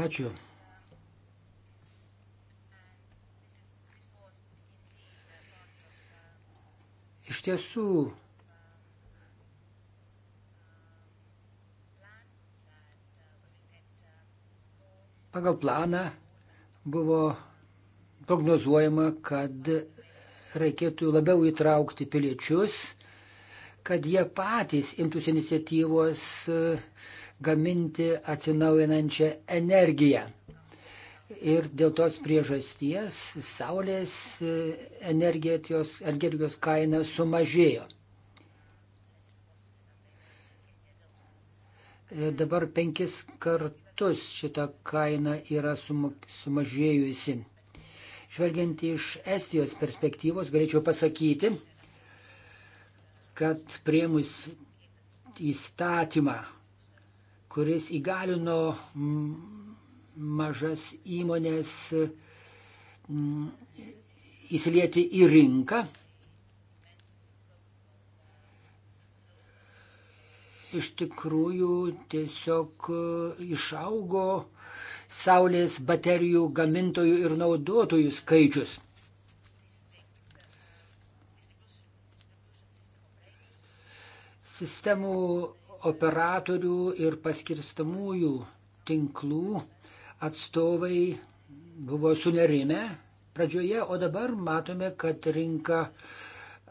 Ačiū. Iš tiesų, pagal planą buvo prognozuojama, kad reikėtų labiau įtraukti piliečius, kad jie patys imtųsi iniciatyvos e, gaminti atsinaujinančią energiją. Ir dėl tos priežasties saulės e, energijos, energijos kaina sumažėjo. E, dabar penkis kartus šita kaina yra sumažėjusi. Žvelgiant iš Estijos perspektyvos, galėčiau pasakyti, kad prieimus įstatymą, kuris įgalino mažas įmonės mm, įsilieti į rinką. Iš tikrųjų tiesiog e, išaugo saulės baterijų gamintojų ir naudotojų skaičius. Sistemų operatorių ir paskirstamųjų tinklų atstovai buvo sunerime pradžioje, o dabar matome, kad rinka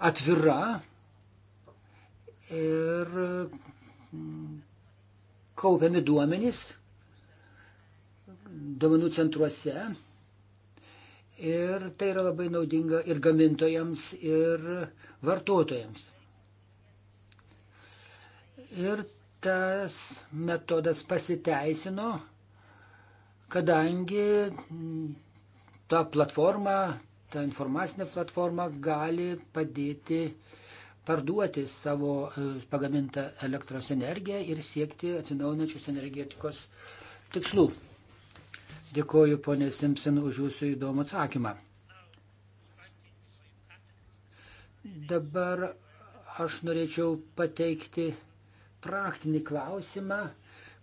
atvira ir mm, kaupiami duomenys duomenų centruose. Ir tai yra labai naudinga ir gamintojams, ir vartotojams. Ir tas metodas pasiteisino, kadangi mm, ta platforma, ta informacinė platforma gali padėti parduoti savo e, pagamintą elektros energiją ir siekti atsinaujinančios energetikos tikslų. Dėkoju, ponė Simpson, už jūsų įdomų atsakymą. Dabar aš norėčiau pateikti praktinį klausimą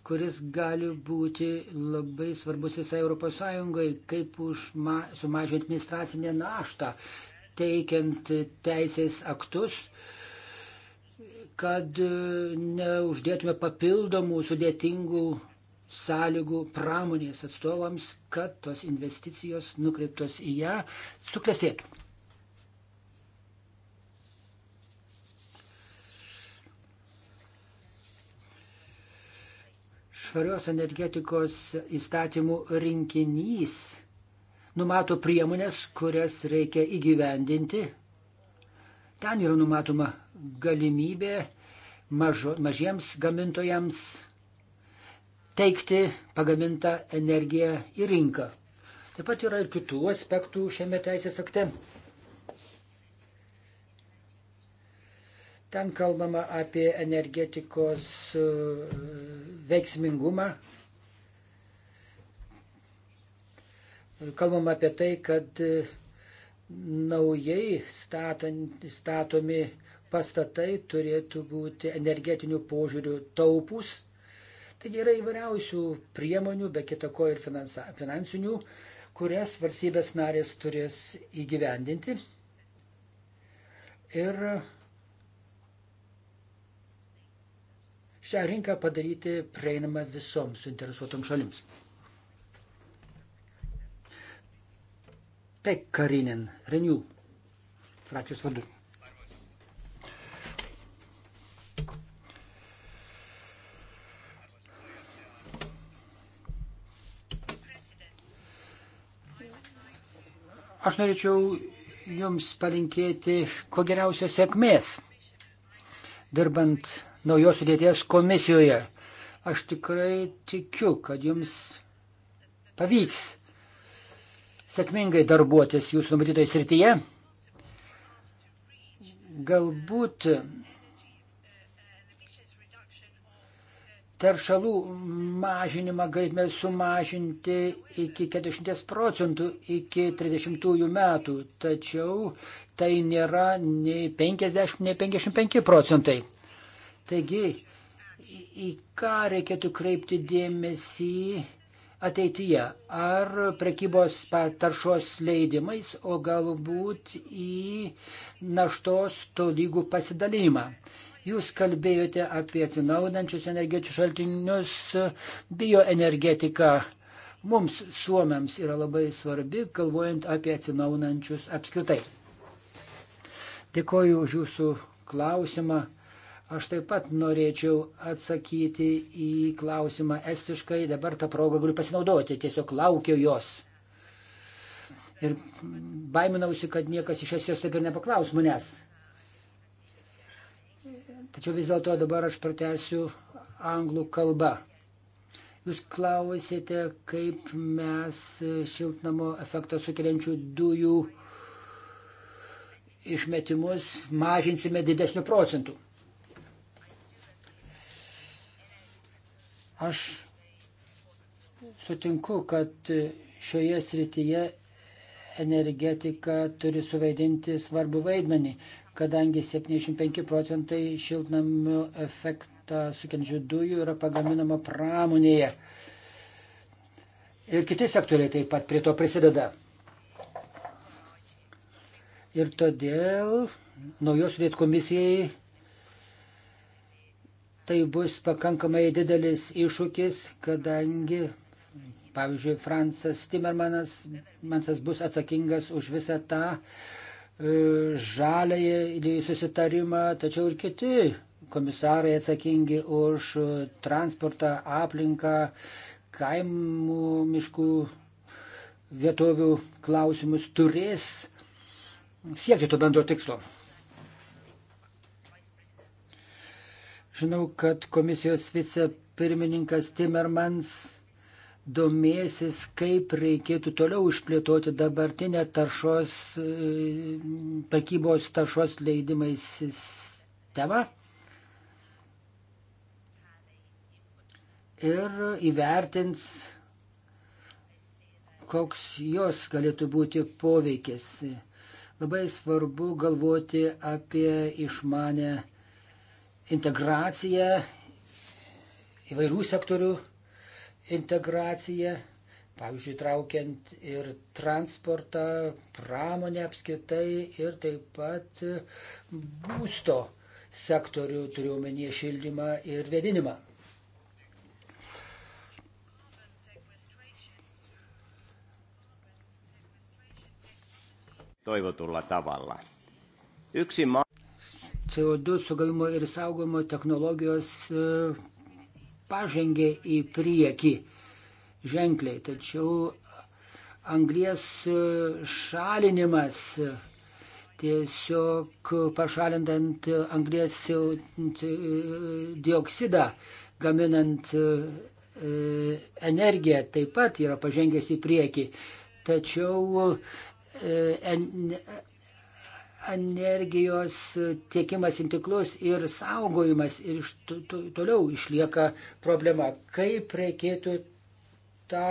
kuris gali būti labai svarbus visai ES, kaip užma, sumažinti administracinę naštą, teikiant teisės aktus, kad e, neuždėtume papildomų sudėtingų sąlygų pramonės atstovams, kad tos investicijos nukreiptos į ją suklestėtų. Švarios energetikos įstatymų rinkinys numato priemonės, kurias reikia įgyvendinti. Ten yra numatoma galimybė mažo, mažiems gamintojams teikti pagamintą energiją į rinką. Taip pat yra ir kitų aspektų šiame teisės akte. Ten kalbama apie energetikos e, veiksmingumą. Kalbama apie tai, kad e, naujai statomi pastatai turėtų būti energetinių požiūrių taupus. Taigi yra įvairiausių priemonių, be kitako ir finansinių, kurias valstybės narės turės įgyvendinti. Ir šią rinką padaryti prieinamą visoms suinteresuotoms šalims. Pekkarinen, Renew, frakcijos vardu. Aš norėčiau Jums palinkėti ko geriausios sėkmės, dirbant naujos sudėties komisijoje. Aš tikrai tikiu, kad jums pavyks sėkmingai darbuotis jūsų numatytoje srityje. Galbūt teršalų mažinimą galėtume sumažinti iki 40 procentų iki 30 metų, tačiau tai nėra nei 50, nei 55 procentai. Taigi, į ką reikėtų kreipti dėmesį ateityje? Ar prekybos taršos leidimais, o galbūt į naštos tolygų pasidalinimą? Jūs kalbėjote apie atsinaudančius energetinius šaltinius, bioenergetiką. Mums, suomiams, yra labai svarbi, galvojant apie atsinaudančius apskritai. Dėkoju už jūsų klausimą. Aš taip pat norėčiau atsakyti į klausimą estiškai, dabar tą progą galiu pasinaudoti, tiesiog laukiu jos. Ir baiminausi, kad niekas iš esijos taip ir nepaklaus manęs. Tačiau vis dėlto dabar aš pratęsiu anglų kalbą. Jūs klausėte, kaip mes šiltnamo efektą sukeliančių dujų išmetimus mažinsime didesnių procentų. Aš sutinku, kad šioje srityje energetika turi suvaidinti svarbu vaidmenį, kadangi 75 procentai šiltnamių efektą sukeliančių dujų yra pagaminama pramonėje. Ir kiti sektoriai taip pat prie to prisideda. Ir todėl naujos sudėt komisijai Tai bus pakankamai didelis iššūkis, kadangi, pavyzdžiui, Fransas Timmermanas Mansas bus atsakingas už visą tą e, žaląjį susitarimą, tačiau ir kiti komisarai atsakingi už transportą, aplinką, kaimų miškų vietovių klausimus turės siekti to bendro tikslo. Žinau, kad komisijos vicepirmininkas Timmermans domėsis, kaip reikėtų toliau išplėtoti dabartinę taršos, e, prekybos taršos leidimais sistemą. Ir įvertins, koks jos galėtų būti poveikis. Labai svarbu galvoti apie išmanę integracija, įvairių sektorių integracija, pavyzdžiui, traukiant ir transportą, pramonę apskritai ir taip pat būsto sektorių, turiuomenyje šildymą ir vėdinimą. toivotulla tavalla. Yksi ma- CO2 sugavimo ir saugojimo technologijos e, pažengė į priekį ženkliai, tačiau anglies e, šalinimas tiesiog pašalintant anglies e, dioksidą, gaminant energiją taip pat yra pažengęs į priekį. Tačiau energijos tiekimas į tinklus ir saugojimas ir iš, to, to, toliau išlieka problema. Kaip reikėtų tą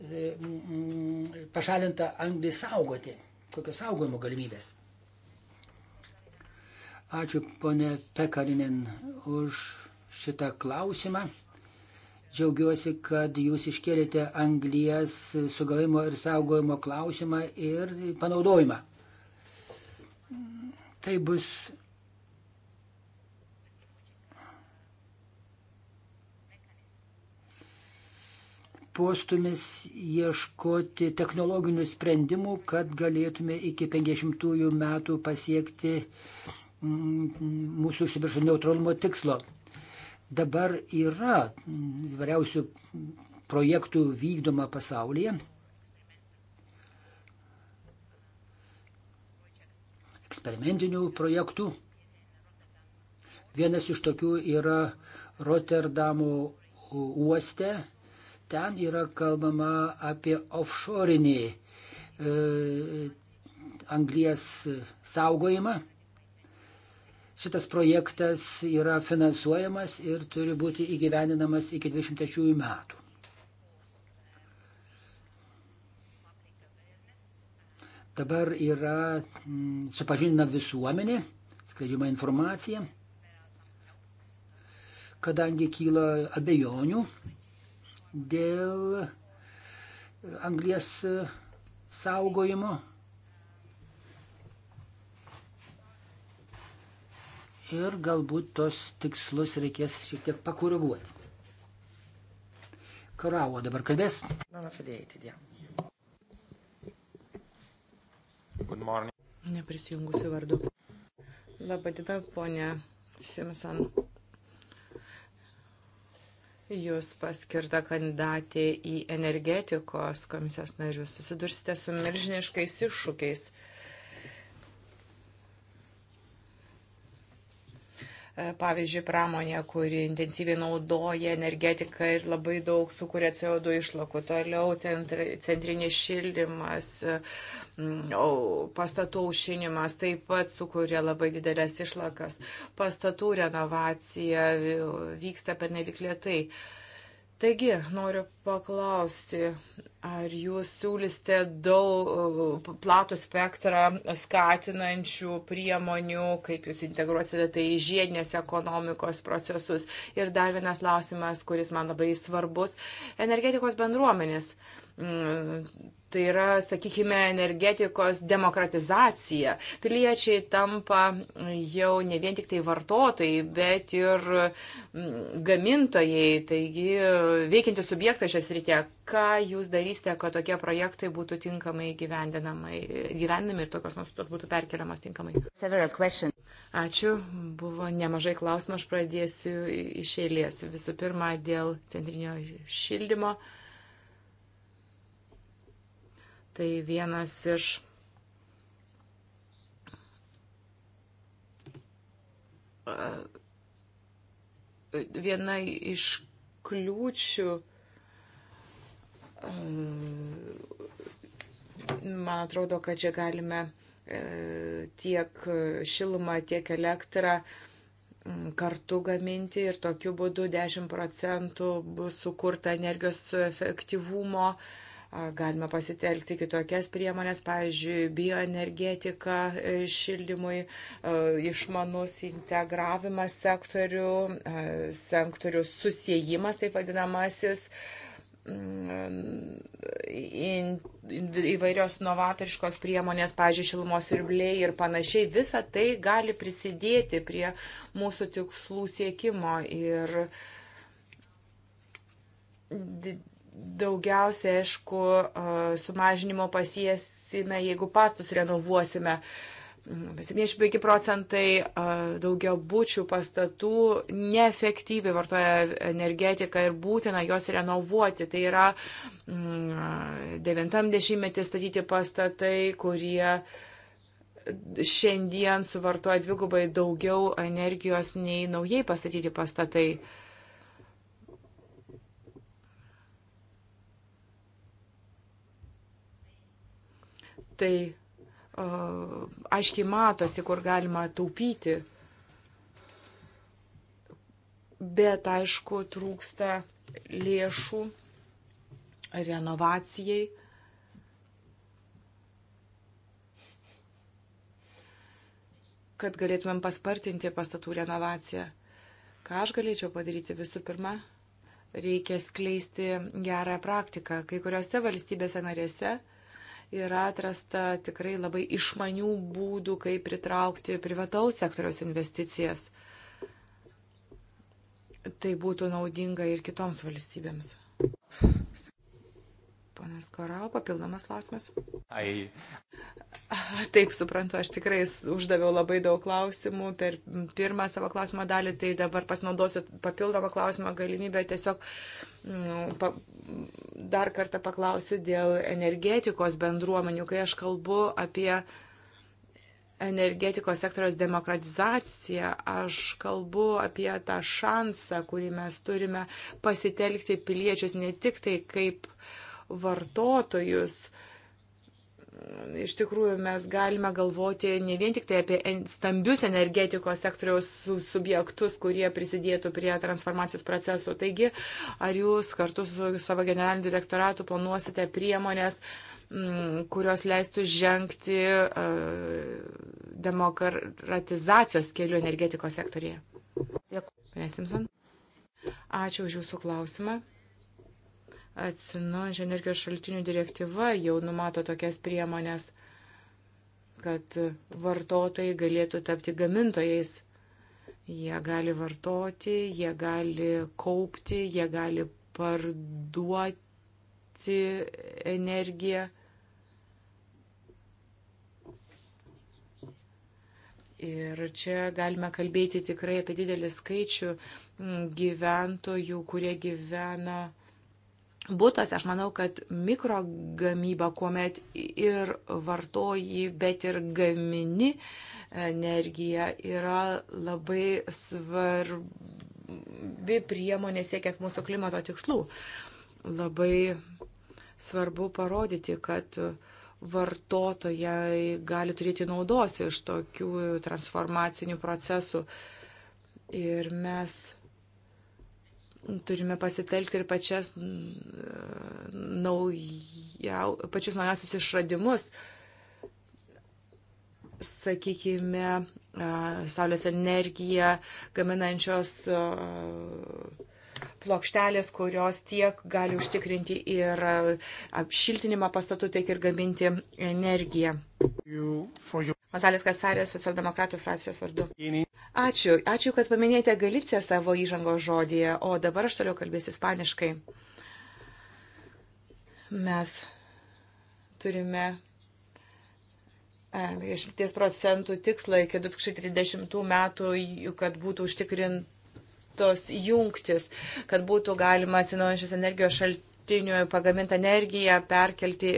mm, pašalintą anglį saugoti? Kokios saugojimo galimybės? Ačiū ponė Pekarinen už šitą klausimą. Džiaugiuosi, kad jūs iškėlėte anglijas sugavimo ir saugojimo klausimą ir panaudojimą. Tai bus postumis ieškoti technologinių sprendimų, kad galėtume iki 50 metų pasiekti mm, mūsų užsibrėžto neutralumo tikslo. Dabar yra variausių projektų vykdoma pasaulyje eksperimentinių projektų. Vienas iš tokių yra Rotterdamo uoste. Ten yra kalbama apie offshorinį e, anglies saugojimą. Šitas projektas yra finansuojamas ir turi būti įgyveninamas iki 23 metų. dabar yra mm, supažindina visuomenė, skleidžiama informacija, kadangi kyla abejonių dėl anglies saugojimo. Ir galbūt tos tikslus reikės šiek tiek pakoreguoti. Karavo dabar kalbės. Non affiliated, yeah. Good morning. Neprisijungusi vardu. Labadiena, ponė Simpson. Jūs paskirta kandidatė į energetikos komisijos narius. Susidursite su milžiniškais iššūkiais. E, pavyzdžiui, pramonė, kuri intensyviai naudoja energetiką ir labai daug sukuria CO2 išlakų. Toliau centrinis šildymas, e, pastatų aušinimas taip pat sukuria labai didelės išlakas. Pastatų renovacija vyksta per nelik lietai. Uh, Taigi, noriu paklausti, ar jūs siūlysite daug platų spektrą skatinančių priemonių, kaip jūs integruosite tai į žiedinės ekonomikos procesus. Ir dar vienas klausimas, kuris man labai svarbus - energetikos bendruomenės tai yra, sakykime, energetikos demokratizacija. Piliečiai tampa jau ne vien tik tai vartotojai, bet ir mm, gamintojai, taigi veikianti subjektai šią sritę. Ką jūs darysite, kad tokie projektai būtų tinkamai gyvendinami ir tokios nustatos būtų perkeliamos tinkamai? Ačiū, buvo nemažai klausimų, aš pradėsiu iš eilės. Visų pirma, dėl centrinio šildymo. Tai vienas iš viena iš kliūčių, man atrodo, kad čia galime e, tiek šilumą, tiek elektrą kartu gaminti ir tokiu būdu 10 procentų bus sukurta energijos efektyvumo uh, Galime pasitelkti kitokias priemonės, pavyzdžiui, bioenergetika e, šildymui, e, išmanus integravimas sektorių, e, sektorių susijimas, taip vadinamasis įvairios novatoriškos priemonės, pažiūrėjau, šilumos siurbliai ir panašiai, visa tai gali prisidėti prie mūsų tikslų siekimo ir daugiausia, aišku, sumažinimo pasiesime, jeigu pastus renovuosime. 75 mm, procentai daugia būčių pastatų neefektyviai vartoja energetiką ir būtina jos renovuoti. Tai yra 90-metį mm, statyti pastatai, kurie šiandien suvartoja dvigubai daugiau energijos nei naujai pastatyti pastatai. Uh, tai uh, aiškiai matosi, kur galima taupyti. Bet aišku, trūksta lėšų renovacijai. kad galėtumėm paspartinti pastatų renovaciją. Ką aš galėčiau padaryti visų pirma? Reikia skleisti gerąją praktiką. Kai kuriuose valstybėse narėse uh, yra atrasta tikrai labai išmanių būdų, kaip pritraukti privataus sektoriaus investicijas. Tai būtų naudinga ir kitoms valstybėms. Panas Korau, papildomas klausimas. Ai. Taip, suprantu, aš tikrai uždaviau labai daug klausimų per pirmą savo klausimo dalį, tai dabar pasinaudosiu papildomą klausimą galimybę tiesiog nu, pa, dar kartą paklausiu dėl energetikos bendruomenių, kai aš kalbu apie energetikos sektoriaus demokratizaciją, aš kalbu apie tą šansą, kurį mes turime pasitelkti piliečius ne tik tai kaip uh, vartotojus. Iš tikrųjų, mes galime galvoti ne vien tik tai apie stambius energetikos sektoriaus subjektus, kurie prisidėtų prie transformacijos procesų. Taigi, ar jūs kartu su savo generaliniu direktoratu planuosite priemonės, mm, kurios leistų žengti e, demokratizacijos keliu energetikos sektorėje? Pane Simpson, ačiū už Jūsų klausimą. Atsinaujančio energijos šaltinių direktyva jau numato tokias priemonės, kad vartotojai galėtų tapti gamintojais. Jie gali vartoti, jie gali kaupti, jie gali parduoti energiją. Ir čia galime kalbėti tikrai apie didelį skaičių mm, gyventojų, kurie gyvena uh, būtuose, aš manau, kad mikrogamyba, kuomet ir vartoji, bet ir gamini energiją, yra labai svarbi priemonė siekiant mūsų klimato tikslų. Labai svarbu parodyti, kad vartotojai gali turėti naudos iš tokių transformacinių procesų. Ir mes turime pasitelkti ir pačias, mm, naujau, pačius naujausius išradimus. Sakykime, saulės energiją gaminančios plokštelės, kurios tiek gali užtikrinti ir apšiltinimą pastatų, tiek ir gaminti energiją. Mazalis Kasarė, socialdemokratų frakcijos vardu. Ačiū, ačiū, kad paminėjote Galiciją savo įžangos žodėje, o dabar aš toliau kalbėsiu ispaniškai. Mes turime e, iš ties procentų tikslą iki 2030 metų, kad būtų užtikrintos jungtis, kad būtų galima atsinaujančios energijos šaltinius šaltinių pagamintą energiją perkelti,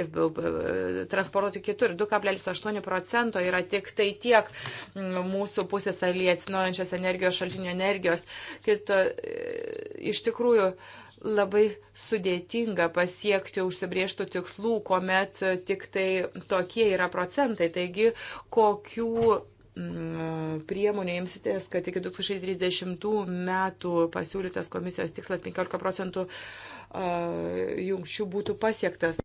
transportuoti kitur. 2,8 procento yra tik tai tiek mm, mūsų pusės alyje atsinaujančios energijos šaltinių energijos. Kito, e, iš tikrųjų, labai sudėtinga pasiekti užsibrieštų tikslų, kuomet tik tai tokie yra procentai. Taigi, kokių mm, priemonių imsitės, kad iki 2030 metų pasiūlytas komisijos tikslas 15 procentų uh, jungčių būtų pasiektas.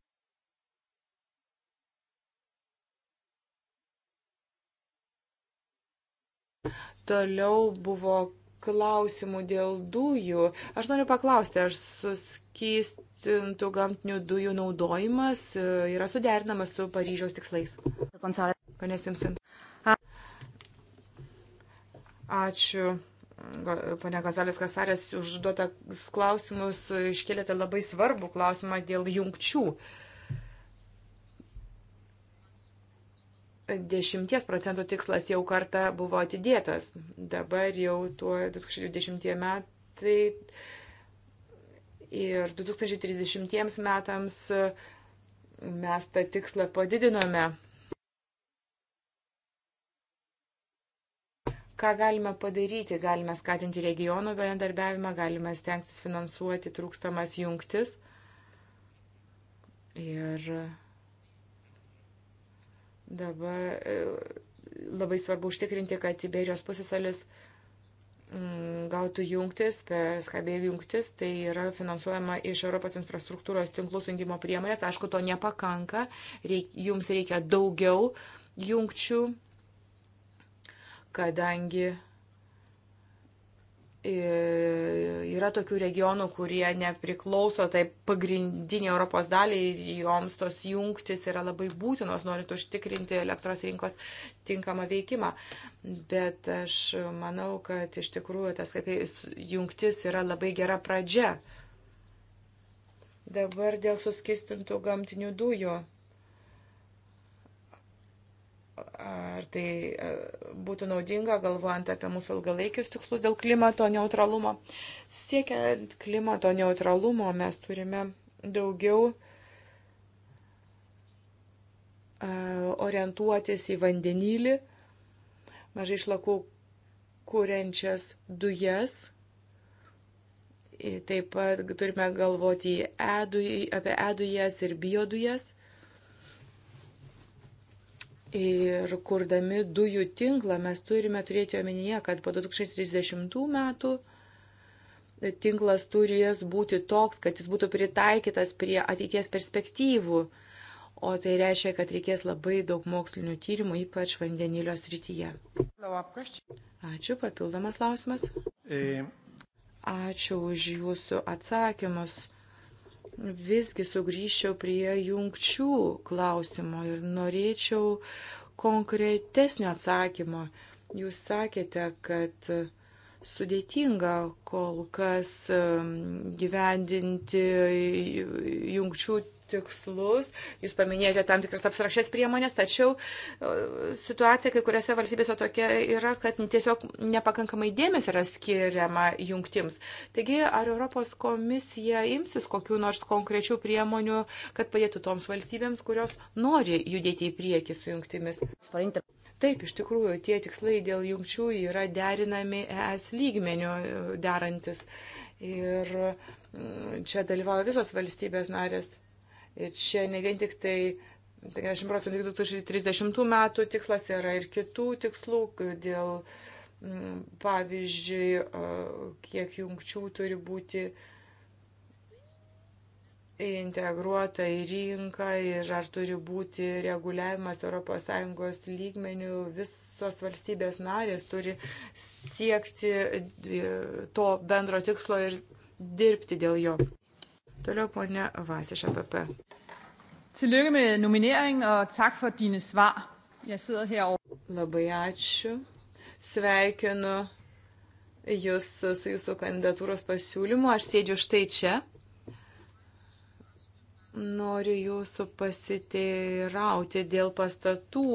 Toliau buvo klausimų dėl dujų. Aš noriu paklausti, ar suskystintų gamtinių dujų naudojimas e, yra suderinamas su Paryžiaus tikslais? Pane Simpson. Ačiū Pane Kazalės Kasarės, užduotas klausimus iškėlėte labai svarbų klausimą dėl jungčių. 10 procentų tikslas jau kartą buvo atidėtas. Dabar jau tuo 2020 metai ir 2030 metams mes tą tikslą padidinome Ką galime padaryti? Galime skatinti regionų bendarbiavimą, galime stengtis finansuoti trūkstamas jungtis. Ir dabar e, labai svarbu užtikrinti, kad Iberijos pusėsalis mm, gautų jungtis, per skabėjų jungtis, tai yra finansuojama iš Europos infrastruktūros tinklų sujungimo priemonės. Aišku, to nepakanka, reik, jums reikia daugiau jungčių kadangi e, yra tokių regionų, kurie nepriklauso taip pagrindinė Europos daliai ir joms tos jungtis yra labai būtinos, norint užtikrinti elektros rinkos tinkamą veikimą. Bet aš manau, kad iš tikrųjų tas kaip jungtis yra labai gera pradžia. Dabar dėl suskistintų gamtinių dujų. Ar tai e, būtų naudinga, galvojant apie mūsų ilgalaikius tikslus dėl klimato neutralumo? Siekiant klimato neutralumo mes turime daugiau e, orientuotis į vandenylį, mažai išlakų kūrenčias dujas. Taip pat turime galvoti e apie edujas ir biodujas Ir kurdami dujų tinklą mes turime turėti omenyje, kad po 2030 metų tinklas turės būti toks, kad jis būtų pritaikytas prie ateities perspektyvų. O tai reiškia, kad reikės labai daug mokslinių tyrimų, ypač vandenilio srityje. Ačiū, papildomas klausimas. E. Ačiū už jūsų atsakymus visgi sugrįžčiau prie jungčių klausimo ir norėčiau konkretesnio atsakymo. Jūs sakėte, kad sudėtinga kol kas um, gyvendinti jungčių tikslus, jūs paminėjote tam tikras abstrakčias priemonės, tačiau e, situacija kai kuriuose valstybėse tokia yra, kad tiesiog nepakankamai dėmesio yra skiriama jungtims. Taigi, ar Europos komisija imsis kokiu nors konkrečių priemonių, kad padėtų toms valstybėms, kurios nori judėti į priekį su jungtimis? Taip, iš tikrųjų, tie tikslai dėl jungčių yra derinami ES lygmenių e, derantis. Ir mm, čia dalyvauja visos valstybės narės. Ir čia ne vien tik tai 50 procentų 2030 metų tikslas yra ir kitų tikslų dėl, pavyzdžiui, kiek jungčių turi būti integruota į rinką ir ar turi būti reguliavimas ES lygmenių, visos valstybės narės turi siekti e, to bendro tikslo ir dirbti dėl jo. Toliau ponia Vas iš APP. Tillykke med nomineringen og tak for dine svar. Jeg sidder herovre. Labai ačiū. Sveikinu Jūs su Jūsų kandidatūros pasiūlymu. Aš sėdžiu štai čia. Noriu Jūsų pasiteirauti dėl pastatų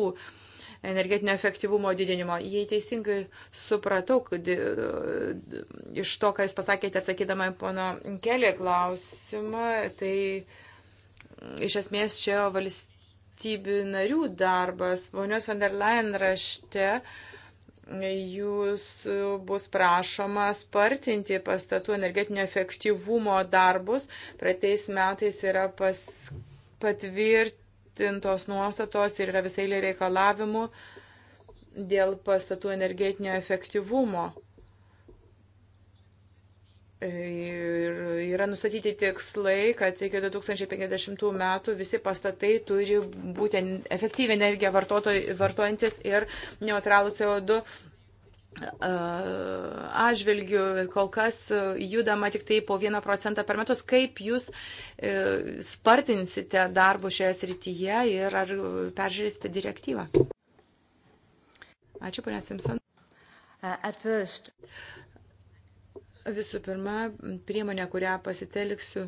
energetinio efektyvumo didinimo. Jei teisingai supratau, kad e, iš to, ką jūs pasakėte atsakydama į pono Kelį klausimą, tai mm, iš esmės čia valstybių narių darbas. Ponios van der Leyen rašte e, jūs e, bus prašoma spartinti pastatų energetinio efektyvumo darbus. Praeitais metais yra pas, patvirt patvirtintos nuostatos ir yra visai reikalavimų dėl pastatų energetinio efektyvumo. Ir yra nustatyti tikslai, kad iki 2050 metų visi pastatai turi būti efektyviai energiją vartojantis ir neutralus CO2 atžvilgių, kol kas judama tik tai po 1 procentą per metus. Kaip jūs e, spartinsite darbo šioje srityje ir ar peržiūrėsite direktyvą? Ačiū, ponia Simpson. Uh, Visų pirma, priemonė, kurią pasiteliksiu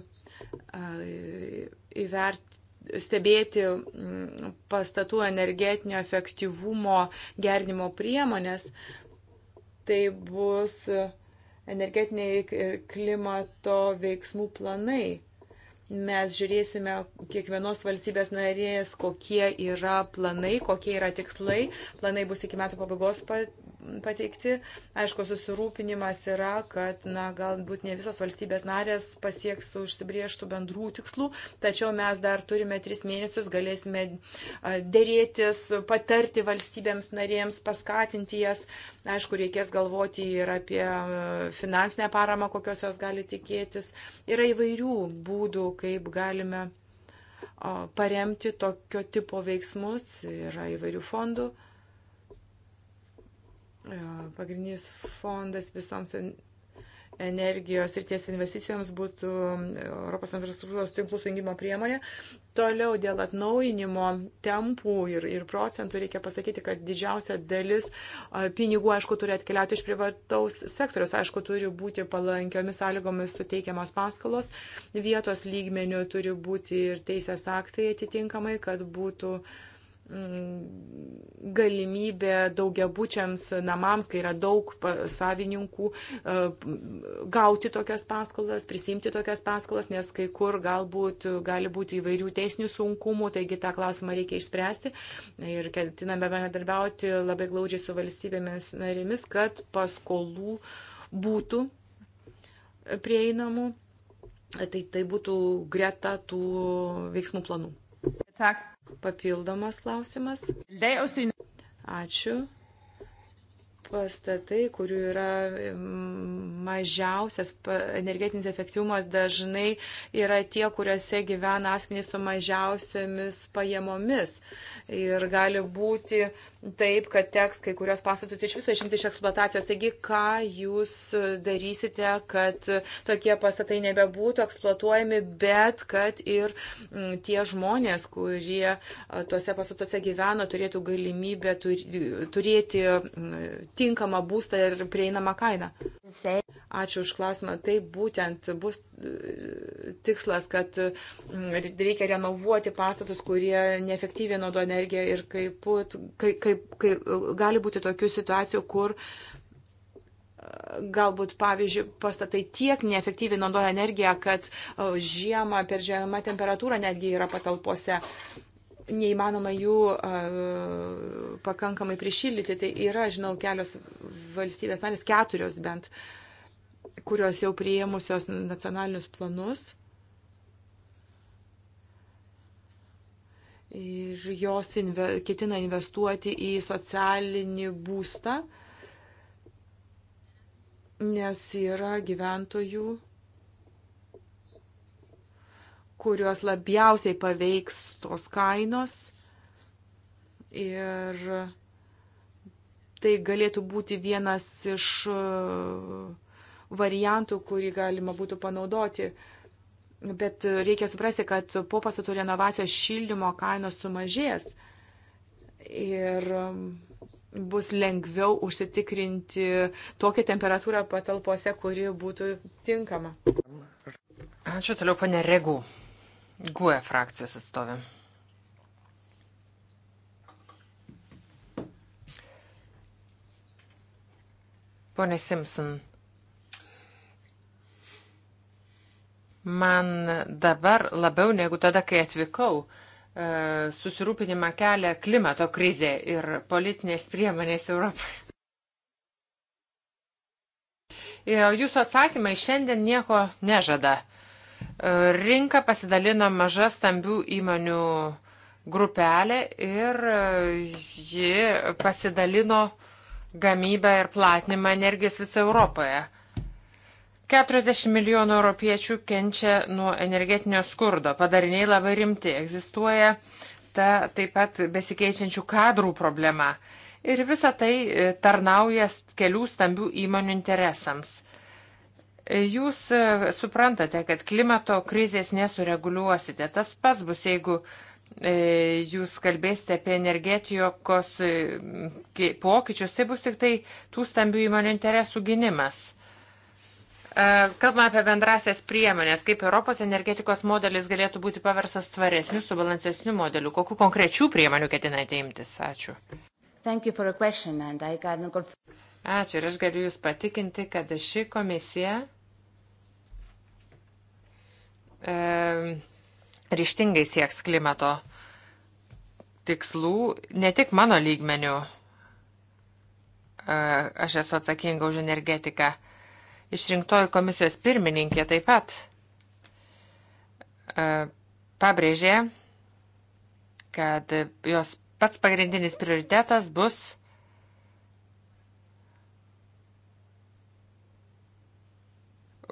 įvert, stebėti pastatų energetinio efektyvumo gernimo priemonės, tai bus energetiniai ir klimato veiksmų planai. Mes žiūrėsime kiekvienos valstybės narės, kokie yra planai, kokie yra tikslai. Planai bus iki metų pabaigos pateikti. Aišku, susirūpinimas yra, kad na, galbūt ne visos valstybės narės pasieks užsibrieštų bendrų tikslų, tačiau mes dar turime tris mėnesius, galėsime dėrėtis, patarti valstybėms narėms, paskatinti jas. Aišku, reikės galvoti ir apie finansinę paramą, kokios jos gali tikėtis. Yra įvairių būdų, kaip galime paremti tokio tipo veiksmus, yra įvairių fondų pagrindinis fondas visoms energijos ir ties investicijoms būtų um, Europos infrastruktūros tinklų sujungimo priemonė. Toliau dėl atnaujinimo tempų ir, ir procentų reikia pasakyti, kad didžiausia dalis pinigų, aišku, turi atkeliauti iš privataus sektoriaus, aišku, turi būti palankiomis sąlygomis suteikiamos paskalos, vietos lygmenių turi būti ir teisės aktai atitinkamai, kad būtų uh, Mm, galimybė daugiabučiams namams, kai yra daug savininkų, e, gauti tokias paskolas, prisimti tokias paskolas, nes kai kur galbūt gali būti įvairių teisinių sunkumų, taigi tą klausimą reikia išspręsti ir ketiname bendradarbiauti labai glaudžiai su valstybėmis narėmis, kad paskolų būtų prieinamų. Tai, tai būtų greta tų veiksmų planų. Tak. Papildomas klausimas. Ačiū. Pastatai, kurių yra mažiausias energetinis efektyvumas dažnai yra tie, kuriuose gyvena asmenys su mažiausiamis pajamomis. Ir gali būti taip, kad teks kai kurios pastatus iš viso išimti iš eksploatacijos. Taigi, ką jūs darysite, kad tokie pastatai nebebūtų eksploatuojami, bet kad ir m, mm, tie žmonės, kurie tuose pastatuose gyveno, turėtų galimybę turėti mm, tinkamą būstą ir prieinamą kainą. Ačiū už klausimą. Tai būtent bus e, tikslas, kad mm, reikia renovuoti pastatus, kurie neefektyviai naudo energiją ir kaip, kaip kaip, kaip gali būti tokių situacijų, kur galbūt, pavyzdžiui, pastatai tiek neefektyviai naudoja energiją, kad žiemą per žemą temperatūrą netgi yra patalpose neįmanoma jų uh, pakankamai prišildyti. Tai yra, žinau, kelios valstybės narės, keturios bent, kurios jau priėmusios nacionalinius planus ir jos inve, ketina investuoti į socialinį būstą, nes yra gyventojų, kuriuos labiausiai paveiks tos kainos. Ir tai galėtų būti vienas iš uh, variantų, kurį galima būtų panaudoti. Uh, Bet reikia suprasti, kad po pastatų renovacijos šildymo kainos sumažės ir um, bus lengviau užsitikrinti tokią temperatūrą patalpose, kuri būtų tinkama. Ačiū toliau, pane Regų, GUE frakcijos atstovė. Pone Simpson, man dabar labiau negu tada, kai atvykau, e, susirūpinimą kelia klimato krizė ir politinės priemonės Europoje. Jūsų atsakymai šiandien nieko nežada. E, rinka pasidalino maža stambių įmonių grupelė ir e, ji pasidalino gamybą ir platinimą energijos visą Europoje. 40 milijonų europiečių kenčia nuo energetinio skurdo. Padariniai labai rimti. Egzistuoja ta taip pat besikeičiančių kadrų problema. Ir visa tai e, tarnauja kelių stambių įmonių interesams. E, jūs e, suprantate, kad klimato krizės nesureguliuosite. Tas pats bus, jeigu jūs kalbėsite apie energetikos pokyčius, tai bus tik tai tų stambių įmonių interesų gynimas. E, kalbame apie bendrasias priemonės, kaip Europos energetikos modelis galėtų būti paversas tvaresniu, subalansesniu modeliu. Kokiu konkrečių priemonių ketinate imtis? Ačiū. Ačiū ir aš galiu Jūs patikinti, kad ši komisija e, ryštingai sieks klimato tikslų, ne tik mano lygmenių. E, aš esu atsakinga už energetiką. E, Išrinktoji komisijos pirmininkė taip pat e, pabrėžė, kad jos pats pagrindinis prioritetas bus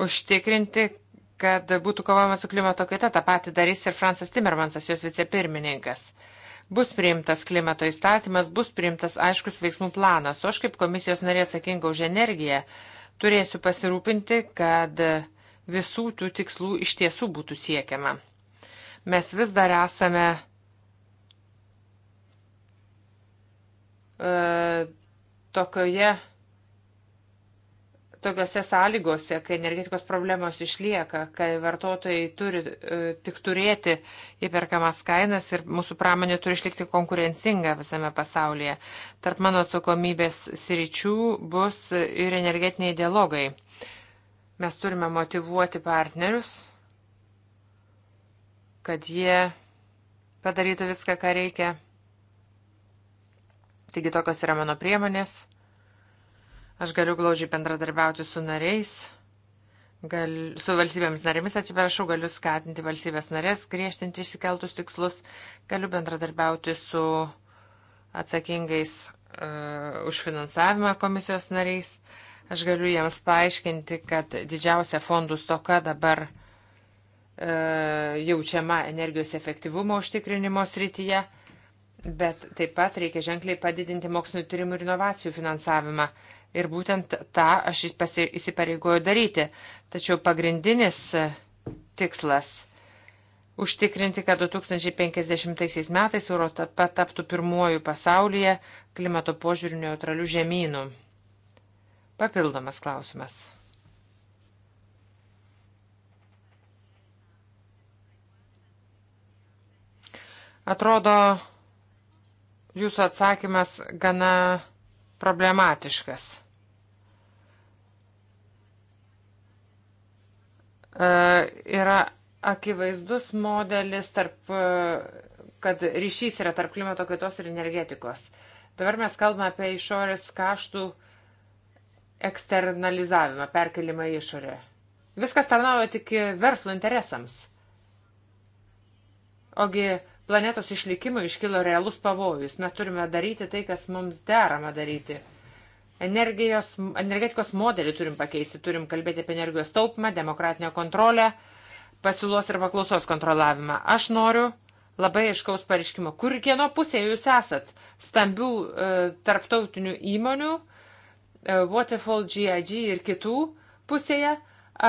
užtikrinti, kad būtų kovojama su klimato kaita. Ta pati darys ir Fransas Timmermansas, jos vicepirmininkas. Bus priimtas klimato įstatymas, bus priimtas aiškus veiksmų planas. O aš kaip komisijos narė atsakinga už energiją, uh, Turėsiu pasirūpinti, kad visų tų tikslų iš tiesų būtų siekiama. Mes vis dar esame e, tokioje tokiuose sąlygose, kai energetikos problemos išlieka, kai vartotojai turi e, tik turėti įperkamas kainas ir mūsų pramonė turi išlikti konkurencinga visame pasaulyje. Tarp mano atsakomybės sričių bus ir energetiniai dialogai. Mes turime motivuoti partnerius, kad jie padarytų viską, ką reikia. Taigi tokios yra mano priemonės. Aš galiu glaužiai bendradarbiauti su nariais, gal, su valstybėmis narėmis, atsiprašau, galiu skatinti valstybės narės, griežtinti išsikeltus tikslus, galiu bendradarbiauti su atsakingais uh, už finansavimą komisijos nariais. Aš galiu jiems paaiškinti, kad didžiausia fondų stoka dabar uh, jaučiama energijos efektyvumo užtikrinimo srityje, bet taip pat reikia ženkliai padidinti mokslinio tyrimų ir inovacijų finansavimą. Uh, Ir būtent tą aš įsipareigoju daryti. Tačiau pagrindinis e, tikslas - užtikrinti, kad 2050 metais Europa taptų pirmuoju pasaulyje klimato požiūrių neutralių žemynų. Papildomas klausimas. Atrodo, jūsų atsakymas gana problematiškas. E, yra akivaizdus modelis, tarp, e, kad ryšys yra tarp klimato kaitos ir energetikos. Dabar mes kalbame apie išorės kaštų eksternalizavimą, perkelimą į išorę. Viskas tarnauja tik verslo interesams. Ogi planetos išlikimui iškilo realus pavojus. Mes turime daryti tai, kas mums derama daryti. Energijos, energetikos modelį turim pakeisti, turim kalbėti apie energijos taupimą, demokratinę kontrolę, pasiūlos ir paklausos kontrolavimą. Aš noriu labai aiškaus pareiškimo, kur kieno pusėje jūs esat - stambių e, tarptautinių įmonių, e, Waterfall, GIG ir kitų pusėje,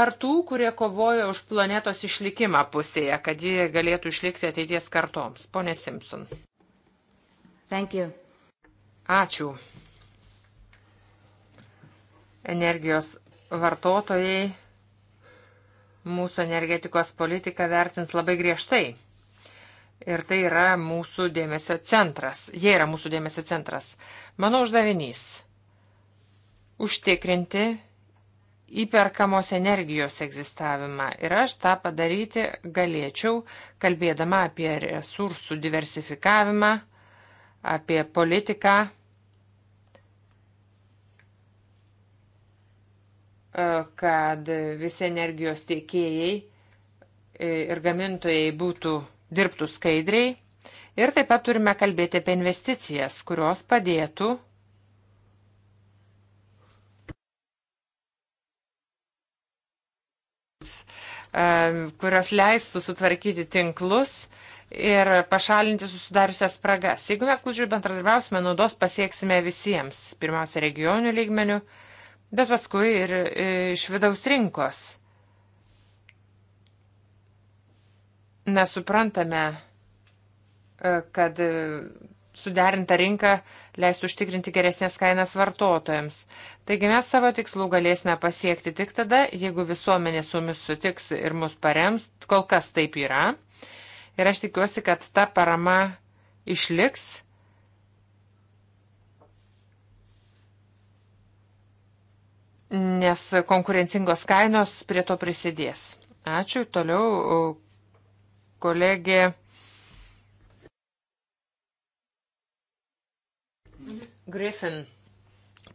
ar tų, kurie kovoja už planetos išlikimą pusėje, kad ji galėtų išlikti ateities kartoms. Pone Simpson. Thank you. Ačiū energijos vartotojai mūsų energetikos politiką vertins labai griežtai. Ir tai yra mūsų dėmesio centras. Jie yra mūsų dėmesio centras. Mano uždavinys - užtikrinti įperkamos energijos egzistavimą. Ir aš tą padaryti galėčiau, kalbėdama apie resursų diversifikavimą, apie politiką kad visi energijos tiekėjai e, ir gamintojai būtų dirbtų skaidriai. Ir taip pat turime kalbėti apie investicijas, kurios padėtų e, kurios leistų sutvarkyti tinklus ir pašalinti susidariusias spragas. Jeigu mes glūdžiai bendradarbiausime, naudos pasieksime visiems, pirmiausia, regionių lygmenių, uh, bet paskui ir e, iš vidaus rinkos. Mes suprantame, e, kad e, suderinta rinka leis užtikrinti geresnės kainas vartotojams. Taigi mes savo tikslų galėsime pasiekti tik tada, jeigu visuomenė su mumis sutiks ir mus parems, kol kas taip yra. Ir aš tikiuosi, kad ta parama išliks nes konkurencingos kainos prie to prisidės. Ačiū. Toliau e, kolegė. Griffin.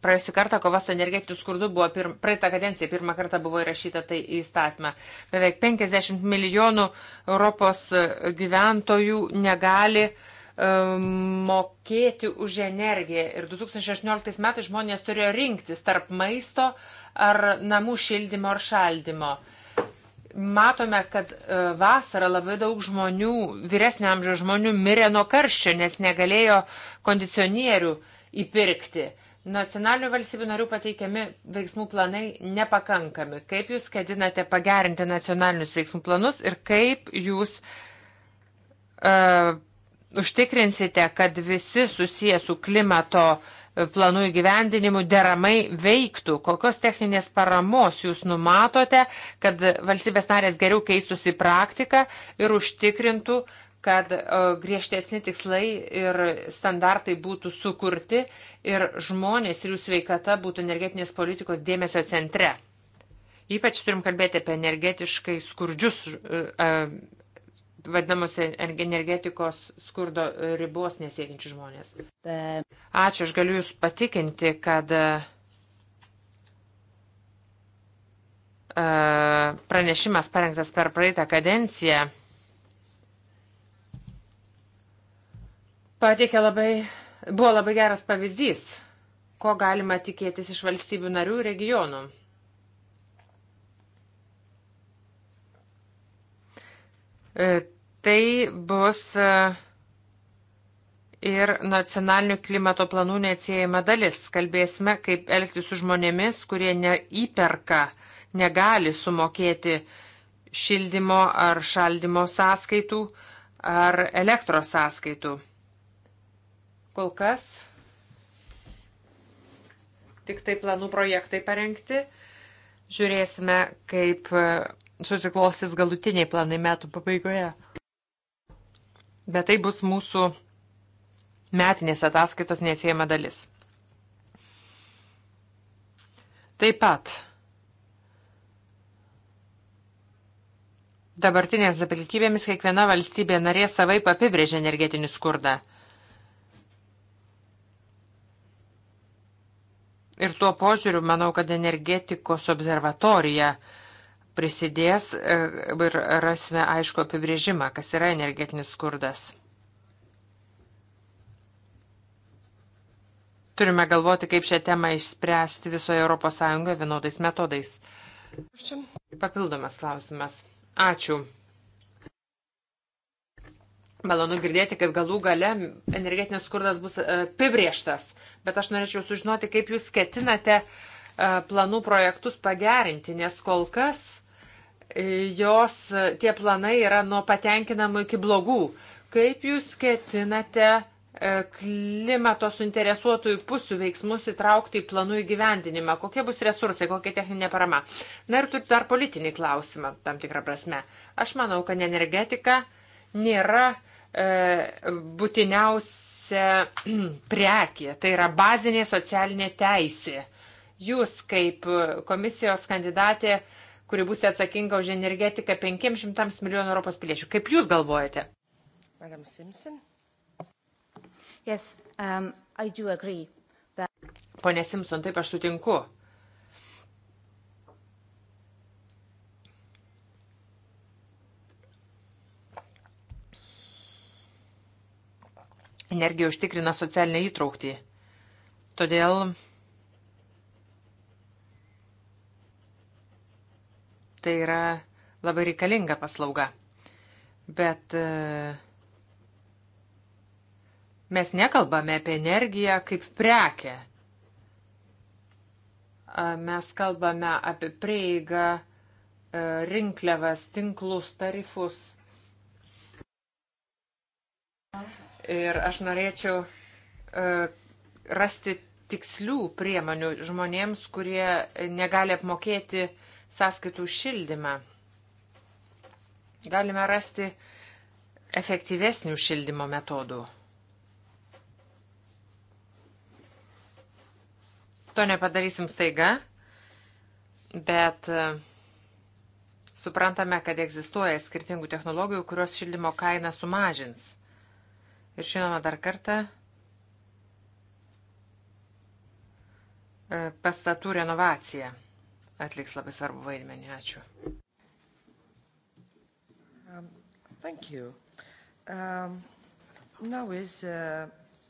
Praėjusį kartą kova su energetiniu skurdu buvo pir, praeitą kadenciją, pirmą kartą buvo įrašyta tai į statymą. Beveik 50 milijonų Europos gyventojų negali uh, Um, mokėti už energiją. Ir 2018 metais žmonės turėjo rinktis tarp maisto ar namų šildymo ar šaldymo. Matome, kad e, vasarą labai daug žmonių, vyresnio amžiaus žmonių, mirė nuo karščio, nes negalėjo kondicionierių įpirkti. Nacionalinių valstybių narių pateikiami veiksmų planai nepakankami. Kaip jūs ketinate pagerinti nacionalinius veiksmų planus ir kaip jūs uh, užtikrinsite, kad visi susiję su klimato e, planų įgyvendinimu deramai veiktų? Kokios techninės paramos jūs numatote, kad valstybės narės geriau keistųsi praktiką ir užtikrintų, kad e, griežtesni tikslai ir standartai būtų sukurti ir žmonės ir jų sveikata būtų energetinės politikos dėmesio centre? Ypač turim kalbėti apie energetiškai skurdžius e, vadinamus energetikos skurdo ribos nesiekinčius žmonės. Ačiū, aš galiu Jūs patikinti, kad e, pranešimas parengtas per praeitą kadenciją pateikė labai, buvo labai geras pavyzdys, ko galima tikėtis iš valstybių narių ir regionų. E, Tai bus e, ir nacionalinių klimato planų neatsiejama dalis. Kalbėsime, kaip elgtis su žmonėmis, kurie neįperka, negali sumokėti šildymo ar šaldymo sąskaitų ar elektros sąskaitų. Kol kas tik tai planų projektai parengti. Žiūrėsime, kaip e, susiklostys galutiniai planai metų pabaigoje bet tai bus mūsų metinės ataskaitos neatsiejama dalis. Taip pat dabartinės aplinkybėmis kiekviena valstybė narė savai apibrėžia energetinį skurdą. Ir tuo požiūriu manau, kad energetikos observatorija uh, prisidės e, ir rasime aišku apibrėžimą, kas yra energetinis skurdas. Turime galvoti, kaip šią temą išspręsti visoje ES vienodais metodais. Papildomas klausimas. Ačiū. Malonu girdėti, kad galų gale energetinis skurdas bus e, apibrieštas, bet aš norėčiau sužinoti, kaip jūs ketinate e, planų projektus pagerinti, nes kol kas jos, tie planai yra nuo patenkinamų iki blogų. Kaip jūs ketinate e, klimato suinteresuotųjų pusių veiksmus įtraukti į planų įgyvendinimą? Kokie bus resursai, kokia techninė parama? Na ir turiu dar politinį klausimą, tam tikrą prasme. Aš manau, kad energetika nėra e, būtiniausia prekė, tai yra bazinė socialinė teisė. Jūs kaip e, komisijos kandidatė e, kuri bus atsakinga už energetiką 500 milijonų Europos piliečių. Kaip Jūs galvojate? Madam Simpson. Yes, um, I do agree that... Pone Simpson, taip aš sutinku. Energija užtikrina socialinę įtraukti. Todėl Tai yra labai reikalinga paslauga. Bet e, mes nekalbame apie energiją kaip prekę. Mes kalbame apie prieigą, e, rinkliavas, tinklus, tarifus. Ir aš norėčiau e, rasti tikslių priemonių žmonėms, kurie negali apmokėti uh, sąskaitų šildymą. Galime rasti efektyvesnių šildymo metodų. To nepadarysim staiga, bet e, suprantame, kad egzistuoja skirtingų technologijų, kurios šildymo kainą sumažins. Ir žinoma, dar kartą e, pastatų renovacija atliks labai svarbu vaidmenį. Ačiū. Um, thank you. Um, now is, uh,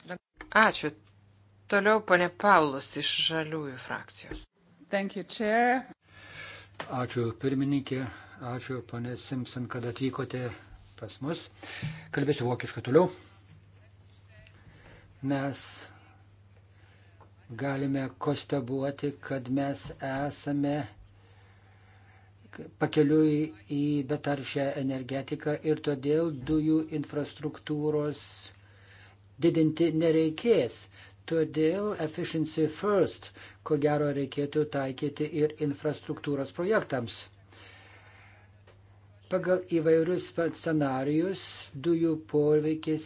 the... Ačiū. Toliau ponė Paulus iš Žaliųjų frakcijos. Thank you, Chair. Ačiū pirmininkė, ačiū ponė Simpson, kad atvykote pas mus. Kalbėsiu vokiškai toliau. Mes galime konstabuoti, kad mes esame pakeliui į betaršę energetiką ir todėl dujų infrastruktūros didinti nereikės. Todėl efficiency first, ko gero, reikėtų taikyti ir infrastruktūros projektams. Pagal įvairius scenarius dujų poreikis,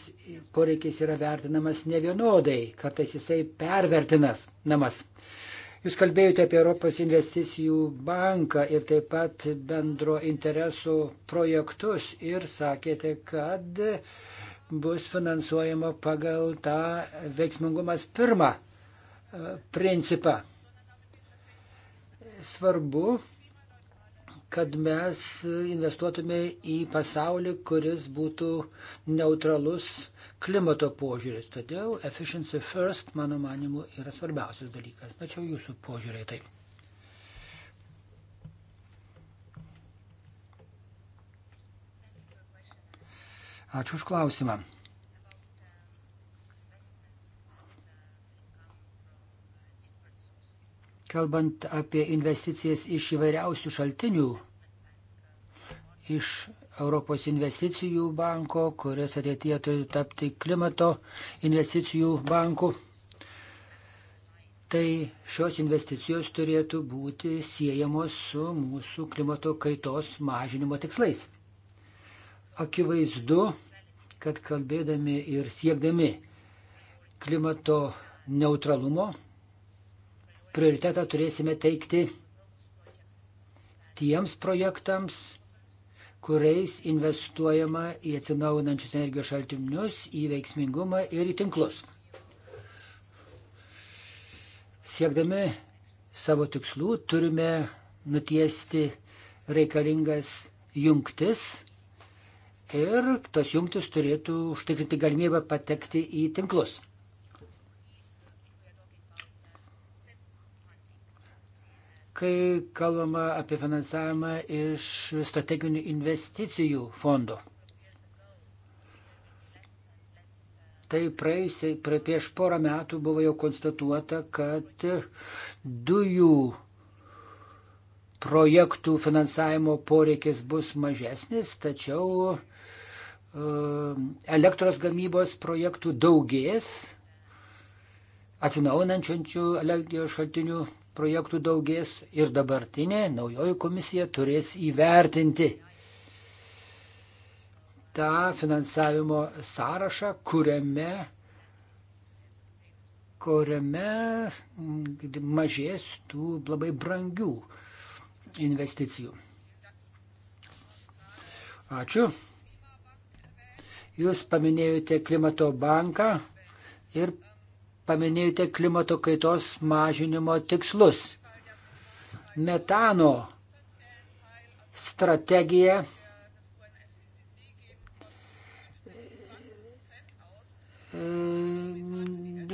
poreikis yra vertinamas nevienodai, kartais jisai pervertinas namas. Jūs kalbėjote apie Europos investicijų banką ir taip pat bendro interesų projektus ir sakėte, kad bus finansuojama pagal tą veiksmingumas pirmą e, principą. Svarbu kad mes investuotume į pasaulį, kuris būtų neutralus klimato požiūris. Todėl efficiency first, mano manimu, yra svarbiausias dalykas. Tačiau jūsų požiūriai tai. Ačiū už klausimą. kalbant apie investicijas iš įvairiausių šaltinių, iš Europos investicijų banko, kuris ateityje turi tapti klimato investicijų banku, tai šios investicijos turėtų būti siejamos su mūsų klimato kaitos mažinimo tikslais. Akivaizdu, kad kalbėdami ir siekdami klimato neutralumo prioritetą turėsime teikti tiems projektams, kuriais investuojama į atsinaujinančius energijos šaltinius, į veiksmingumą ir į tinklus. Siekdami savo tikslų turime nutiesti reikalingas jungtis ir tos jungtis turėtų užtikrinti galimybę patekti į tinklus. kai kalbama apie finansavimą iš strateginių investicijų fondo. Tai praėjusiai, prie prieš porą metų buvo jau konstatuota, kad dujų projektų finansavimo poreikis bus mažesnis, tačiau um, elektros gamybos projektų daugės, atsinaunančių energijos šaltinių projektų daugės ir dabartinė naujoji komisija turės įvertinti tą finansavimo sąrašą, kuriame, kuriame mažės tų labai brangių investicijų. Ačiū. Jūs paminėjote klimato banką ir paminėjote klimato kaitos mažinimo tikslus. Metano strategija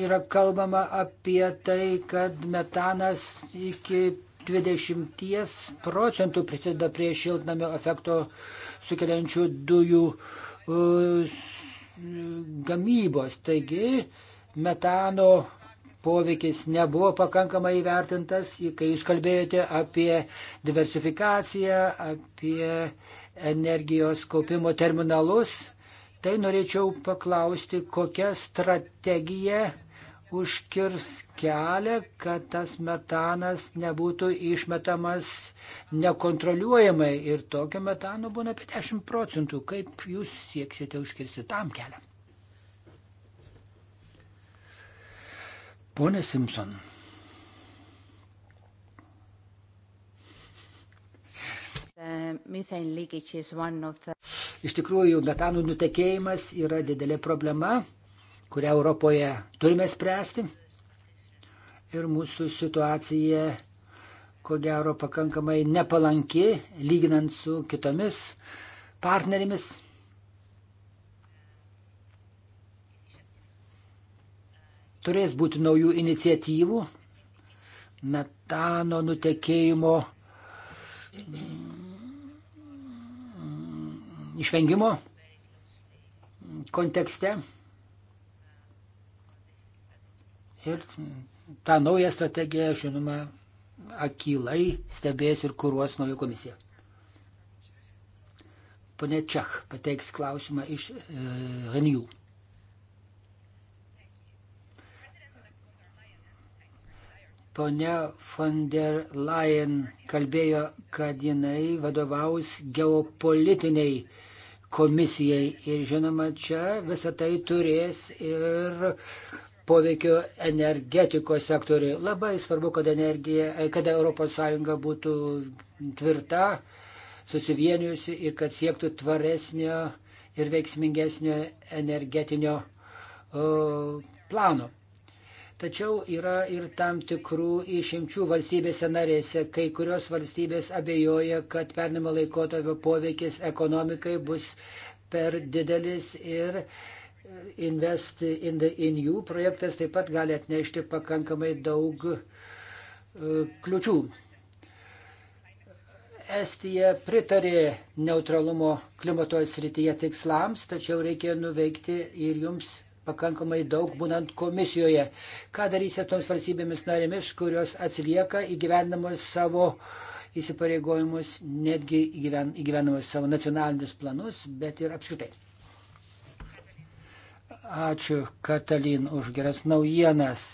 yra kalbama apie tai, kad metanas iki 20 procentų prisideda prie šiltnamio efekto sukeliančių dujų uh, gamybos. Taigi metano poveikis nebuvo pakankamai įvertintas, kai jūs kalbėjote apie diversifikaciją, apie energijos kaupimo terminalus. Tai norėčiau paklausti, kokia strategija užkirs kelią, kad tas metanas nebūtų išmetamas nekontroliuojamai. Ir tokio metano būna apie 10 procentų. Kaip jūs sieksite užkirsti tam kelią? Pone Simpson. Iš tikrųjų, metanų nutekėjimas yra didelė problema, kurią Europoje turime spręsti. Ir mūsų situacija, ko gero, pakankamai nepalanki, lyginant su kitomis partnerėmis. Turės būti naujų iniciatyvų metano nutekėjimo mm, išvengimo kontekste. Ir tą naują strategiją, žinoma, akilai stebės ir kuruos nauja komisija. Pane Čech pateiks klausimą iš e, Renijų. Pone von der Leyen kalbėjo, kad jinai vadovaus geopolitiniai komisijai ir žinoma, čia visą tai turės ir poveikio energetikos sektoriui. Labai svarbu, kad, energija, kad ES būtų tvirta, susivienijusi ir kad siektų tvaresnio ir veiksmingesnio energetinio o, plano. Tačiau yra ir tam tikrų išimčių valstybėse narėse, kai kurios valstybės abejoja, kad pernimo laikotarpio poveikis ekonomikai bus per didelis ir Invest in the in jų projektas taip pat gali atnešti pakankamai daug e, kliučių. Estija pritarė neutralumo klimato srityje tikslams, tačiau reikia nuveikti ir jums pakankamai daug būnant komisijoje. Ką darysite toms valstybėmis narėmis, kurios atsilieka įgyvendamos savo įsipareigojimus, netgi įgyvendamos savo nacionalinius planus, bet ir apskritai. Ačiū Katalin už geras naujienas.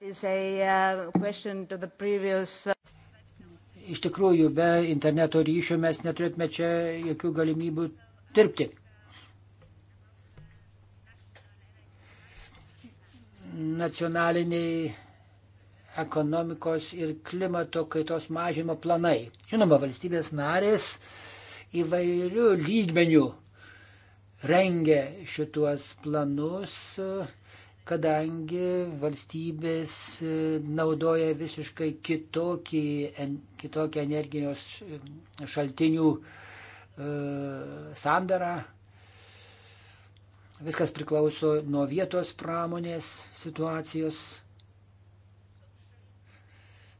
Is a uh, question to the previous. Uh, Iš tikrųjų, be interneto ryšio mes neturėtume čia jokių galimybių dirbti. Nacionaliniai ekonomikos ir klimato kaitos mažimo planai. Žinoma, valstybės narės įvairių lygmenių rengia šituos planus kadangi valstybės e, naudoja visiškai kitokį, kitokią energijos e, šaltinių e, sandarą. Viskas priklauso nuo vietos pramonės situacijos.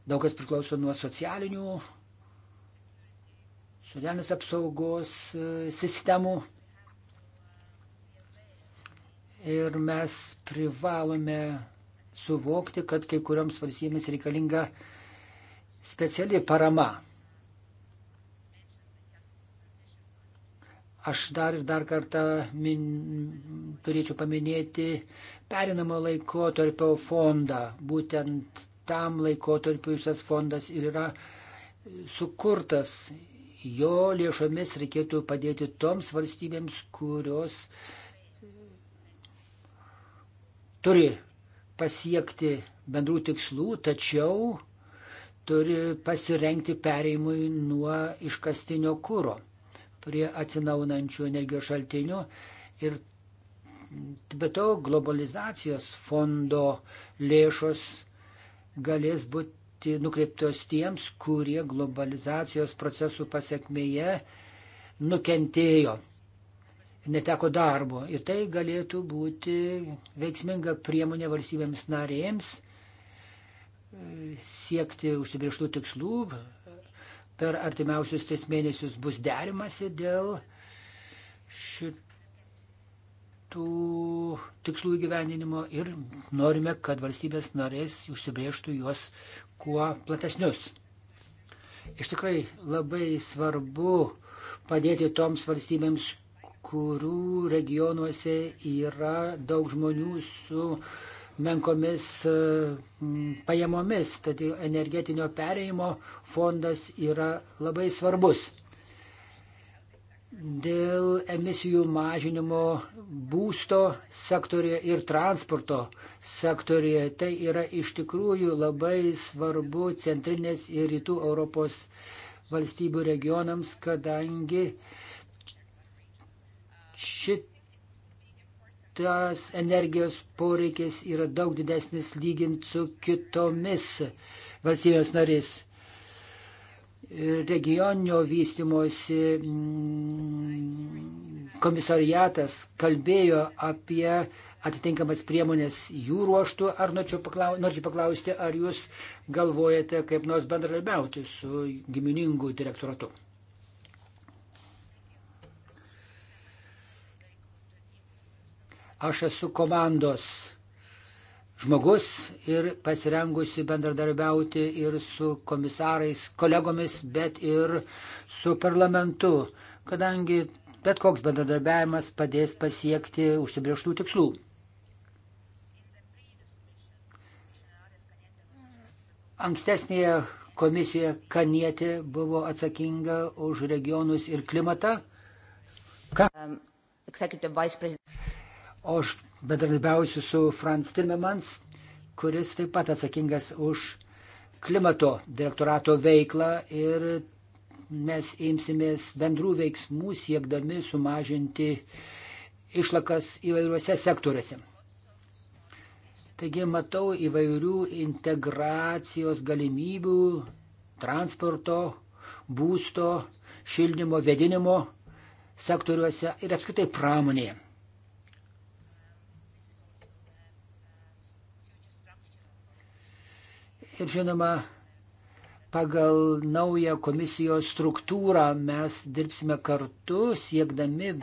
Daug kas priklauso nuo socialinių, socialinės apsaugos sistemų. Ir mes privalome suvokti, kad kai kurioms valstybėms reikalinga speciali parama. Aš dar ir dar kartą min, turėčiau paminėti perinamo laikotarpio fondą. Būtent tam laikotarpiu šis fondas ir yra sukurtas. Jo lėšomis reikėtų padėti toms valstybėms, kurios turi pasiekti bendrų tikslų, tačiau turi pasirengti pereimui nuo iškastinio kūro prie atsinaunančių energijos šaltinių ir be to globalizacijos fondo lėšos galės būti nukreiptos tiems, kurie globalizacijos procesų pasiekmėje nukentėjo neteko darbo. Ir tai galėtų būti veiksminga priemonė valstybėms narėms e, siekti užsibrieštų tikslų. Per artimiausius tris mėnesius bus derimasi dėl šitų tikslų įgyvendinimo ir norime, kad valstybės narės užsibrieštų juos kuo platesnius. Iš tikrai labai svarbu padėti toms valstybėms, kurių regionuose yra daug žmonių su menkomis e, pajamomis. Tad energetinio perėjimo fondas yra labai svarbus. Dėl emisijų mažinimo būsto sektorėje ir transporto sektorėje tai yra iš tikrųjų labai svarbu centrinės ir rytų Europos valstybių regionams, kadangi uh, šitas energijos poreikis yra daug didesnis lygint su kitomis valstybės narės. Regioninio vystimosi mm, komisariatas kalbėjo apie atitinkamas priemonės jų ruoštų. Ar norėčiau paklau, paklausti, ar jūs galvojate kaip nors bendradarbiauti su giminingu direktoratu? Aš esu komandos žmogus ir pasirengusi bendradarbiauti ir su komisarais, kolegomis, bet ir su parlamentu, kadangi bet koks bendradarbiavimas padės pasiekti užsibrieštų tikslų. Ankstesnėje komisija Kanietė buvo atsakinga už regionus ir klimatą. Ką? Um, O aš bendradarbiausiu su Franz Timmermans, kuris taip pat atsakingas už klimato direktorato veiklą ir mes imsimės bendrų veiksmų siekdami sumažinti išlakas įvairiuose sektoriuose. Taigi matau įvairių integracijos galimybių transporto, būsto, šildymo, vedinimo sektoriuose ir apskritai pramonėje. Ir žinoma, pagal naują komisijos struktūrą mes dirbsime kartu siekdami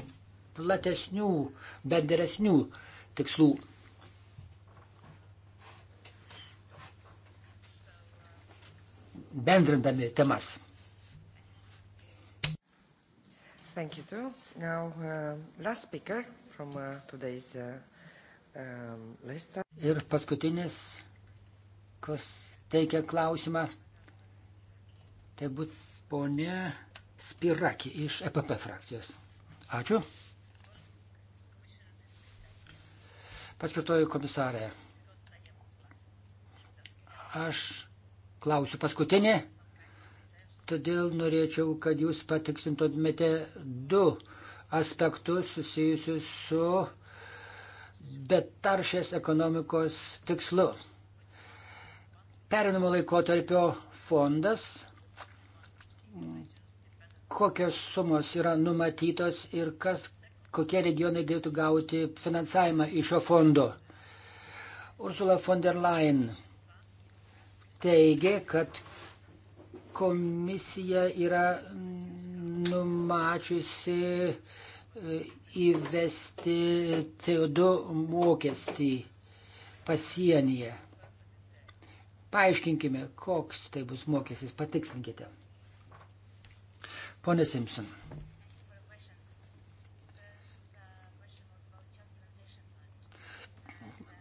platesnių, bendresnių tikslų. Bendrindami temas. Thank you too. Now, uh, last speaker from uh, today's uh, um, list. Ir paskutinis, kas teikia klausimą. Tai būtų ponė Spiraki iš EPP frakcijos. Ačiū. Paskirtoju komisarė. Aš klausiu paskutinį, todėl norėčiau, kad jūs patiksintumėte du aspektus susijusius su betaršės ekonomikos tikslu perinamo laikotarpio fondas, kokios sumos yra numatytos ir kas, kokie regionai galėtų gauti finansavimą iš šio fondo. Ursula von der Leyen teigia, kad komisija yra numačiusi e, įvesti CO2 mokestį pasienyje. Paaiškinkime, koks tai bus mokestis, patikslinkite. Pone Simpson.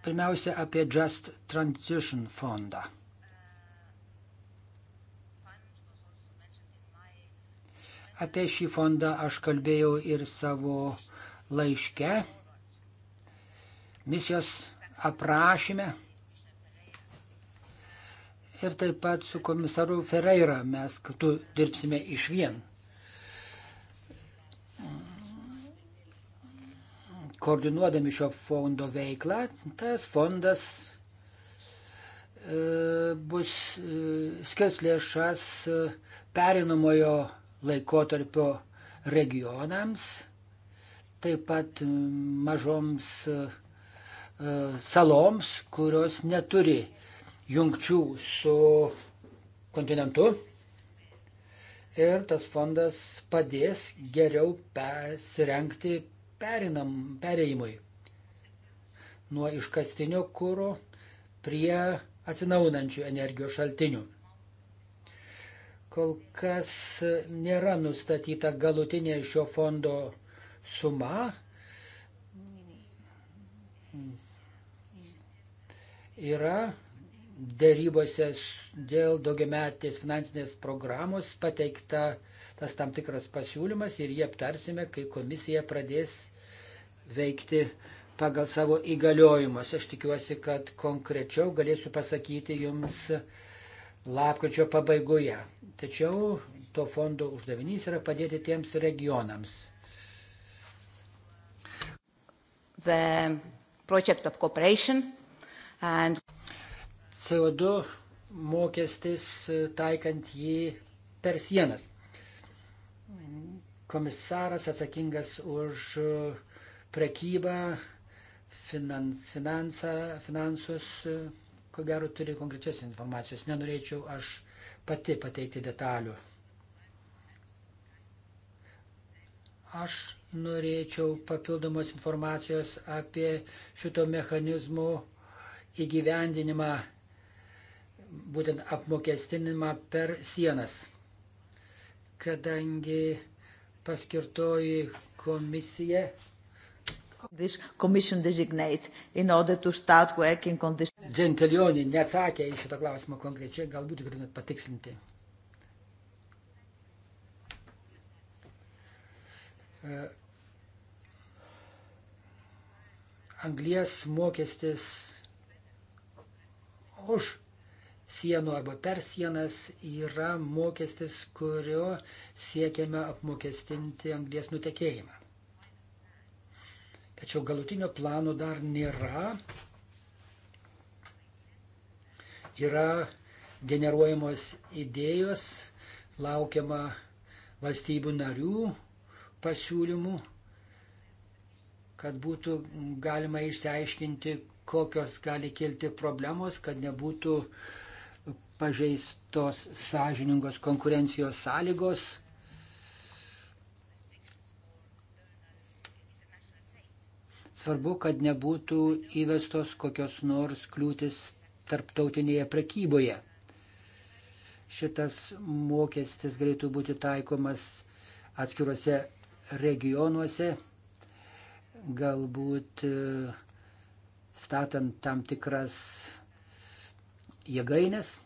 Pirmiausia, apie Just Transition fondą. Apie šį fondą aš kalbėjau ir savo laiške, misijos aprašyme ir taip pat su komisaru Ferreira mes kartu dirbsime iš vien. Koordinuodami šio fondo veiklą, tas fondas e, bus e, skirs lėšas e, perinamojo laikotarpio regionams, taip pat mažoms saloms, kurios neturi jungčių su kontinentu ir tas fondas padės geriau pasirenkti perinam, perėjimui nuo iškastinio kūro prie atsinaunančių energijos šaltinių. Kol kas nėra nustatyta galutinė šio fondo suma. Yra dėrybose dėl daugiametės finansinės programos pateikta tas tam tikras pasiūlymas ir jį aptarsime, kai komisija pradės veikti pagal savo įgaliojimus. Aš tikiuosi, kad konkrečiau galėsiu pasakyti jums lapkričio pabaigoje. Tačiau to fondo uždavinys yra padėti tiems regionams. The project of cooperation and CO2 mokestis e, taikant jį per sienas. Komisaras atsakingas už prekybą, finans, finansą, finansus, e, ko gero turi konkrečios informacijos. Nenorėčiau aš pati pateikti detalių. Aš norėčiau papildomos informacijos apie šito mechanizmo įgyvendinimą būtent apmokestinimą per sienas, kadangi paskirtoji komisija. This commission designate in order to start working on this. Džentelionį neatsakė į šitą klausimą konkrečiai, galbūt galėtumėt patikslinti. Anglijas mokestis už sienų arba per sienas yra mokestis, kurio siekiame apmokestinti anglės nutekėjimą. Tačiau galutinio plano dar nėra. Yra generuojamos idėjos, laukiama valstybių narių pasiūlymų, kad būtų galima išsiaiškinti, kokios gali kilti problemos, kad nebūtų uh, pažeistos sąžiningos konkurencijos sąlygos. Svarbu, kad nebūtų įvestos kokios nors kliūtis tarptautinėje prekyboje. Šitas mokestis galėtų būti taikomas atskiruose regionuose, galbūt e, statant tam tikras jėgainės.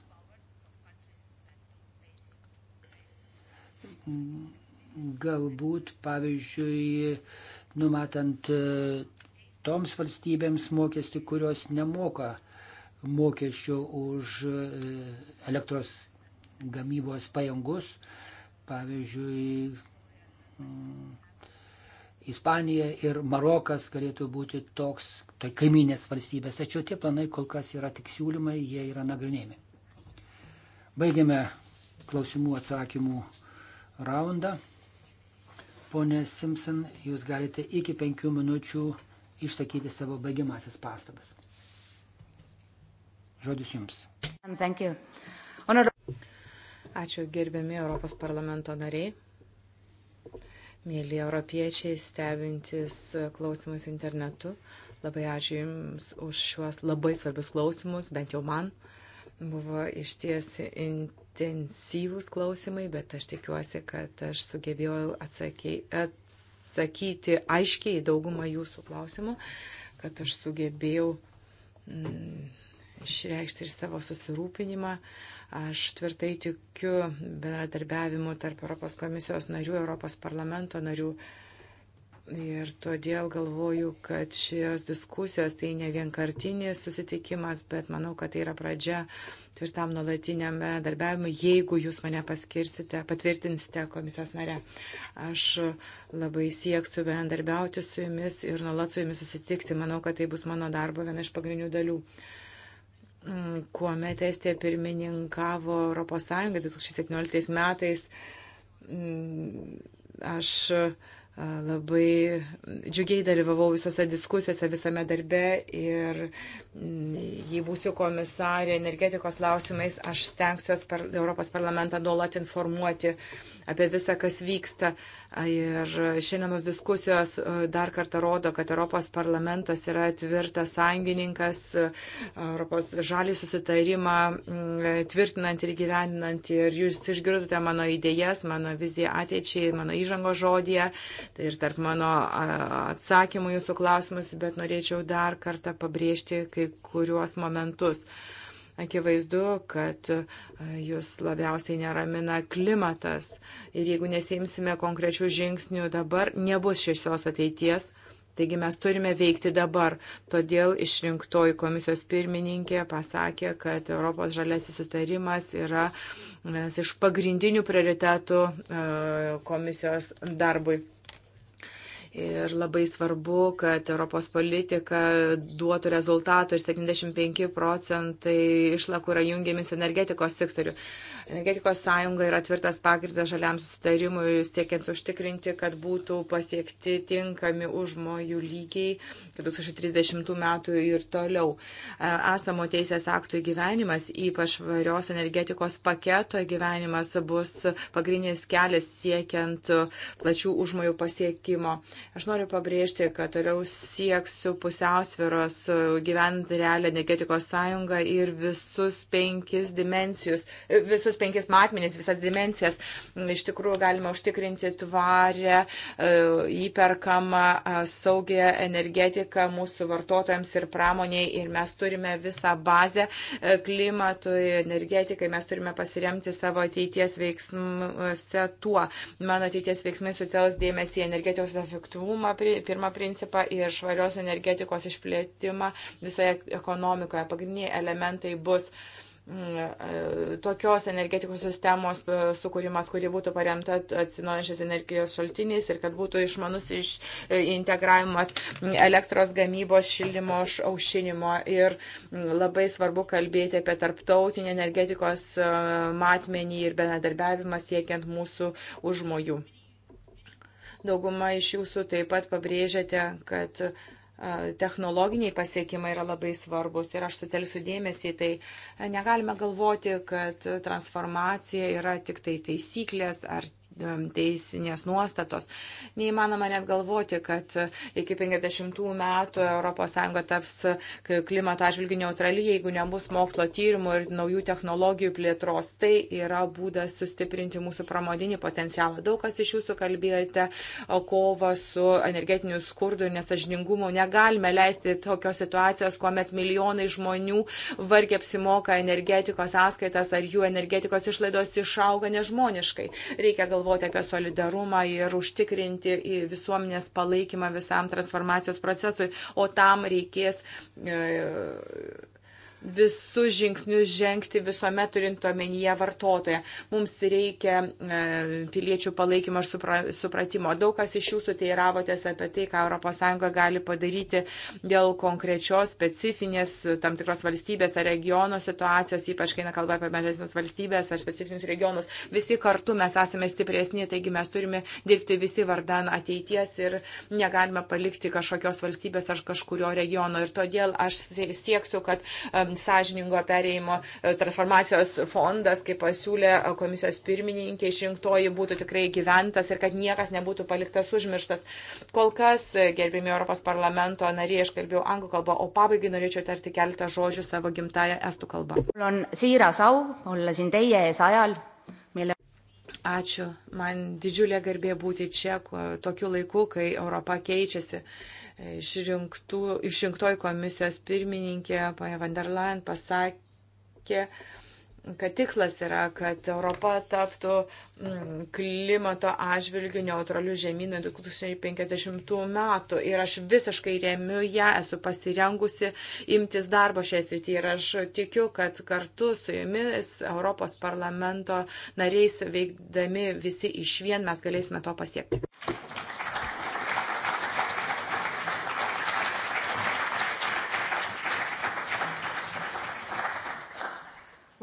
galbūt, pavyzdžiui, numatant e, toms valstybėms mokestį, kurios nemoka mokesčių už e, elektros gamybos pajėgus, pavyzdžiui, mm, Ispanija ir Marokas galėtų būti toks, tai kaiminės valstybės, tačiau tie planai kol kas yra tik siūlymai, jie yra nagrinėjami. Baigiame klausimų atsakymų raundą. Pone Simpson, jūs galite iki penkių minučių išsakyti savo baigiamasis pastabas. Žodis jums. Honor... Ačiū gerbiami Europos parlamento nariai. Mėly europiečiai, stebintys klausimus internetu, labai ačiū Jums už šiuos labai svarbius klausimus, bent jau man. Buvo iš ties in intensyvūs klausimai, bet aš tikiuosi, kad aš sugebėjau atsakei, atsakyti aiškiai daugumą jūsų klausimų, kad aš sugebėjau mm, išreikšti ir savo susirūpinimą. Aš tvirtai tikiu bendradarbiavimu tarp Europos komisijos narių, Europos parlamento narių. Uh, Ir todėl galvoju, kad šios diskusijos tai ne vienkartinis susitikimas, bet manau, kad tai yra pradžia tvirtam nuolatiniam bendradarbiavimui, jeigu jūs mane paskirsite, patvirtinsite komisijos nare. Aš labai sieksiu bendradarbiauti su jumis ir nuolat su jumis susitikti. Manau, kad tai bus mano darbo viena iš pagrindinių dalių mm, kuomet Estija pirmininkavo ES 2017 metais, mm, aš labai džiugiai dalyvavau visose diskusijose, visame darbe ir mm, jei būsiu komisarė energetikos klausimais, aš stengsiuos par Europos parlamentą nuolat informuoti apie visą, kas vyksta. Ir šiandienos diskusijos dar kartą rodo, kad Europos parlamentas yra tvirtas sąjungininkas, Europos žalį susitarimą mm, tvirtinant ir gyveninant. Ir jūs išgirdote mano idėjas, mano viziją ateičiai, mano įžango žodį tai ir tarp mano atsakymų jūsų klausimus, bet norėčiau dar kartą pabrėžti kai kuriuos momentus. Akivaizdu, kad jūs labiausiai neramina klimatas ir jeigu nesimsime konkrečių žingsnių dabar, nebus šešios ateities. Taigi mes turime veikti dabar. Todėl išrinktoji komisijos pirmininkė pasakė, kad Europos žalėsis sutarimas yra e, vienas iš pagrindinių prioritetų e, komisijos darbui. Ir labai svarbu, kad Europos politika duotų rezultatų ir 75 procentai išlakų yra jungiamis energetikos sektoriu. Energetikos sąjunga yra tvirtas pagrindas žaliam sustarimui, siekiant užtikrinti, kad būtų pasiekti tinkami užmojų lygiai 2030 metų ir toliau. E, esamo teisės aktų įgyvenimas, ypač varios energetikos paketo įgyvenimas, bus pagrindinis kelias siekiant plačių užmojų pasiekimo. Aš noriu pabrėžti, kad toliau sieksiu pusiausviros gyvent realią energetikos sąjungą ir visus penkis dimensijus, visus visus penkis matmenis, visas dimensijas. Iš tikrųjų galima užtikrinti tvarę, e, įperkamą, e, saugią energetiką mūsų vartotojams ir pramoniai. Ir mes turime visą bazę e, klimatui, energetikai, mes turime pasiremti savo ateities veiksmuose tuo. Mano ateities veiksmai sutels dėmesį į energetikos efektyvumą, pirmą principą, ir švarios energetikos išplėtimą visoje ekonomikoje. Pagrindiniai elementai bus uh, Mm, e, tokios energetikos sistemos e, sukūrimas, kuri būtų paremta atsinaujančias energijos šaltiniais ir kad būtų išmanus iš e, integravimas mm, elektros gamybos, šildymo, aušinimo. Ir mm, labai svarbu kalbėti apie tarptautinį energetikos matmenį ir bendradarbiavimą siekiant mūsų užmojų. Dauguma iš jūsų taip pat pabrėžiate, kad uh, technologiniai pasiekimai yra labai svarbus ir aš sutelsiu dėmesį, tai negalime galvoti, kad transformacija yra tik tai taisyklės ar teisinės nuostatos. Neįmanoma net galvoti, kad iki 50 metų ES taps e, klimato atžvilgių neutrali, jeigu nebus mokslo tyrimų ir naujų technologijų plėtros. Tai yra būdas sustiprinti mūsų pramoninį potencialą. Daug kas iš jūsų kalbėjote e, kovą su energetiniu skurdu ir nesažiningumu. Negalime leisti tokios situacijos, kuomet milijonai žmonių vargiai apsimoka energetikos sąskaitas ar jų energetikos išlaidos išauga nežmoniškai. Reikia galvoti galvoti apie solidarumą ir užtikrinti visuomenės palaikymą visam transformacijos procesui, o tam reikės e, visus žingsnius žengti visuomet turint omenyje vartotoje. Mums reikia e, piliečių palaikymo ir supratimo. Daug kas iš jūsų teiravotės apie tai, ką ES gali padaryti dėl konkrečios, specifinės tam tikros valstybės ar regiono situacijos, ypač kai nekalba apie mažesnės valstybės ar specifinius regionus. Visi kartu mes esame stipresni, taigi mes turime dirbti visi vardan ateities ir negalime palikti kažkokios valstybės ar kažkurio regiono. Ir todėl aš sieksiu, kad sąžiningo pereimo e, transformacijos fondas, kaip pasiūlė e, komisijos pirmininkė išrinktoji, būtų tikrai gyventas ir kad niekas nebūtų paliktas užmirštas. Kol kas, e, gerbėmi Europos parlamento nariai, aš kalbėjau anglų kalbą, o pabaigai norėčiau tarti keletą žodžių savo gimtają estų kalbą. On siiras au olla siin teie ees ajal, mille Ačiū. Man didžiulė garbė būti čia tokiu laiku, kai Europa keičiasi. Uh, išrinktų, išrinktoji komisijos pirmininkė, ponia van der Leyen, pasakė, kad tikslas yra, kad Europa taptų mm, klimato atžvilgių neutralių žemynų 2050 metų. Ir aš visiškai remiu ją, esu pasirengusi imtis darbo šią sritį. Ir aš tikiu, kad kartu su jumis Europos parlamento nariais veikdami visi iš vien mes galėsime to pasiekti.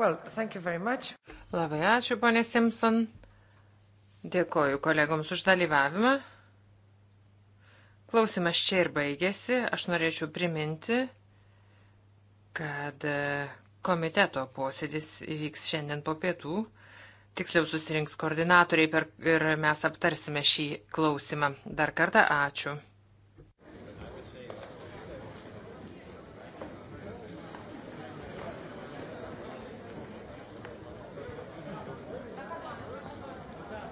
Well, Labai ačiū, ponė Simpson. Dėkoju kolegoms už dalyvavimą. Klausimas čia ir baigėsi. Aš norėčiau priminti, kad e, komiteto posėdis įvyks šiandien po pietų. Tiksliau susirinks koordinatoriai per, ir mes aptarsime šį klausimą. Dar kartą ačiū.